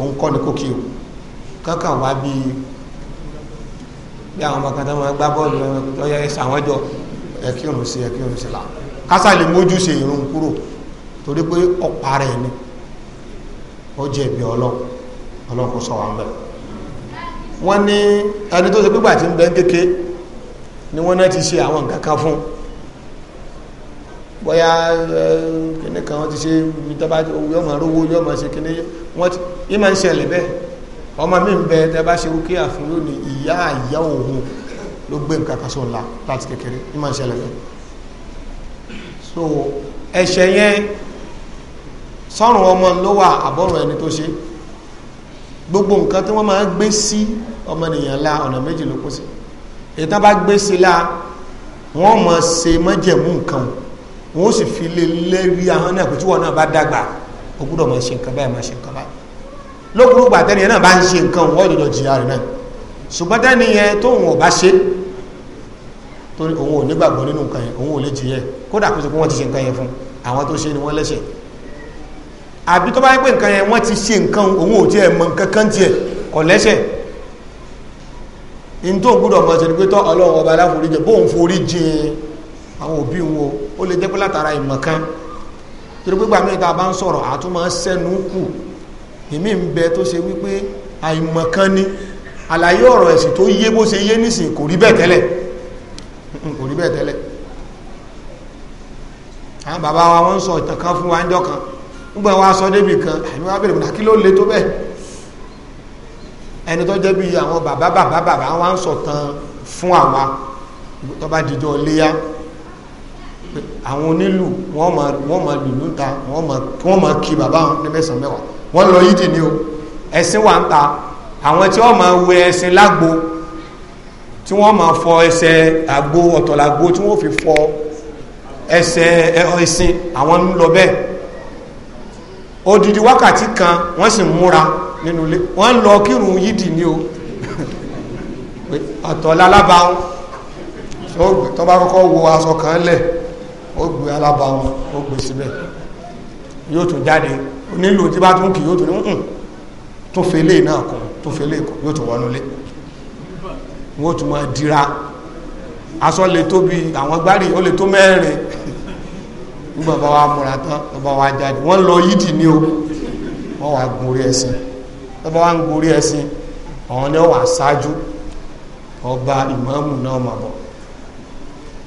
òun kọ́ ni kò kí o kankan wá bíi bí àwọn ọmọ kan tó máa gbá bọ́ọ̀lù lọ́yẹ àwọn ẹjọ́ ẹ kírun sí ẹ kírun sí la kásá lè mójú ṣe ìrun kúrò torí pé ọ̀pá rẹ̀ ni ó jẹ́ ẹ̀bí ọlọ́ ọlọ́run kò sọ wà mẹ́ wọ́n ní ẹni tó ṣe pé gbàtí ń bẹ́ kéke ni wọ́n náà ti ṣe àwọn nǹkan kan fún bóyá kíní kan wọ́n ti ṣe ìjọba yọmọ rówó yọmọ ṣe kíní wọ́n ti ìmọ̀ ń ṣẹlẹ̀ bẹ́ẹ̀ ọmọ mi ń bẹ tẹ bá ṣe rúkìá fún yóò ní ìyá ìyá òun ló gbé nǹkan kan sóun láti kékeré ní máa ṣẹlẹ̀ yẹn so ẹ̀ṣẹ̀ yẹn sọ́run ọmọ ló wà àbọ̀rùn ẹni tó ṣe gbogbo nǹkan tí wọ́n máa gbé sí ọmọnìyàn la ọ̀nà méjì ló kó sí ìtàn bá gbé sí la wọ́n mọ̀ ṣe mọ́jẹ̀mú nǹkan wọ́n sì fi lè lérí ahọ́n náà pé tí wọ́n náà bá dàgbà ó gbọ́dọ̀ máa ṣe nǹkan báyìí máa ṣe nǹkan báyìí lókùrú gbàtẹ́ni yẹn náà bá ń ṣe nǹkan wọ́n ìdọ̀dọ̀ jìyà rẹ̀ náà ṣùgbọ́n tẹ́ni yẹn tóun ò bá ṣe torí òun ò nígbàgbọ́ nínú nǹkan yẹn òun ò lè jìyẹ kódà kó ṣe pé wọ́n ti ṣe nǹkan yẹn fún àwọn tó ṣe ni wọ́n lẹ́ṣẹ̀ àbí tó bá yẹ pé nǹkan yẹn wọ́n ti ṣe nǹkan òun ò tiẹ̀ mọ nǹkan kan tiẹ̀ kò lẹ́ṣẹ̀ ní tó ń gbúdọ̀ mọ̀ ṣe ni pé tọ́ ọlọ́run ọba aláforí jẹ bóun forí jìn àwọn òbí wọn ó lè jẹ́ pé látara ìmọ̀ kan torí pé gbàmí ìta bá ń sọ̀rọ̀ àtúmọ̀ sẹ́nu kù èmi ń bẹ tó ṣe wípé àìmọ̀kan ni àlàyé ọ̀rọ̀ ẹ̀sìn tó yé bó ṣe yé nísìn kò rí bẹ́ẹ̀ tẹ́lẹ̀ kò rí bẹ́ẹ̀ tẹ́lẹ̀ àwọn bàbá wa wọ́n ń sọ ìtàn kan fún wa ń jọ kan nígbà wa sọ débi kan àmì wa bèrè bùnà kí ló le tó bẹ́ẹ̀ ẹni tó jẹ́ bí àwọn bàbá bàbá bàbá wa ń sọ tán fún àwa tó bá dijọ́ léyà àwọn onílù wọ́n máa lù lúta wọ́n máa kí bàbá wọn ní mẹ́sàn-án mẹ́wàá wọ́n lọ yídì ni o ẹ̀sìn wà ń ta àwọn tí wọ́n máa wẹ ẹ̀sìn lágbo tí wọ́n máa fọ ẹsẹ̀ àgbo ọ̀tọ̀làgbo tí wọ́n fi fọ ẹsẹ̀ ẹ̀sìn àwọn ń lọ bẹ́ẹ̀ odidi wákàtí kan wọ́n sì múra nínú ilé wọ́n lọ kírun yídì ni o ọ̀tọ̀ lálábàáhùn tó bá kọ́kọ́ wo aṣọ kan lẹ̀ ó gbé alábàáhùn ó gbé síbẹ̀ yóò tún jáde nílò tí bá tún kì yóò tún ní hùn tó fele náà kún tó fele kún yóò tún wọnú lé tún máa dira aṣọ lè tó bí àwọn gbárí ó lè tó mẹ́rin nígbà bá wa múra tán bá wa jáde wọ́n lọ yídì ní o wọ́n wá gorí ẹṣin bá wa ń gorí ẹṣin àwọn ni wọ́n wà ṣáájú ọba ìmáàmù náà mà bọ̀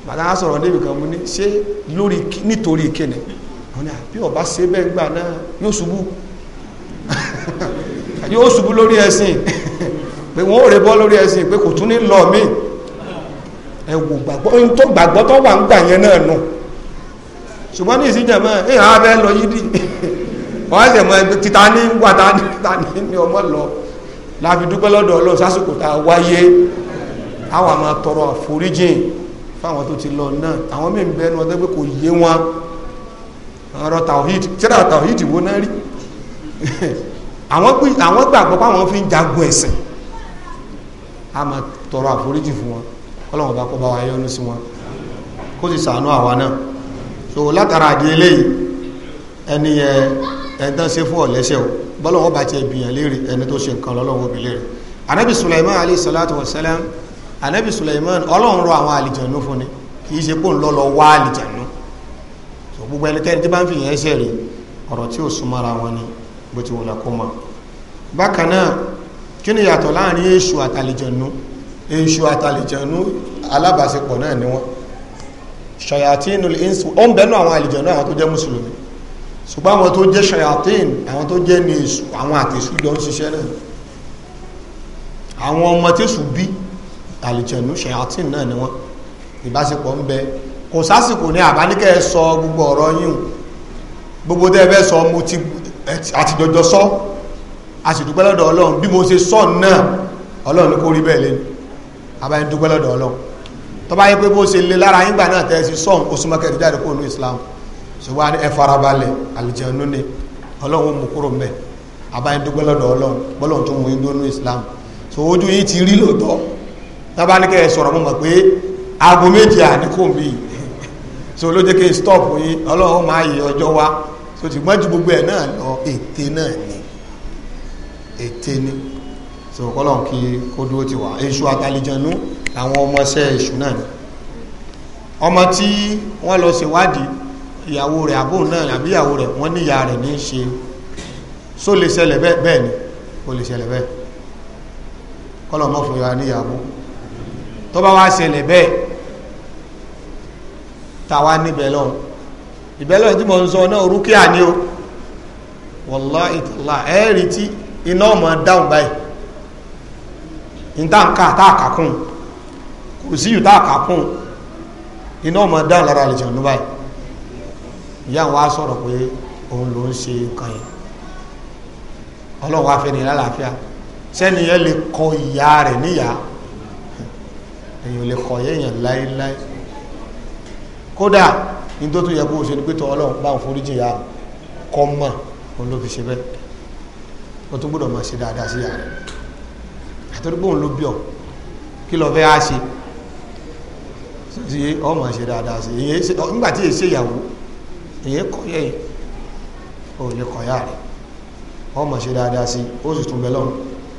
bàtà sọ̀rọ̀ débi mú ní ṣé lórí nítorí kíni wọ́n ní àbí ah, ọba ṣe bẹ́ẹ̀ gbà náà yóò ṣubú yóò ṣubú lórí ẹ̀sìn pé wọ́n ò rè bọ́ lórí ẹ̀sìn pé kò tún ní lọ mí ẹ wò gbàgbọ́ ohun tó gbàgbọ́ tó wà ń gbà yẹn náà nù ṣùgbọ́n ní ìsìnjàmọ́ ẹ hàn abẹ́ lọ yí dì wọ́n á sì mọ ẹgbẹ́ títa ní wà tá ní ní ní ọmọ lọ láfi dúpẹ́ lọ́dọ̀ ọlọ́run sásìkò tá a wáyé àwọn àmọ́ tọrọ àforíjìn fáwọn tó ti lọ náà àwọn mí bẹ́ẹ̀ ni wọ́n pé kò yé wọn ọ̀rọ̀ tawhid tíra tawhid wo náà rí àwọn gbàgbọ́ páwọn fi ń jagun ẹ̀sìn a máa tọrọ àforíjì fún wọn kọ́lọ́wọ́n bá kó bá wa yọ́nú sí wọn kó sì sàánú àwa náà so látara àdí eléyìí ẹni yẹ ẹ̀ńtán ṣe fún ọ̀lẹ́sẹ̀ o bọ́lọ́wọ́ bá ti ẹ̀bìyàn léèrè ẹni tó ṣe nǹkan lọ́lọ́wọ́ òbí léèrè anabi Sulaiman ali salatu wa salam anabi Sulaiman ọlọ́run rọ àwọn àlìjànú fún ni kì í ṣe kó ń lọ́ lọ wá àlìjànú gbogbo ẹnikẹ́ni tí bá ń fi yẹn ṣe rí ọ̀rọ̀ tí ò súnmọ́ra wọn ni bó ti wùlà kó mọ̀ bákan náà kí ni yàtọ̀ láàrin èṣù àtàlìjẹ̀nu èṣù àtàlìjẹ̀nu alábàṣepọ̀ náà ni wọ́n ṣayatin ul-ins ó ń bẹnu àwọn àlìjẹ̀nu àwọn tó jẹ́ mùsùlùmí ṣùgbọ́n àwọn tó jẹ́ ṣayatin àwọn tó jẹ́ ní èṣù àwọn àtẹ̀ṣù jọ ń ṣiṣẹ́ náà àwọn ọmọ tẹ̀ṣù bí àlìjẹ̀nu ṣayatin náà ni wọ́n ìbáṣepọ̀ ń bẹ kò sásìkò ní àbáníkẹ́ sọ gbogbo ọ̀rọ̀ yín gbogbo tẹ́ fẹ́ sọ mo ti àti jọjọ sọ a sì dúpẹ́ lọ́dọ̀ ọlọ́run bí mo ṣe sọ náà ọlọ́run ní kó rí bẹ́ẹ̀ lẹ́nu abáyé ọlọ́run tó bá yẹ pé bó ṣe lé lára yín gbà náà tẹ́ sí sọ́ọ̀n oṣù mọ́kẹ́rì jáde kó nu Islam ṣùgbọ́n ẹ farabalẹ̀ àlùjẹ̀nu ni ọlọ́run mú kúrò mẹ́ abáyé dúpẹ́ lọ́dọ̀ ọlọ́run bọ́lọ́run Islam so ojú yín ti rí lóòótọ́ tábánikẹ́ sọ̀rọ̀ mọ́ mọ̀ pé so ló jẹ́ kí n stop yìí ọlọ́run máa yẹ ọjọ́ wa so ṣùgbọ́n ju gbogbo ẹ̀ náà lọ ète náà ni ète ni so kọ́lọ́n kí kó dúró ti wà èṣù àtàlìjànú àwọn ọmọọṣẹ́ èṣù náà ni ọmọ tí wọ́n lọ ṣèwádìí ìyàwó rẹ̀ àbò náà àbí ìyàwó rẹ̀ wọ́n ní ìyá rẹ̀ ní í ṣe so lè ṣẹlẹ̀ bẹ́ẹ̀ ni ó lè ṣẹlẹ̀ bẹ́ẹ̀ kọ́lọ́n mọ́ fún ìyá níyàwó tó wá ṣẹlẹ̀ bẹ́ẹ̀ tàwa níbẹ̀ lọ́hùn ìbẹ́lẹ̀ tí mo ń sọ náà rúkìá ni o wallahi tallahi ẹ̀rí tí iná ọmọ dáhùn báyìí ìtànkà táàkàkùn kò sí yù táàkàkùn iná ọmọ dáhùn lára àlejò ọ̀nù báyìí ìyá wa sọ̀rọ̀ pé òun ló ń ṣe nǹkan yẹn ọlọ́wọ́ afẹ́ni lálàáfíà sẹ́ni yẹn lè kọ ìyá rẹ̀ níyà èèyàn lè kọ yẹn láéláé kódà ní tó yẹ kó o ṣe ni pé tọ́ ọlọ́run bá ń foríjì ya kọ́ mọ̀ òun ló fi ṣe bẹ́ẹ̀ o tún gbọ́dọ̀ máa ṣe dáadáa sí ya rẹ̀ àtọ́rí pé òun ló bí ọ kí lọ fẹ́ á ṣe ṣe ọ máa ṣe dáadáa sí èyí nígbà tí èyí ṣe ìyàwó èyí kọ́ yẹ ò lè kọ́ ya rẹ̀ ọ máa ṣe dáadáa sí ó sì tún bẹ lọ́run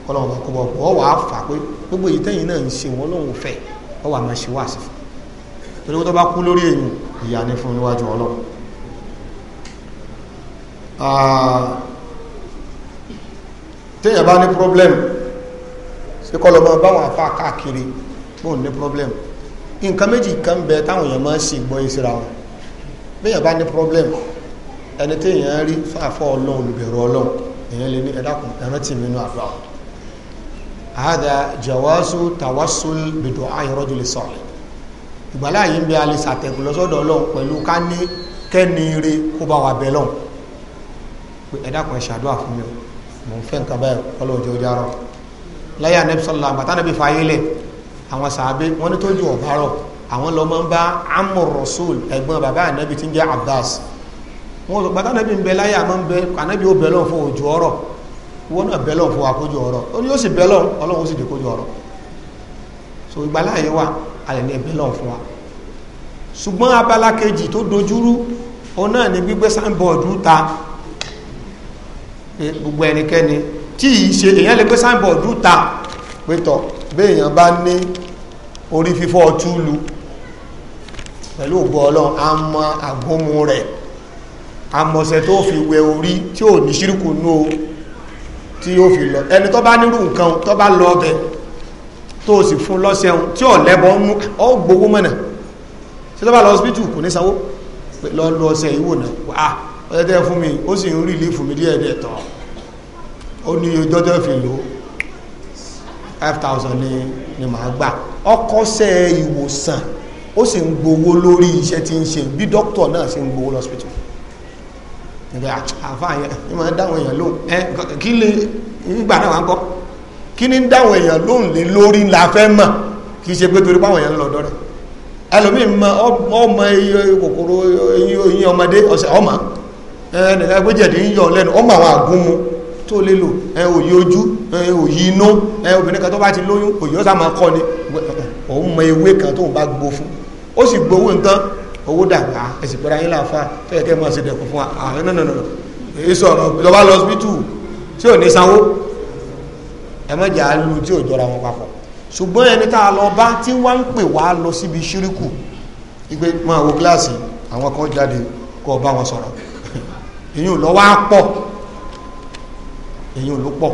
ọlọ́run bá kó bọ̀ ọ wàá fà pé gbogbo èyí tẹ́yìn náà ń ṣe wọn lóun fẹ́ ọ wàá máa ṣe wáàsí fún torí wọ́n tó bá kú lórí èyàn ìyà ni fún níwájú ọlọ́run béèyàn bá ní problem ẹni téèyàn rí fáfọ́ ọlọ́run olùbẹ̀rù ọlọ́run èèyàn lè ní ẹ̀dákùn ẹ̀rántí nínú àdúrà هذا جواز توسل بدعاء رجل صالح ìgbàlá yìí ń bẹ alẹ́ sàtẹ̀kù lọ́sọ́dọ̀ ọlọ́run pẹ̀lú ká ní kẹ́ni ire kó bá wa bẹ lọ́hùn pé ẹ̀dá kan ṣàdúrà fún mi mò ń fẹ́ nǹkan báyìí ọlọ́run jẹ́ ojárọ̀ láyé anabi sọlá àbátánàbí fààyè lẹ̀ àwọn sàábé wọn ní tójú ọ̀bárọ̀ àwọn lọ́mọ ń bá amur rasul ẹ̀gbọ́n bàbá anabi ti ń jẹ́ abbas wọn sọ bàtánàbí ń bẹ láyé àmọ́ ń bẹ anabi ó bẹ lọ́hùn fún ojú ọ̀rọ̀ wọn náà bẹ lọ́hùn fún akójú ọ̀rọ̀ ó ní ó sì bẹ lọ́hùn ọlọ́run ó sì dé kójú ọ̀rọ̀ so ìgbàlá yìí wà alẹ́ ní ẹgbẹ́ lọ́wọ́ fún wa ṣùgbọ́n abala kejì tó dojúrú òun náà ni gbígbé signboard ta gbogbo ẹnikẹ́ni tí yìí ṣe èèyàn lè gbé signboard ta pé tọ̀ bí èèyàn bá ní orí fífọ́ túlu pẹ̀lú ògbó ọlọ́run a mọ àgbómú rẹ̀ àmọ̀sẹ̀ tó fi wẹ orí tí ò ní ṣírùkù nú o tí ó fi lọ ẹni tó bá nírú nǹkan tó bá lọ ọbẹ̀ tó o sì fún lọ́sẹ̀hún tí ò lẹ́bọ̀ ń mú ọ gbowó mọ̀nà ṣé lọ́ba lọ hospital kò ní sanwó lọ lọ ọsẹ̀ ìwò náà à ọjọ́ tẹ́ fún mi ó sì ń rí ilé fún mi díẹ̀ díẹ̀ tán ó ní ọjọ́ tẹ́ fi lò ó five thousand ni ni màá gbà ọkọ̀ ṣe ìwòsàn ó sì ń gbowó lórí iṣẹ́ tí ń ṣe bí dókítà náà ṣe ń gbowó lọ́spítù nígbà àfáà yẹn ní máa dáwọn èèyàn lóhùn ẹ kí lè nígbà náà wà ń kọ́ kí ní dáwọn èèyàn lóhùn lé lórí la fẹ́ mọ̀ kì í ṣe pé torí páwọn èèyàn lọ́dọ̀ rẹ̀ ẹlòmíì mọ ọmọ kòkòrò eyín ọmọdé ọ̀sẹ̀ ọmọ ẹnìkan gbéjẹ̀dì ń yọ lẹ́nu ọmọ àwọn àgúnmu tó lè lò òyì ojú òyì inú obìnrin kan tó bá ti lóyún òyì ọ̀sà máa kọ́ ni òun mọ ewé kan tóun bá gbó fún ó sì gbowó nǹkan owó dàgbà ẹ̀sìn pẹ̀lú ayé làáfà fẹ́ẹ̀kẹ́ mọ̀ sí dẹ̀kùn fún àwọn náà náà náà èyí sọ̀rọ̀ lọ́ba lọ́sibítù tí ò ní sanwó ẹ má jà á lu tí ò jọra wọn papọ̀ ṣùgbọ́n ẹni tá a lọ bá tí wọ́n ń pè wá lọ síbi ṣíríkù ìgbé máa wo kíláàsì àwọn kan jáde kó bá wọn sọ̀rọ̀ èyí ò lọ wá pọ̀ èyí ò ló pọ̀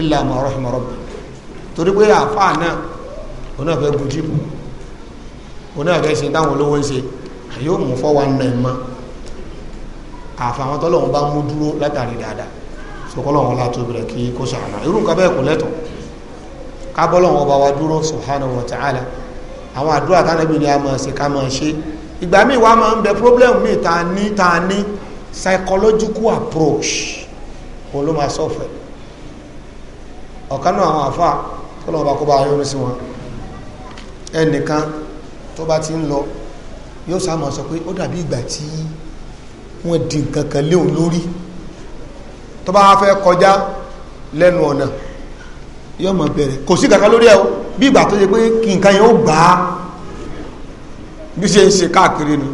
illa ma rahima rabbi torí pé àáfàá náà òun náà fẹ́ gùn jíìpù òun náà fẹ́ ṣe táwọn olówó ń ṣe yóò mú fọ́ wa nà ẹ̀ mọ́ àfàwọn tọ́lọ́wọ́n bá mú dúró látàrí dáadáa sọkọlọ wọn láti obìnrin kí kó ṣàánà irú nǹkan bẹ́ẹ̀ kò lẹ́tọ̀ kábọ́lọ̀ wọn bá wa dúró subhanahu wa ta'ala àwọn àdúrà tánàbí ni a máa ṣe ká máa ṣe ìgbà míì wá máa ń bẹ problem míì ta ní ta ní psychological approach wọn ló máa sọ̀fẹ̀ ọ̀kan náà àwọn àfa tọ́lọ́ bá kó bá yọrí sí wọn ẹnìkan tó bá ti ń lọ yóò sá máa sọ pé ó dàbí ìgbà tí wọ́n di nǹkan kan léun lórí tó bá fẹ́ kọjá lẹ́nu ọ̀nà yóò mọ̀ bẹ̀rẹ̀ kò sí kankan lórí ẹ̀ bí ìgbà tó yẹ pé kí nǹkan yẹn ó gbà á bí ṣe ń ṣe káàkiri nù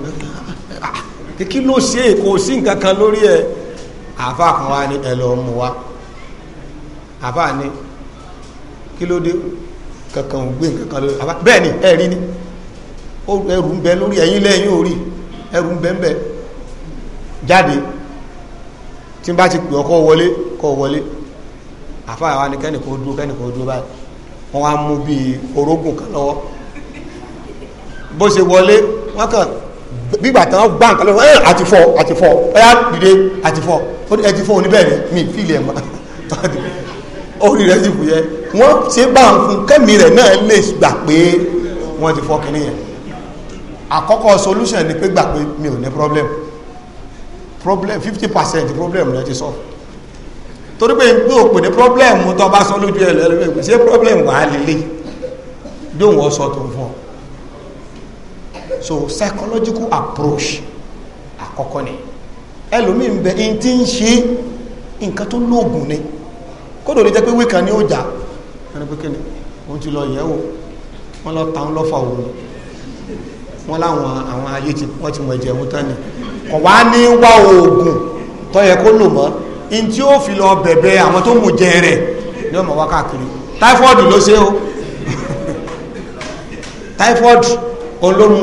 kí ló ṣe kò sí nǹkan kan lórí ẹ̀ àfa kan wá ní ẹ lọ mú wa àfa ni kí ló dé kankan ò gbé nǹkan kan lórí àfa bẹ́ẹ̀ ni ẹ rí ni ẹrù ń bẹ lórí ẹ̀yìn lẹ́yìn orí ẹrù ń bẹ ń bẹ jáde tí n bá ti pè ọ́ kọ́ wọlé kọ́ wọlé àfa àwa ni kẹ́nìkan ó dúró kẹ́nìkan ó dúró báyìí wọ́n wá mú bíi orógùn kan lọ́wọ́ bó ṣe wọlé wọ́n kàn gbígbà tí wọ́n gbá nǹkan lọ́wọ́ ẹ̀ àti fọ́ àti fọ́ ọ̀yá dìde àti fọ́ ẹ ti fọ́ oníbẹ̀rẹ̀ mi fílẹ̀ mọ́ orí rẹ̀ sì fúyẹ́ wọ́n ṣe bá ń fún kẹ́mi rẹ̀ náà lè gbà pé wọ́n ti fọ́ kìnìyàn àkọ́kọ́ solution ni pé gbà pé mi ò ní problem problem fifty percent problem rẹ ti sọ torí pé gbé òpè ní problem tó bá sọ lójú ẹ lẹ́rọ pé ṣé problem wà á lélẹ̀ dóhùn ọ̀sọ̀ tó ń fún so psychological approach àkọ́kọ́ ni ẹlòmíì ń bẹ ẹni tí ń ṣe nǹkan tó lóògùn ni kódò lè jẹ́ pé wíkan ní ọjà ẹni pé kíni wọ́n ti lọ yẹ̀wò wọ́n lọ ta wọ́n lọ́fà òun wọ́n láwọn àwọn ayé tí wọ́n ti mọ̀ ẹ̀jẹ̀ wọn tán ni kò wá ní wá oògùn tó yẹ kó lò mọ́ in tí ó fi lọ bẹ̀bẹ̀ àwọn tó mú jẹ rẹ̀ ní ọmọ wá káàkiri táífọ́ọ̀dù ló ṣe o táífọ́ọ̀dù olóhun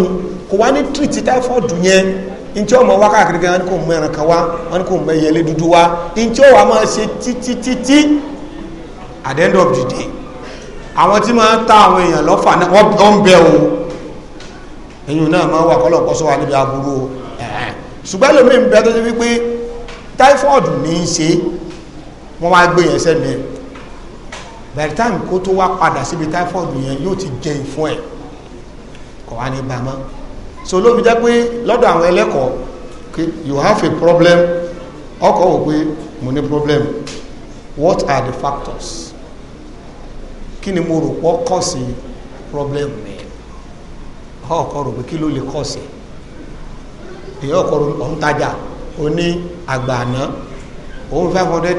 kò wá ní tírìtì táífọ́ọ̀dù yẹn ntí ọmọ wá káàkiri gan wọn kò mú ẹran kan wá wọn kò mú ẹyẹlé dúdú wá ntí ọwọ a máa ṣe títí títí at the end of the day àwọn tí máa ń ta àwọn èèyàn lọ́fà náà wọ́n ń bẹ o èyí náà máa wà kọ́lọ̀ kọ́sọ́ wa níbi aburú o ṣùgbọ́n lómi ń bẹ tó ti wípé typhoid ní í ṣe wọ́n wá gbé yẹn sẹ́nu ẹ̀ by the time kó tó wá padà síbi typhoid yẹn yóò ti jẹ ìfún ẹ̀ kọ̀ wá ní bàmọ́ so lómi jẹ́ pé lọ́dọ̀ àwọn ẹlẹ́kọ̀ọ́ you have a problem ọkọ̀ wò pé mo ní problem what are the factors kí ni mo rò pọ̀ kọ̀ sí problem mi ọkọ̀ rò pé kí ló lè kọ̀ sí i èyí ọkọrọ ọ̀hún tajà ó ní àgbà àná òun five hundred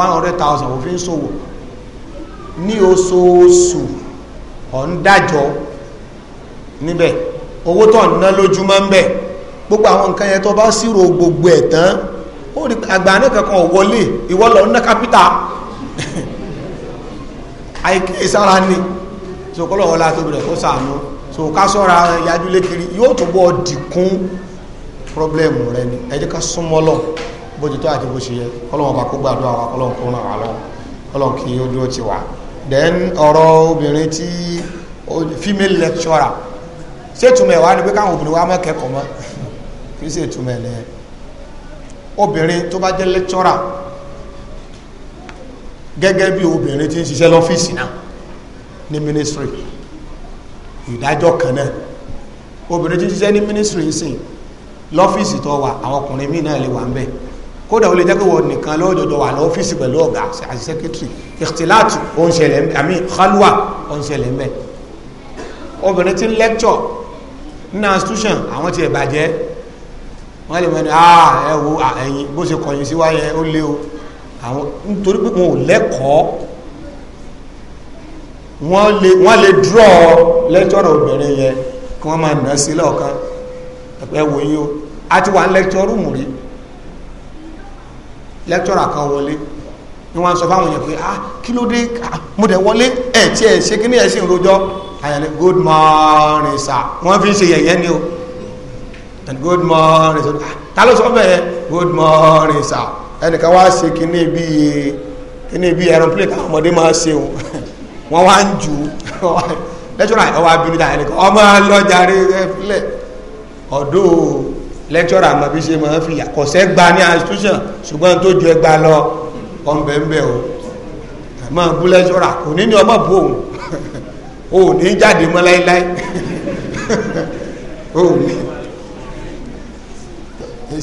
one hundred thousand òfin ṣòwò ní oṣooṣù ọ̀hún dájọ́ níbẹ̀ owó tó ń ná lójúmọ́ ń bẹ̀ gbogbo àwọn nǹkan yẹn tó bá ṣírò gbogbo ẹ̀ tán ó rí àgbà náà kankan ò wọlé ìwọ lọ ná kápítà àìkíyè sára ni so kọ́lọ̀ wọlá tóbi rẹ̀ kó sàánú so ká sọ́ra yájú lékiri yóò tó bọ́ dìkún problem rẹ ni ẹ jẹ́ ká súnmọ́ lọ bójú tó àti bó ṣe yẹ ọlọ́wọ́n bá kó gbàdúrà wa ọlọ́wọ́n kó ràn wá lọ ọlọ́wọ́n kì í ó ti wá then ọ̀rọ̀ obìnrin tí female lecturer ṣé ìtumọ̀ ẹ̀ wá ni pé káwọn obìnrin wa mẹ́kẹ̀ẹ́kọ̀ọ́ mọ́ kì í ṣe ìtumọ̀ ẹ̀ lẹ́yìn obìnrin tó bá jẹ́ lecturer gẹ́gẹ́ bí obìnrin tí ń ṣiṣẹ́ lọ́fíìsì náà ní ministry ìdájọ́ kan náà obìnrin tí ń ṣiṣẹ́ ní ministry ń sìn lọ́fíìsì tó wà àwọn ọkùnrin míì náà lè wà ń bẹ̀ kódà ó lè jẹ́ pé wọ́n nìkan lọ́jọ́jọ́ wà lọ́fíìsì pẹ̀lú ọ̀gá àti sẹ́kẹ́tìrì ìtìláàtù ó ń bẹ̀ àmì khalwa ó ń bẹ̀ obìnrin tí ń lẹ́kṣọ̀ nínú institution àwọn ti ẹ̀bàjẹ́ wọ́n lè mẹ́ni ah ẹ wo ẹ̀yìn bó ṣe kọ̀yìn sí wáyé ó lé o àwọn nítorí pé wọn ò lẹ́kọ̀ọ́ wọ́n lè wọ́n draw lẹ́kṣọ̀rọ̀ obìnrin yẹn kí wọ́n máa nà sí lọ́ọ̀kan ẹ wo o a ti wà ní lecture room rí lecturer kan wọlé ni wọ́n sọ fáwọn èèyàn pé ah kí ló dé ah, mo dẹ̀ wọlé ẹ̀ tí ẹ̀ ṣe kí ni ẹ̀ sì ń rojọ́ àyàn good morning sir wọ́n fi ń ṣe yẹ̀yẹ́ ni o and good morning sir ah, ta ló sọ bẹ́ẹ̀ good morning sir ẹnìkan wá ṣe kí ni bíi kíní bí aeroplane káwọn ọmọdé máa ṣe o wọn wá ń jù ú lẹ́tọ́rọ̀ ọwọ́ abínú ta ẹnìkan ọmọ lọ́jàre ẹ̀fílẹ̀ ọ̀dọ́ lẹ́kítọ́rà àmọ́ bí ṣe máa ń fi àkọsẹ́ gba ní institution ṣùgbọ́n tó ju ẹgba lọ ọ̀nbẹ̀ńbẹ̀ o àmọ́ bú lẹ́kítọ́rà kò ní ní ọmọ bò òun ò ní jáde mọ́ láíláí òun ní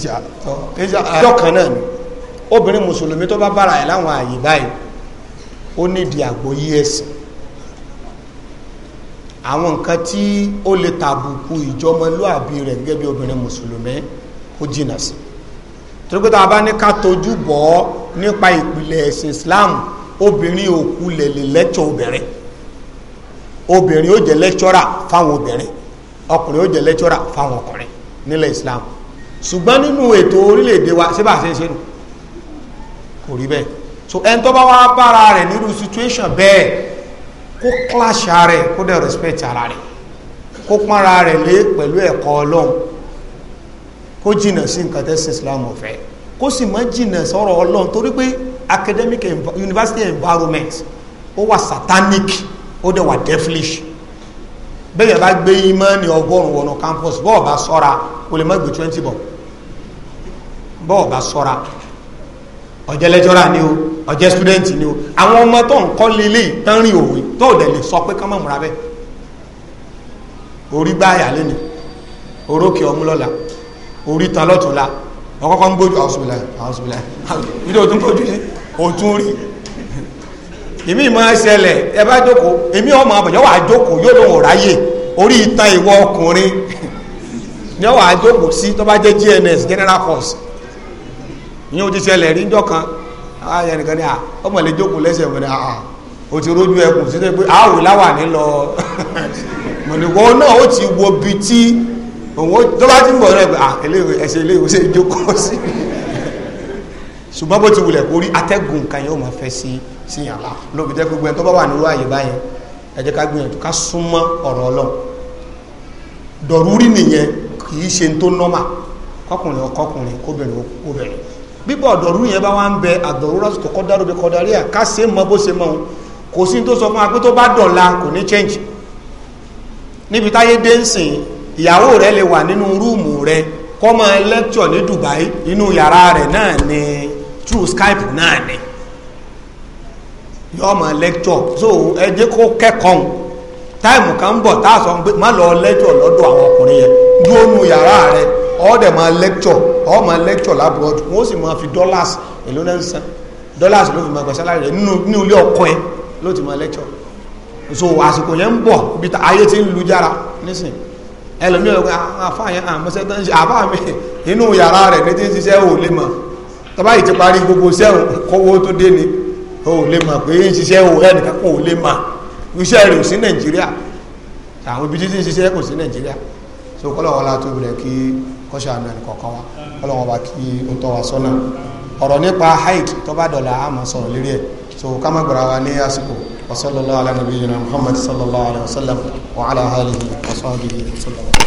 ìjọ kan náà ni obìnrin mùsùlùmí tó bá bára ẹ̀ láwọn àyè báyìí ó nídìí àgbóyé ẹ̀sìn àwọn nǹkan tí ó lè tàbùkù ìjọmọlúàbí rẹ̀ gẹ́gẹ́ bí obìnrin mùsùlùmí ó jìnà sí torí tá a bá ní ká tojú bọ̀ nípa ìpìlẹ̀ ẹ̀sìn Islam obìnrin òkú lè lè lẹ́tọ̀ obìnrin obìnrin ó jẹ́ lẹ́tọ́rà fáwọn obìnrin ọkùnrin ó jẹ́ lẹ́tọ́rà fáwọn ọkùnrin nílẹ̀ Islam ṣùgbọ́n nínú ètò orílẹ̀-èdè wa síbà ṣe é ṣe nù kò rí bẹ́ẹ̀ so ẹni tó bá wá bára rẹ̀ nírú situation bẹ́ẹ̀ kó kíláṣà rẹ̀ kó dẹ̀ respect ara kó pọ́nra rẹ̀ lé pẹ̀lú ẹ̀kọ́ ọlọ́run kó jìnnà sí nǹkan tẹ́sí islam kó sì má jìnnà sọ̀rọ̀ ọlọ́run torí pé academic university environment ó wà satanic ó dẹ̀ wà devilish bẹ́ẹ̀ bá gbé ọgọ́rùn-ún wọnú campus bọ́ọ̀ bá sọ́ra lè má gbé twenty bọ́ọ̀ bá sọ́ra ni o. ọ̀jẹ́ student ni o àwọn ọmọ tó ń kọ́ lélẹ̀ tán rìn òwe tó ò dẹ̀ lè sọ pé kán mọ̀ múra bẹ́ẹ̀ orí gbáyà lẹ́nu orókè ọmú lọ́la orí tan lọ́túnla ọkọ́kọ́ ń gbójú àwọsùnmílà àwọsùnmílà nílò òtún gbójú ní òtún rí èmi máa ṣẹlẹ̀ ẹ bá jókòó èmi ọmọ àbẹ̀yọ́ wà jókòó yóò lóun ò ráyè orí itan ìwọ ọkùnrin ní ọwọ́ àjókòó sí tó bá jẹ́ GNS general course ìyẹn ò ti ṣẹlẹ̀ rí njọ́ kan àwọn ah, ẹnìkan ní à ah, ọmọ lè jókòó lẹ́sẹ̀ mọ̀ àà o ti rójú ẹkùn sí pé àwò láwà ní lọ mọ̀nìkọ́ náà ó ti wo bi tí òun tó bá ti ń bọ̀ rẹ̀ pé à ah, eléyìí ẹsẹ̀ eléyìí ó sì jókòó sí ṣùgbọ́n bó ti wulẹ̀ kó rí atẹ́gùn kan yóò máa fẹ́ sí sí yàrá lóbi tẹ́ gbogbo ẹni tó bá wà nírú àyè báyẹn ẹ ká gbìyànjú ká súnmọ́ ọ̀rọ̀ ọlọ́run dọ̀rúrí nìyẹn kì í ṣe tó nọ́mà kọkùnrin ọkọkùnrin kóbìnrin kóbìnrin bíbọ̀ ọ̀dọ̀rú yẹn bá wá ń bẹ àdọ̀rú lásìkò kọ́dáró bí kọ́dárí à ká ṣe mọ bó ṣe mọ kò sọ fún wa pé tó bá dọ̀la kò ní change níbi táyé dé ń sìn ìyàwó rẹ lè wà nínú rúùmù rẹ kọ́ mọ ní Dubai nínú yàrá rẹ náà ni Skype náà ni yọ so ẹ jẹ́ kó kẹ́kọ̀ọ́ táìmù kan ń bọ̀ tá a sọ ọ̀ọ́dẹ̀ máa lecture ọ̀ọ́ máa lecture labroad wọ́n sì máa fi dollars èlò náà ń san dollars ló fi máa gba salary rẹ̀ nínú ilé ọkọ ẹ ló ti máa lecture so àsìkò yẹn ń bọ̀ bí ayé ti ń lu jára nísìn ẹlòmíì ọ̀gá ah, ah, àfa yẹn àmọ́sẹ́ tó ń ṣe àfa mi inú yàrá rẹ̀ ní ti ń ṣiṣẹ́ ò lè mọ̀ tọ́ba yìí ti parí gbogbo sẹ́wọ̀n kówó tó dé ni ò lè mọ̀ pé ń ṣiṣẹ́ ò ẹnìkan kò lè mọ̀ iṣẹ́ rẹ̀ ò sí nàìjíríà àwọn ibi títí ń ṣiṣẹ́ kò sí nàìjíríà so kọ́lọ̀ wọlá tóbi rẹ̀ kí kọ́ṣà àánú ẹnì kọ̀ọ̀kan wa ọlọ́wọ́n wa kí ó tọ́ wa sọ́nà ọ̀rọ̀ nípa haid tó dọ̀là á máa sọ̀rọ̀ lérí ẹ̀ so ká má gbàrà wa ní àsìkò wa sallallahu ala nabiyyina muhammad sallallahu alayhi wa sallam wa ala alihi wa sahbihi wa sallam.